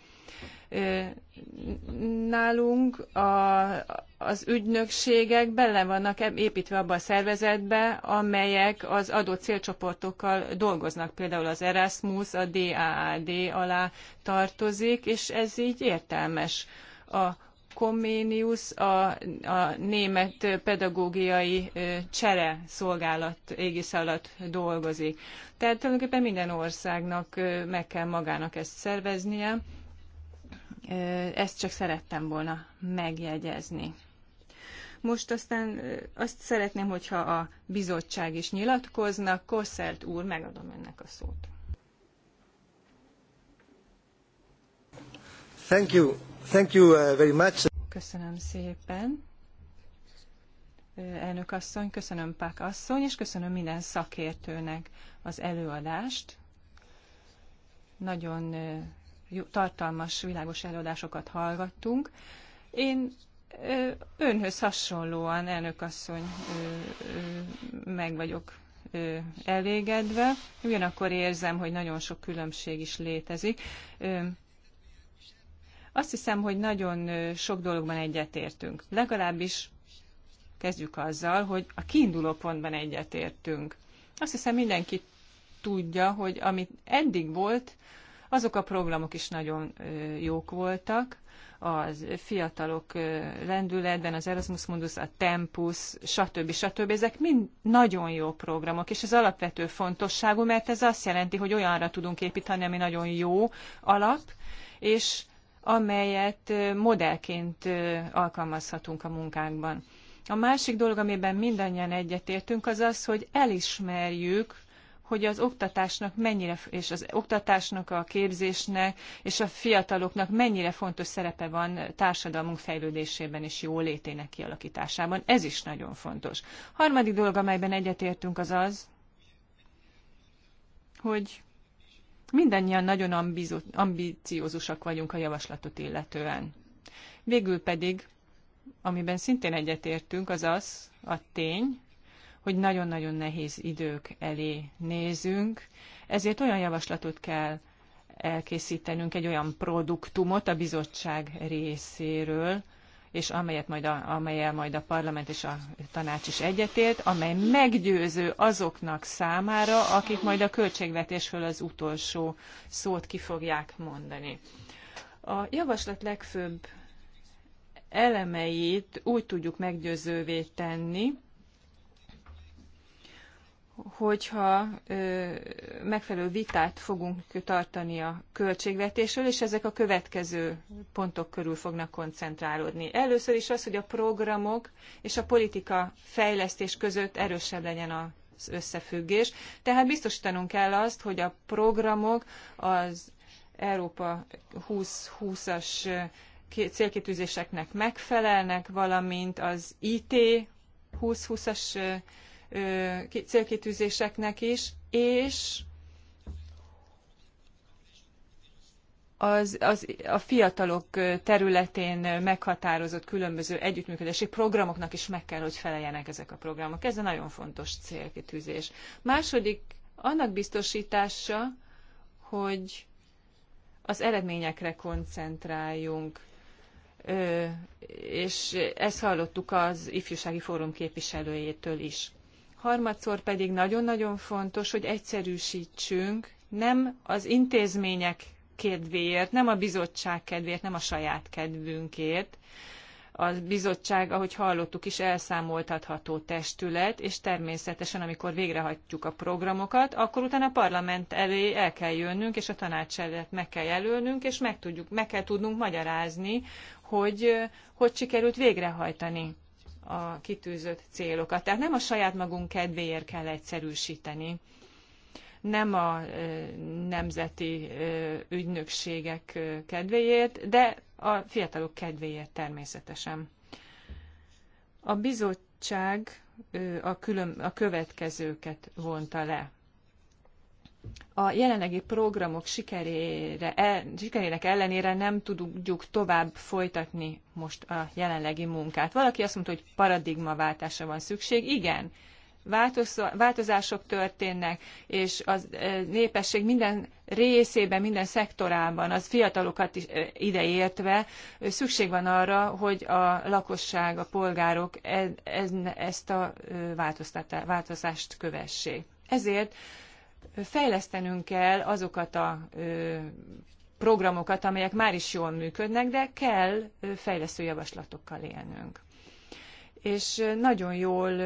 Nálunk a, az ügynökségek bele vannak építve abba a szervezetbe, amelyek az adott célcsoportokkal dolgoznak. Például az Erasmus a DAAD alá tartozik, és ez így értelmes a Comenius a, a német pedagógiai csere szolgálat égisze alatt dolgozik. Tehát tulajdonképpen minden országnak meg kell magának ezt szerveznie. Ezt csak szerettem volna megjegyezni. Most aztán azt szeretném, hogyha a bizottság is nyilatkozna. Kosszert úr, megadom ennek a szót. Thank you. Thank you uh, very much. Köszönöm szépen. Uh, elnök asszony, köszönöm Pák asszony, és köszönöm minden szakértőnek az előadást. Nagyon uh, tartalmas, világos előadásokat hallgattunk. Én önhöz hasonlóan, elnök asszony, meg vagyok elégedve. Ugyanakkor érzem, hogy nagyon sok különbség is létezik. Um, azt hiszem, hogy nagyon sok dologban egyetértünk. Legalábbis kezdjük azzal, hogy a kiinduló pontban egyetértünk. Azt hiszem mindenki tudja, hogy amit eddig volt, azok a programok is nagyon jók voltak. Az fiatalok lendületben, az Erasmus Mundus, a Tempus, stb. stb. Ezek mind nagyon jó programok, és ez alapvető fontosságú, mert ez azt jelenti, hogy olyanra tudunk építeni, ami nagyon jó alap, és amelyet modellként alkalmazhatunk a munkánkban. A másik dolog, amiben mindannyian egyetértünk, az az, hogy elismerjük, hogy az oktatásnak mennyire, és az oktatásnak, a képzésnek, és a fiataloknak mennyire fontos szerepe van társadalmunk fejlődésében és jólétének kialakításában. Ez is nagyon fontos. Harmadik dolog, amelyben egyetértünk, az az, hogy Mindannyian nagyon ambizo- ambiciózusak vagyunk a javaslatot illetően. Végül pedig, amiben szintén egyetértünk, az az a tény, hogy nagyon-nagyon nehéz idők elé nézünk, ezért olyan javaslatot kell elkészítenünk, egy olyan produktumot a bizottság részéről, és amelyet majd a, amelyel majd a parlament és a tanács is egyetért, amely meggyőző azoknak számára, akik majd a költségvetésről az utolsó szót ki fogják mondani. A javaslat legfőbb elemeit úgy tudjuk meggyőzővé tenni, hogyha ö, megfelelő vitát fogunk tartani a költségvetésről, és ezek a következő pontok körül fognak koncentrálódni. Először is az, hogy a programok és a politika fejlesztés között erősebb legyen az összefüggés. Tehát biztosítanunk kell azt, hogy a programok az Európa 2020-as célkitűzéseknek megfelelnek, valamint az IT 2020-as célkitűzéseknek is, és az, az, a fiatalok területén meghatározott különböző együttműködési programoknak is meg kell, hogy feleljenek ezek a programok. Ez a nagyon fontos célkitűzés. Második, annak biztosítása, hogy az eredményekre koncentráljunk. és ezt hallottuk az ifjúsági fórum képviselőjétől is harmadszor pedig nagyon-nagyon fontos, hogy egyszerűsítsünk, nem az intézmények kedvéért, nem a bizottság kedvéért, nem a saját kedvünkért. A bizottság, ahogy hallottuk is, elszámoltatható testület, és természetesen, amikor végrehajtjuk a programokat, akkor utána a parlament elé el kell jönnünk, és a tanács előtt meg kell jelölnünk, és meg, tudjuk, meg kell tudnunk magyarázni, hogy hogy sikerült végrehajtani a kitűzött célokat. Tehát nem a saját magunk kedvéért kell egyszerűsíteni, nem a nemzeti ügynökségek kedvéért, de a fiatalok kedvéért természetesen. A bizottság a, külön, a következőket vonta le a jelenlegi programok sikerére, el, sikerének ellenére nem tudjuk tovább folytatni most a jelenlegi munkát. Valaki azt mondta, hogy paradigmaváltásra van szükség. Igen, változások történnek, és a e, népesség minden részében, minden szektorában, az fiatalokat is e, ideértve szükség van arra, hogy a lakosság, a polgárok e, ezt a változást kövessék. Ezért fejlesztenünk kell azokat a programokat, amelyek már is jól működnek, de kell fejlesztő javaslatokkal élnünk. És nagyon jól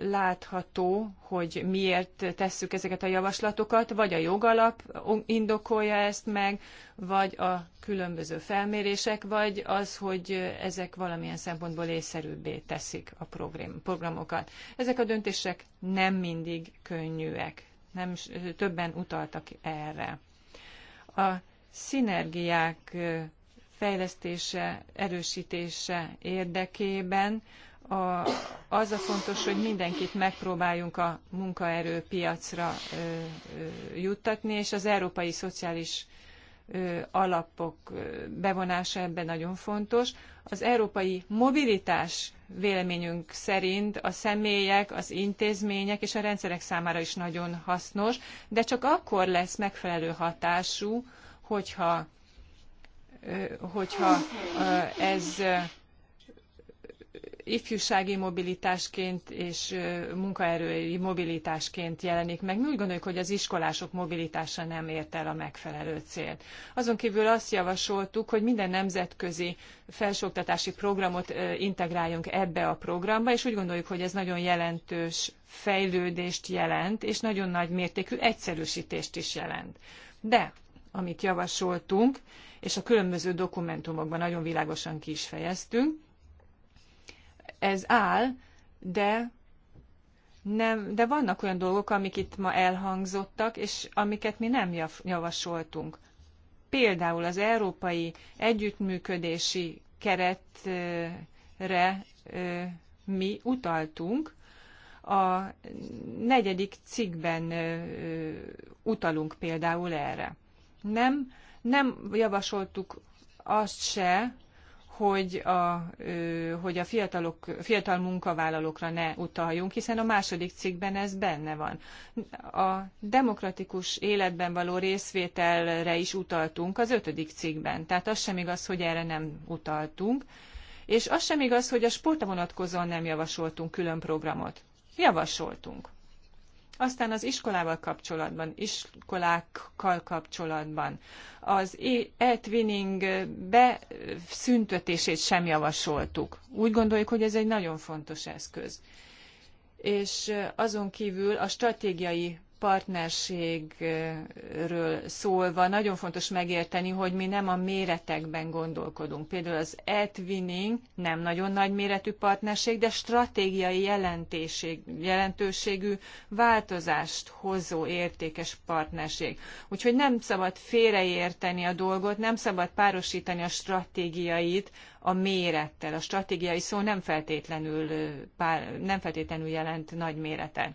látható, hogy miért tesszük ezeket a javaslatokat, vagy a jogalap indokolja ezt meg, vagy a különböző felmérések, vagy az, hogy ezek valamilyen szempontból észszerűbbé teszik a programokat. Ezek a döntések nem mindig könnyűek nem többen utaltak erre. A szinergiák fejlesztése, erősítése érdekében a, az a fontos, hogy mindenkit megpróbáljunk a munkaerőpiacra ö, juttatni, és az európai szociális alapok bevonása ebben nagyon fontos. Az európai mobilitás véleményünk szerint a személyek, az intézmények és a rendszerek számára is nagyon hasznos, de csak akkor lesz megfelelő hatású, hogyha, hogyha ez ifjúsági mobilitásként és munkaerői mobilitásként jelenik meg. Mi úgy gondoljuk, hogy az iskolások mobilitása nem ért el a megfelelő célt. Azon kívül azt javasoltuk, hogy minden nemzetközi felsőoktatási programot integráljunk ebbe a programba, és úgy gondoljuk, hogy ez nagyon jelentős fejlődést jelent, és nagyon nagy mértékű egyszerűsítést is jelent. De amit javasoltunk, és a különböző dokumentumokban nagyon világosan ki is fejeztünk, ez áll, de nem, de vannak olyan dolgok, amik itt ma elhangzottak, és amiket mi nem javasoltunk. Például az európai együttműködési keretre mi utaltunk, a negyedik cikkben utalunk például erre. Nem, nem javasoltuk azt se, hogy a, hogy a fiatalok, fiatal munkavállalókra ne utaljunk, hiszen a második cikkben ez benne van. A demokratikus életben való részvételre is utaltunk az ötödik cikkben, tehát az sem igaz, hogy erre nem utaltunk, és az sem igaz, hogy a sportra vonatkozóan nem javasoltunk külön programot. Javasoltunk. Aztán az iskolával kapcsolatban, iskolákkal kapcsolatban az e-twinning beszüntetését sem javasoltuk. Úgy gondoljuk, hogy ez egy nagyon fontos eszköz. És azon kívül a stratégiai partnerségről szólva nagyon fontos megérteni, hogy mi nem a méretekben gondolkodunk. Például az Edwinning nem nagyon nagy méretű partnerség, de stratégiai jelentőségű változást hozó értékes partnerség. Úgyhogy nem szabad félreérteni a dolgot, nem szabad párosítani a stratégiait a mérettel. A stratégiai szó nem feltétlenül, nem feltétlenül jelent nagy méretet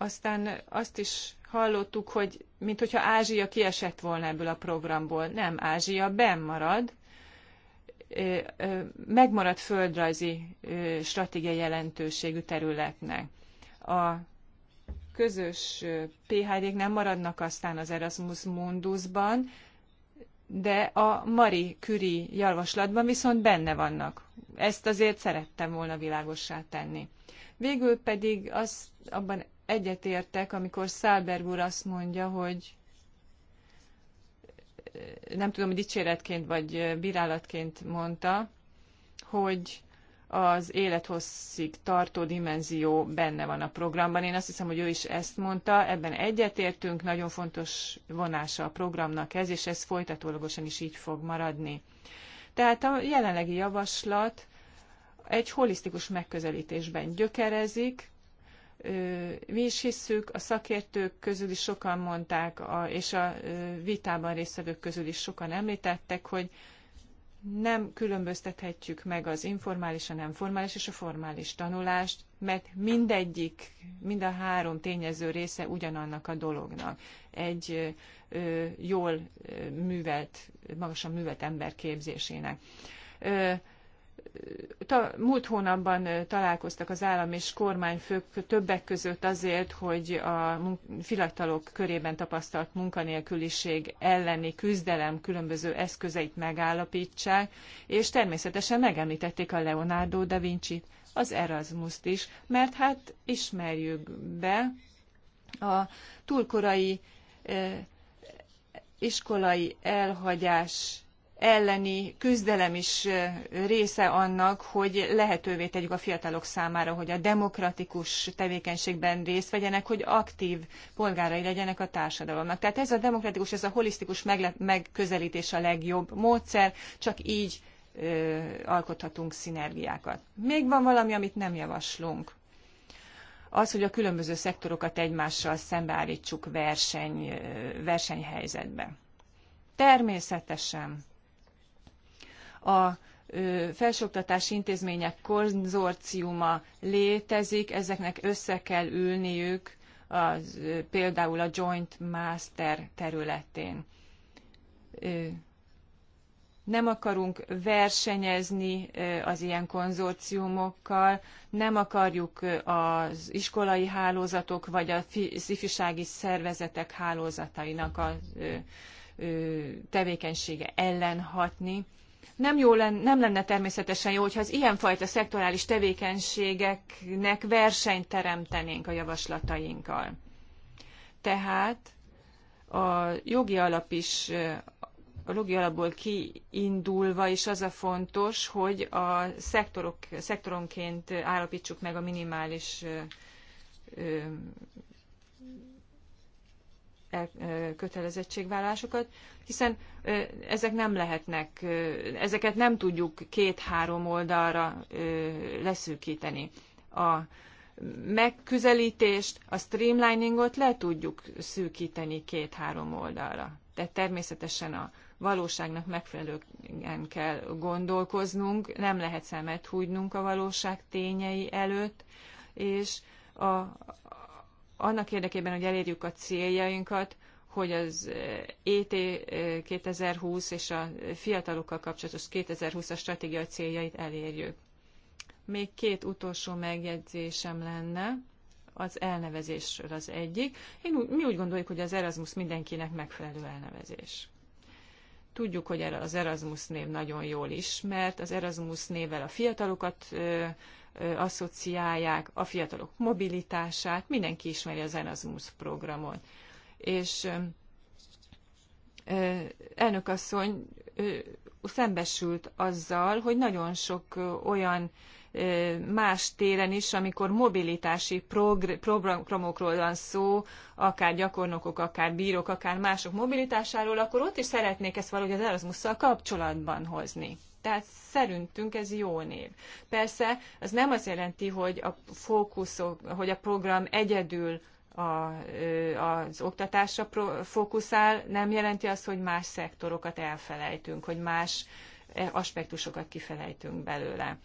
aztán azt is hallottuk, hogy hogyha Ázsia kiesett volna ebből a programból. Nem, Ázsia benn marad, megmarad földrajzi stratégiai jelentőségű területnek. A közös PHD-k nem maradnak aztán az Erasmus Mundusban, de a Mari Küri javaslatban viszont benne vannak. Ezt azért szerettem volna világossá tenni. Végül pedig az, abban egyetértek, amikor Szálberg úr azt mondja, hogy eh, nem tudom, dicséretként vagy eh, bírálatként mondta, hogy az élethosszig tartó dimenzió benne van a programban. Én azt hiszem, hogy ő is ezt mondta, ebben egyetértünk, nagyon fontos vonása a programnak ez, és ez folytatólagosan is így fog maradni. Tehát a jelenlegi javaslat egy holisztikus megközelítésben gyökerezik, mi is hisszük, a szakértők közül is sokan mondták, és a vitában résztvevők közül is sokan említettek, hogy nem különböztethetjük meg az informális, a nem formális és a formális tanulást, mert mindegyik, mind a három tényező része ugyanannak a dolognak. Egy ö, jól művelt, magasan művelt ember képzésének. Ö, múlt hónapban találkoztak az állam és kormányfők többek között azért, hogy a fiatalok körében tapasztalt munkanélküliség elleni küzdelem különböző eszközeit megállapítsák, és természetesen megemlítették a Leonardo da Vinci-t, az Erasmus-t is, mert hát ismerjük be a túlkorai iskolai elhagyás elleni küzdelem is része annak, hogy lehetővé tegyük a fiatalok számára, hogy a demokratikus tevékenységben részt vegyenek, hogy aktív polgárai legyenek a társadalomnak. Tehát ez a demokratikus, ez a holisztikus megközelítés a legjobb módszer, csak így ö, alkothatunk szinergiákat. Még van valami, amit nem javaslunk. Az, hogy a különböző szektorokat egymással szembeállítsuk verseny, versenyhelyzetbe. Természetesen a felsőoktatási intézmények konzorciuma létezik, ezeknek össze kell ülniük az, például a Joint Master területén. Nem akarunk versenyezni az ilyen konzorciumokkal, nem akarjuk az iskolai hálózatok vagy az ifjúsági szervezetek hálózatainak a tevékenysége ellen hatni, nem, jó lenne, nem lenne természetesen jó, hogyha az ilyenfajta szektorális tevékenységeknek versenyt teremtenénk a javaslatainkkal. Tehát a jogi alap is a jogi alapból kiindulva is az a fontos, hogy a szektorok, szektoronként állapítsuk meg a minimális kötelezettségvállásokat, hiszen ezek nem lehetnek, ezeket nem tudjuk két-három oldalra leszűkíteni. A megközelítést, a streamliningot le tudjuk szűkíteni két-három oldalra. de természetesen a valóságnak megfelelően kell gondolkoznunk, nem lehet szemet húgynunk a valóság tényei előtt, és a, annak érdekében, hogy elérjük a céljainkat, hogy az ET 2020 és a fiatalokkal kapcsolatos 2020-as stratégia céljait elérjük. Még két utolsó megjegyzésem lenne az elnevezésről az egyik. Én, mi úgy gondoljuk, hogy az Erasmus mindenkinek megfelelő elnevezés. Tudjuk, hogy er- az Erasmus név nagyon jól ismert, az Erasmus névvel a fiatalokat asszociálják, a fiatalok mobilitását, mindenki ismeri az Erasmus programot. És ö, elnök asszony szembesült azzal, hogy nagyon sok olyan ö, más téren is, amikor mobilitási programokról van szó, akár gyakornokok, akár bírók, akár mások mobilitásáról, akkor ott is szeretnék ezt valahogy az Erasmusszal kapcsolatban hozni. Tehát szerintünk ez jó név. Persze, ez nem azt jelenti, hogy a fókuszok, hogy a program egyedül a, az oktatásra fókuszál, nem jelenti azt, hogy más szektorokat elfelejtünk, hogy más aspektusokat kifelejtünk belőle.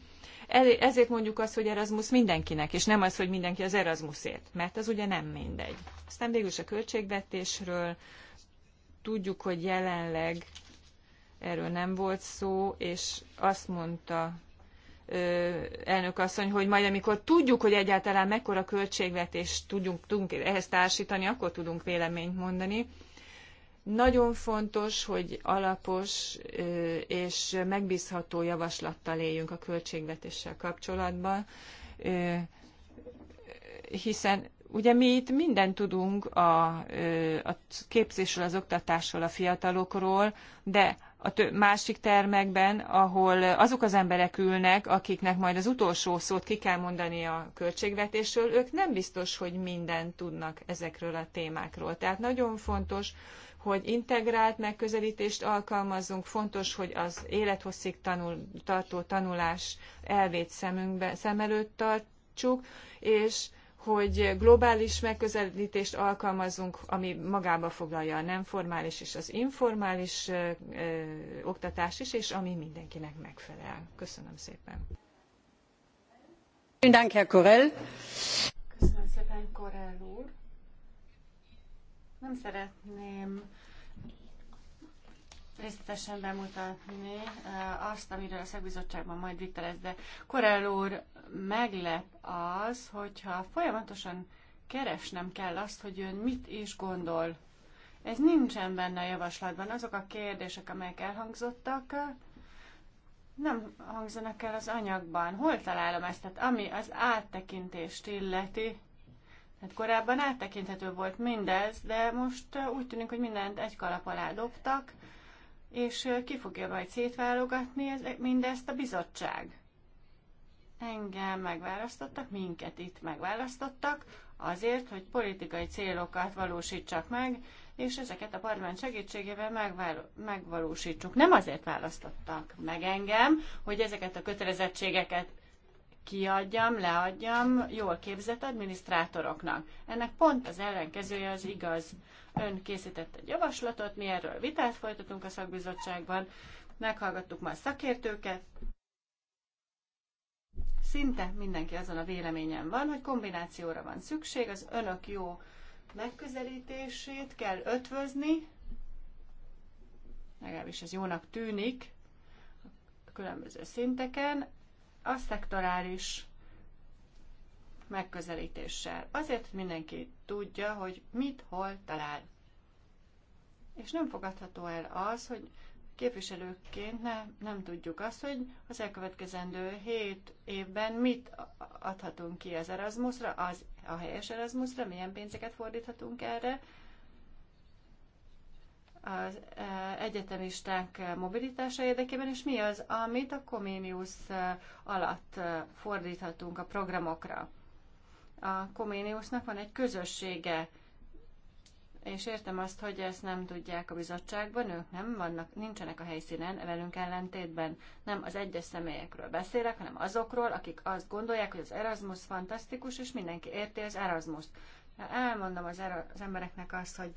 Ezért mondjuk azt, hogy Erasmus mindenkinek, és nem az, hogy mindenki az Erasmusért, mert az ugye nem mindegy. Aztán végül is a költségvetésről tudjuk, hogy jelenleg erről nem volt szó, és azt mondta elnök asszony, hogy majd amikor tudjuk, hogy egyáltalán mekkora költségvetést tudjunk, tudunk ehhez társítani, akkor tudunk véleményt mondani. Nagyon fontos, hogy alapos és megbízható javaslattal éljünk a költségvetéssel kapcsolatban, hiszen ugye mi itt mindent tudunk a, a képzésről, az oktatásról, a fiatalokról, de a másik termekben, ahol azok az emberek ülnek, akiknek majd az utolsó szót ki kell mondani a költségvetésről, ők nem biztos, hogy mindent tudnak ezekről a témákról. Tehát nagyon fontos, hogy integrált megközelítést alkalmazzunk, fontos, hogy az élethosszig tanul, tartó tanulás elvét szemünkbe, szem előtt tartsuk, és hogy globális megközelítést alkalmazzunk, ami magába foglalja a nem formális és az informális ö, ö, oktatás is, és ami mindenkinek megfelel. Köszönöm szépen. Köszönöm szépen, Korel úr. Nem szeretném részletesen bemutatni eh, azt, amiről a szakbizottságban majd vita lesz, de Korell úr meglep az, hogyha folyamatosan keresnem kell azt, hogy ön mit is gondol. Ez nincsen benne a javaslatban. Azok a kérdések, amelyek elhangzottak, eh, nem hangzanak el az anyagban. Hol találom ezt? Tehát ami az áttekintést illeti, Hát korábban áttekinthető volt mindez, de most úgy tűnik, hogy mindent egy kalap alá dobtak, és ki fogja majd szétválogatni mindezt a bizottság. Engem megválasztottak, minket itt megválasztottak, azért, hogy politikai célokat valósítsak meg, és ezeket a parlament segítségével megvál- megvalósítsuk. Nem azért választottak meg engem, hogy ezeket a kötelezettségeket kiadjam, leadjam jól képzett adminisztrátoroknak. Ennek pont az ellenkezője az igaz. Ön készített egy javaslatot, mi erről vitát folytatunk a szakbizottságban, meghallgattuk már szakértőket, szinte mindenki azon a véleményen van, hogy kombinációra van szükség, az önök jó megközelítését kell ötvözni, legalábbis ez jónak tűnik, a különböző szinteken, a szektorális megközelítéssel. Azért, hogy mindenki tudja, hogy mit, hol talál. És nem fogadható el az, hogy képviselőként ne, nem tudjuk azt, hogy az elkövetkezendő hét évben mit adhatunk ki az Erasmusra, az a helyes Erasmusra, milyen pénzeket fordíthatunk erre, az e, egyetemisták mobilitása érdekében, és mi az, amit a Comenius e, alatt e, fordíthatunk a programokra. A Comeniusnak van egy közössége, és értem azt, hogy ezt nem tudják a bizottságban, ők nem vannak, nincsenek a helyszínen, velünk ellentétben nem az egyes személyekről beszélek, hanem azokról, akik azt gondolják, hogy az Erasmus fantasztikus, és mindenki érti az Erasmus-t. Elmondom az, az embereknek azt, hogy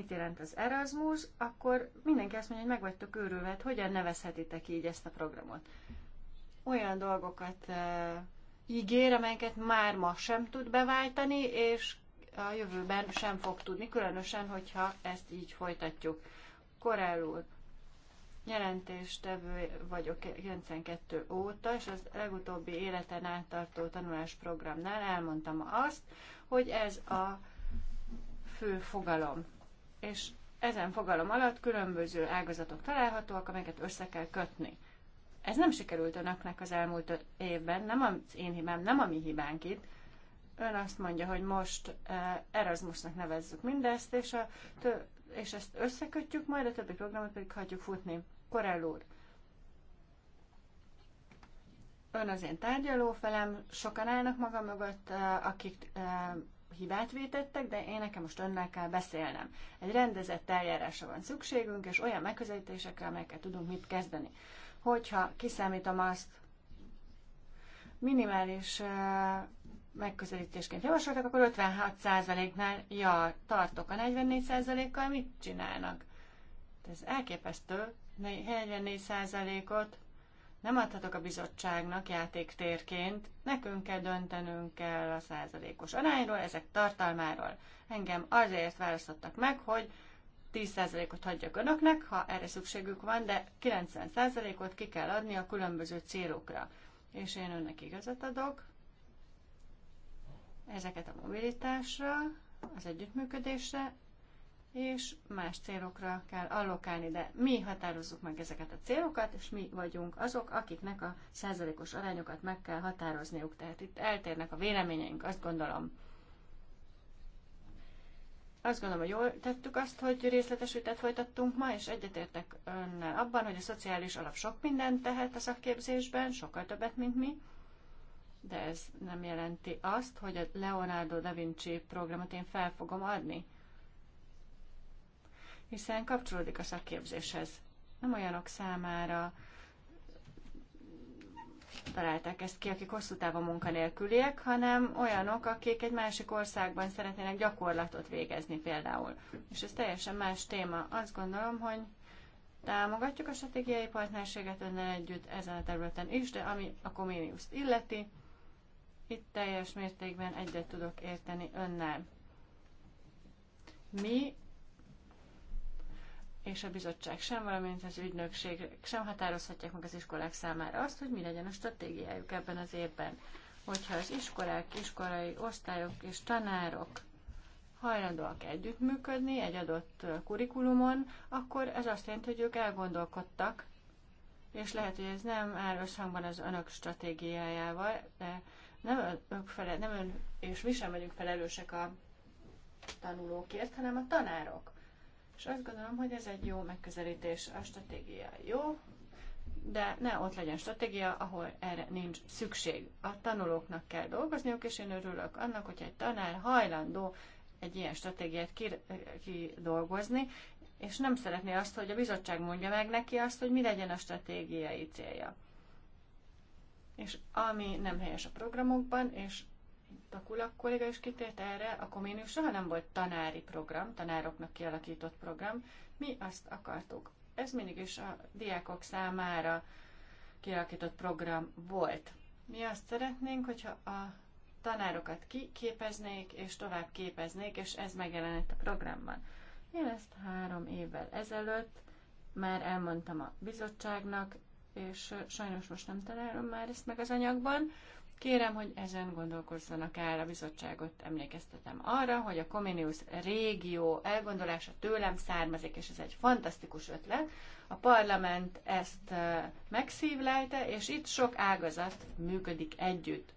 mit jelent az Erasmus, akkor mindenki azt mondja, hogy meg vagytok őrülve, hát hogyan nevezhetitek így ezt a programot. Olyan dolgokat uh, ígér, amelyeket már ma sem tud beváltani, és a jövőben sem fog tudni, különösen, hogyha ezt így folytatjuk. Korel úr, jelentéstevő vagyok 92 óta, és az legutóbbi életen áttartó tanulásprogramnál elmondtam azt, hogy ez a fő fogalom és ezen fogalom alatt különböző ágazatok találhatóak, amelyeket össze kell kötni. Ez nem sikerült önöknek az elmúlt évben, nem az én hibám, nem a mi hibánk itt. Ön azt mondja, hogy most eh, Erasmusnak nevezzük mindezt, és, a, és ezt összekötjük, majd a többi programot pedig hagyjuk futni. Korell úr, ön az én tárgyalófelem, sokan állnak maga mögött, eh, akik eh, hibát vétettek, de én nekem most önnel kell beszélnem. Egy rendezett eljárásra van szükségünk, és olyan megközelítésekre, amelyekkel tudunk mit kezdeni. Hogyha kiszámítom azt, minimális megközelítésként javasoltak, akkor 56%-nál ja, tartok a 44%-kal, mit csinálnak? Ez elképesztő, 44%-ot nem adhatok a bizottságnak játéktérként, nekünk kell döntenünk kell a százalékos arányról, ezek tartalmáról. Engem azért választottak meg, hogy 10%-ot hagyjak önöknek, ha erre szükségük van, de 90%-ot ki kell adni a különböző célokra. És én önnek igazat adok ezeket a mobilitásra, az együttműködésre, és más célokra kell allokálni, de mi határozzuk meg ezeket a célokat, és mi vagyunk azok, akiknek a százalékos arányokat meg kell határozniuk. Tehát itt eltérnek a véleményeink, azt gondolom. Azt gondolom, hogy jól tettük azt, hogy részletes vitát folytattunk ma, és egyetértek önnel abban, hogy a szociális alap sok mindent tehet a szakképzésben, sokkal többet, mint mi, de ez nem jelenti azt, hogy a Leonardo da Vinci programot én fel fogom adni hiszen kapcsolódik a szakképzéshez. Nem olyanok számára találták ezt ki, akik hosszú távon munkanélküliek, hanem olyanok, akik egy másik országban szeretnének gyakorlatot végezni például. És ez teljesen más téma. Azt gondolom, hogy támogatjuk a stratégiai partnerséget önnel együtt ezen a területen is, de ami a comenius illeti, itt teljes mértékben egyet tudok érteni önnel. Mi és a bizottság sem, valamint az ügynökség sem határozhatják meg az iskolák számára azt, hogy mi legyen a stratégiájuk ebben az évben. Hogyha az iskolák, iskolai osztályok és tanárok hajlandóak együttműködni egy adott kurikulumon, akkor ez azt jelenti, hogy ők elgondolkodtak, és lehet, hogy ez nem áll összhangban az önök stratégiájával, de nem önök fele, nem ön, és mi sem vagyunk felelősek a tanulókért, hanem a tanárok. És azt gondolom, hogy ez egy jó megközelítés. A stratégia jó, de ne ott legyen stratégia, ahol erre nincs szükség. A tanulóknak kell dolgozniuk, és én örülök annak, hogy egy tanár hajlandó egy ilyen stratégiát kidolgozni, és nem szeretné azt, hogy a bizottság mondja meg neki azt, hogy mi legyen a stratégiai célja. És ami nem helyes a programokban, és Takula kolléga is kitért erre, akkor még soha nem volt tanári program, tanároknak kialakított program. Mi azt akartuk. Ez mindig is a diákok számára kialakított program volt. Mi azt szeretnénk, hogyha a tanárokat kiképeznék és tovább képeznék, és ez megjelenett a programban. Én ezt három évvel ezelőtt már elmondtam a bizottságnak, és sajnos most nem találom már ezt meg az anyagban, Kérem, hogy ezen gondolkozzanak el, a bizottságot emlékeztetem arra, hogy a Comenius régió elgondolása tőlem származik, és ez egy fantasztikus ötlet. A parlament ezt megszívlelte, és itt sok ágazat működik együtt.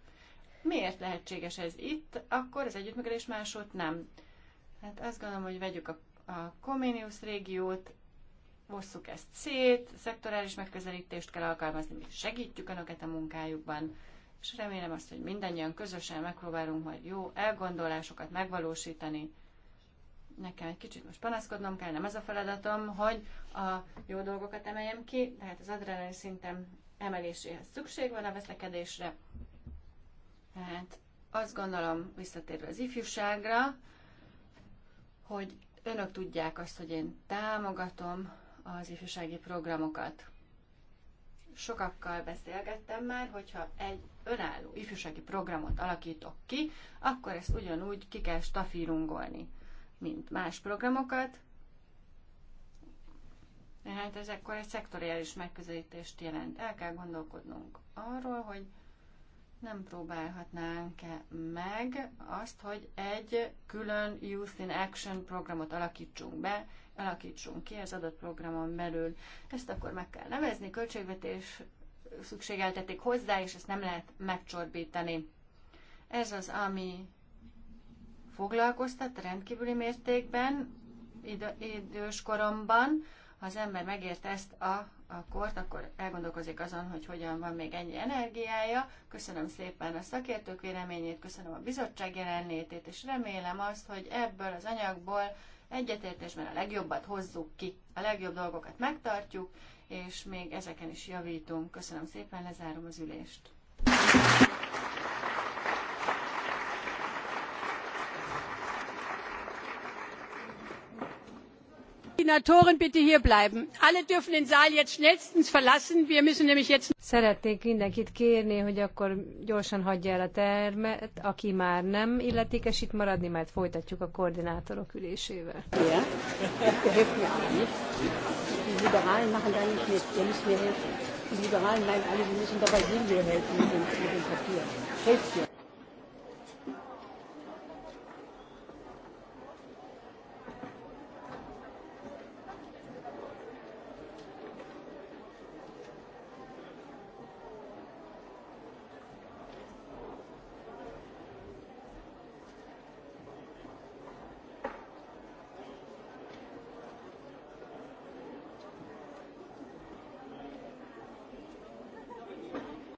Miért lehetséges ez itt, akkor az együttműködés másod nem? Hát azt gondolom, hogy vegyük a, a Comenius régiót, vosszuk ezt szét, szektorális megközelítést kell alkalmazni, mi segítjük önöket a munkájukban, és remélem azt, hogy mindannyian közösen megpróbálunk majd jó elgondolásokat megvalósítani. Nekem egy kicsit most panaszkodnom kell, nem ez a feladatom, hogy a jó dolgokat emeljem ki, tehát az adrenalin szintem emeléséhez szükség van a veszekedésre. Tehát azt gondolom, visszatérve az ifjúságra, hogy önök tudják azt, hogy én támogatom az ifjúsági programokat sokakkal beszélgettem már, hogyha egy önálló ifjúsági programot alakítok ki, akkor ezt ugyanúgy ki kell stafírungolni, mint más programokat. Tehát ez akkor egy szektoriális megközelítést jelent. El kell gondolkodnunk arról, hogy nem próbálhatnánk-e meg azt, hogy egy külön Youth in Action programot alakítsunk be, alakítsunk ki az adott programon belül. Ezt akkor meg kell nevezni, költségvetés szükségeltetik hozzá, és ezt nem lehet megcsorbítani. Ez az, ami foglalkoztat rendkívüli mértékben, idő, idős koromban, ha az ember megért ezt a, a kort, akkor elgondolkozik azon, hogy hogyan van még ennyi energiája. Köszönöm szépen a szakértők véleményét, köszönöm a bizottság jelenlétét, és remélem azt, hogy ebből az anyagból egyetértésben a legjobbat hozzuk ki, a legjobb dolgokat megtartjuk, és még ezeken is javítunk. Köszönöm szépen, lezárom az ülést. Koordinatoren bitte hier bleiben. Alle dürfen den Saal jetzt schnellstens verlassen. Wir müssen nämlich jetzt... Szeretnék mindenkit kérni, hogy akkor gyorsan hagyja el a termet, aki már nem illetékes itt maradni, mert folytatjuk a koordinátorok ülésével. Ja,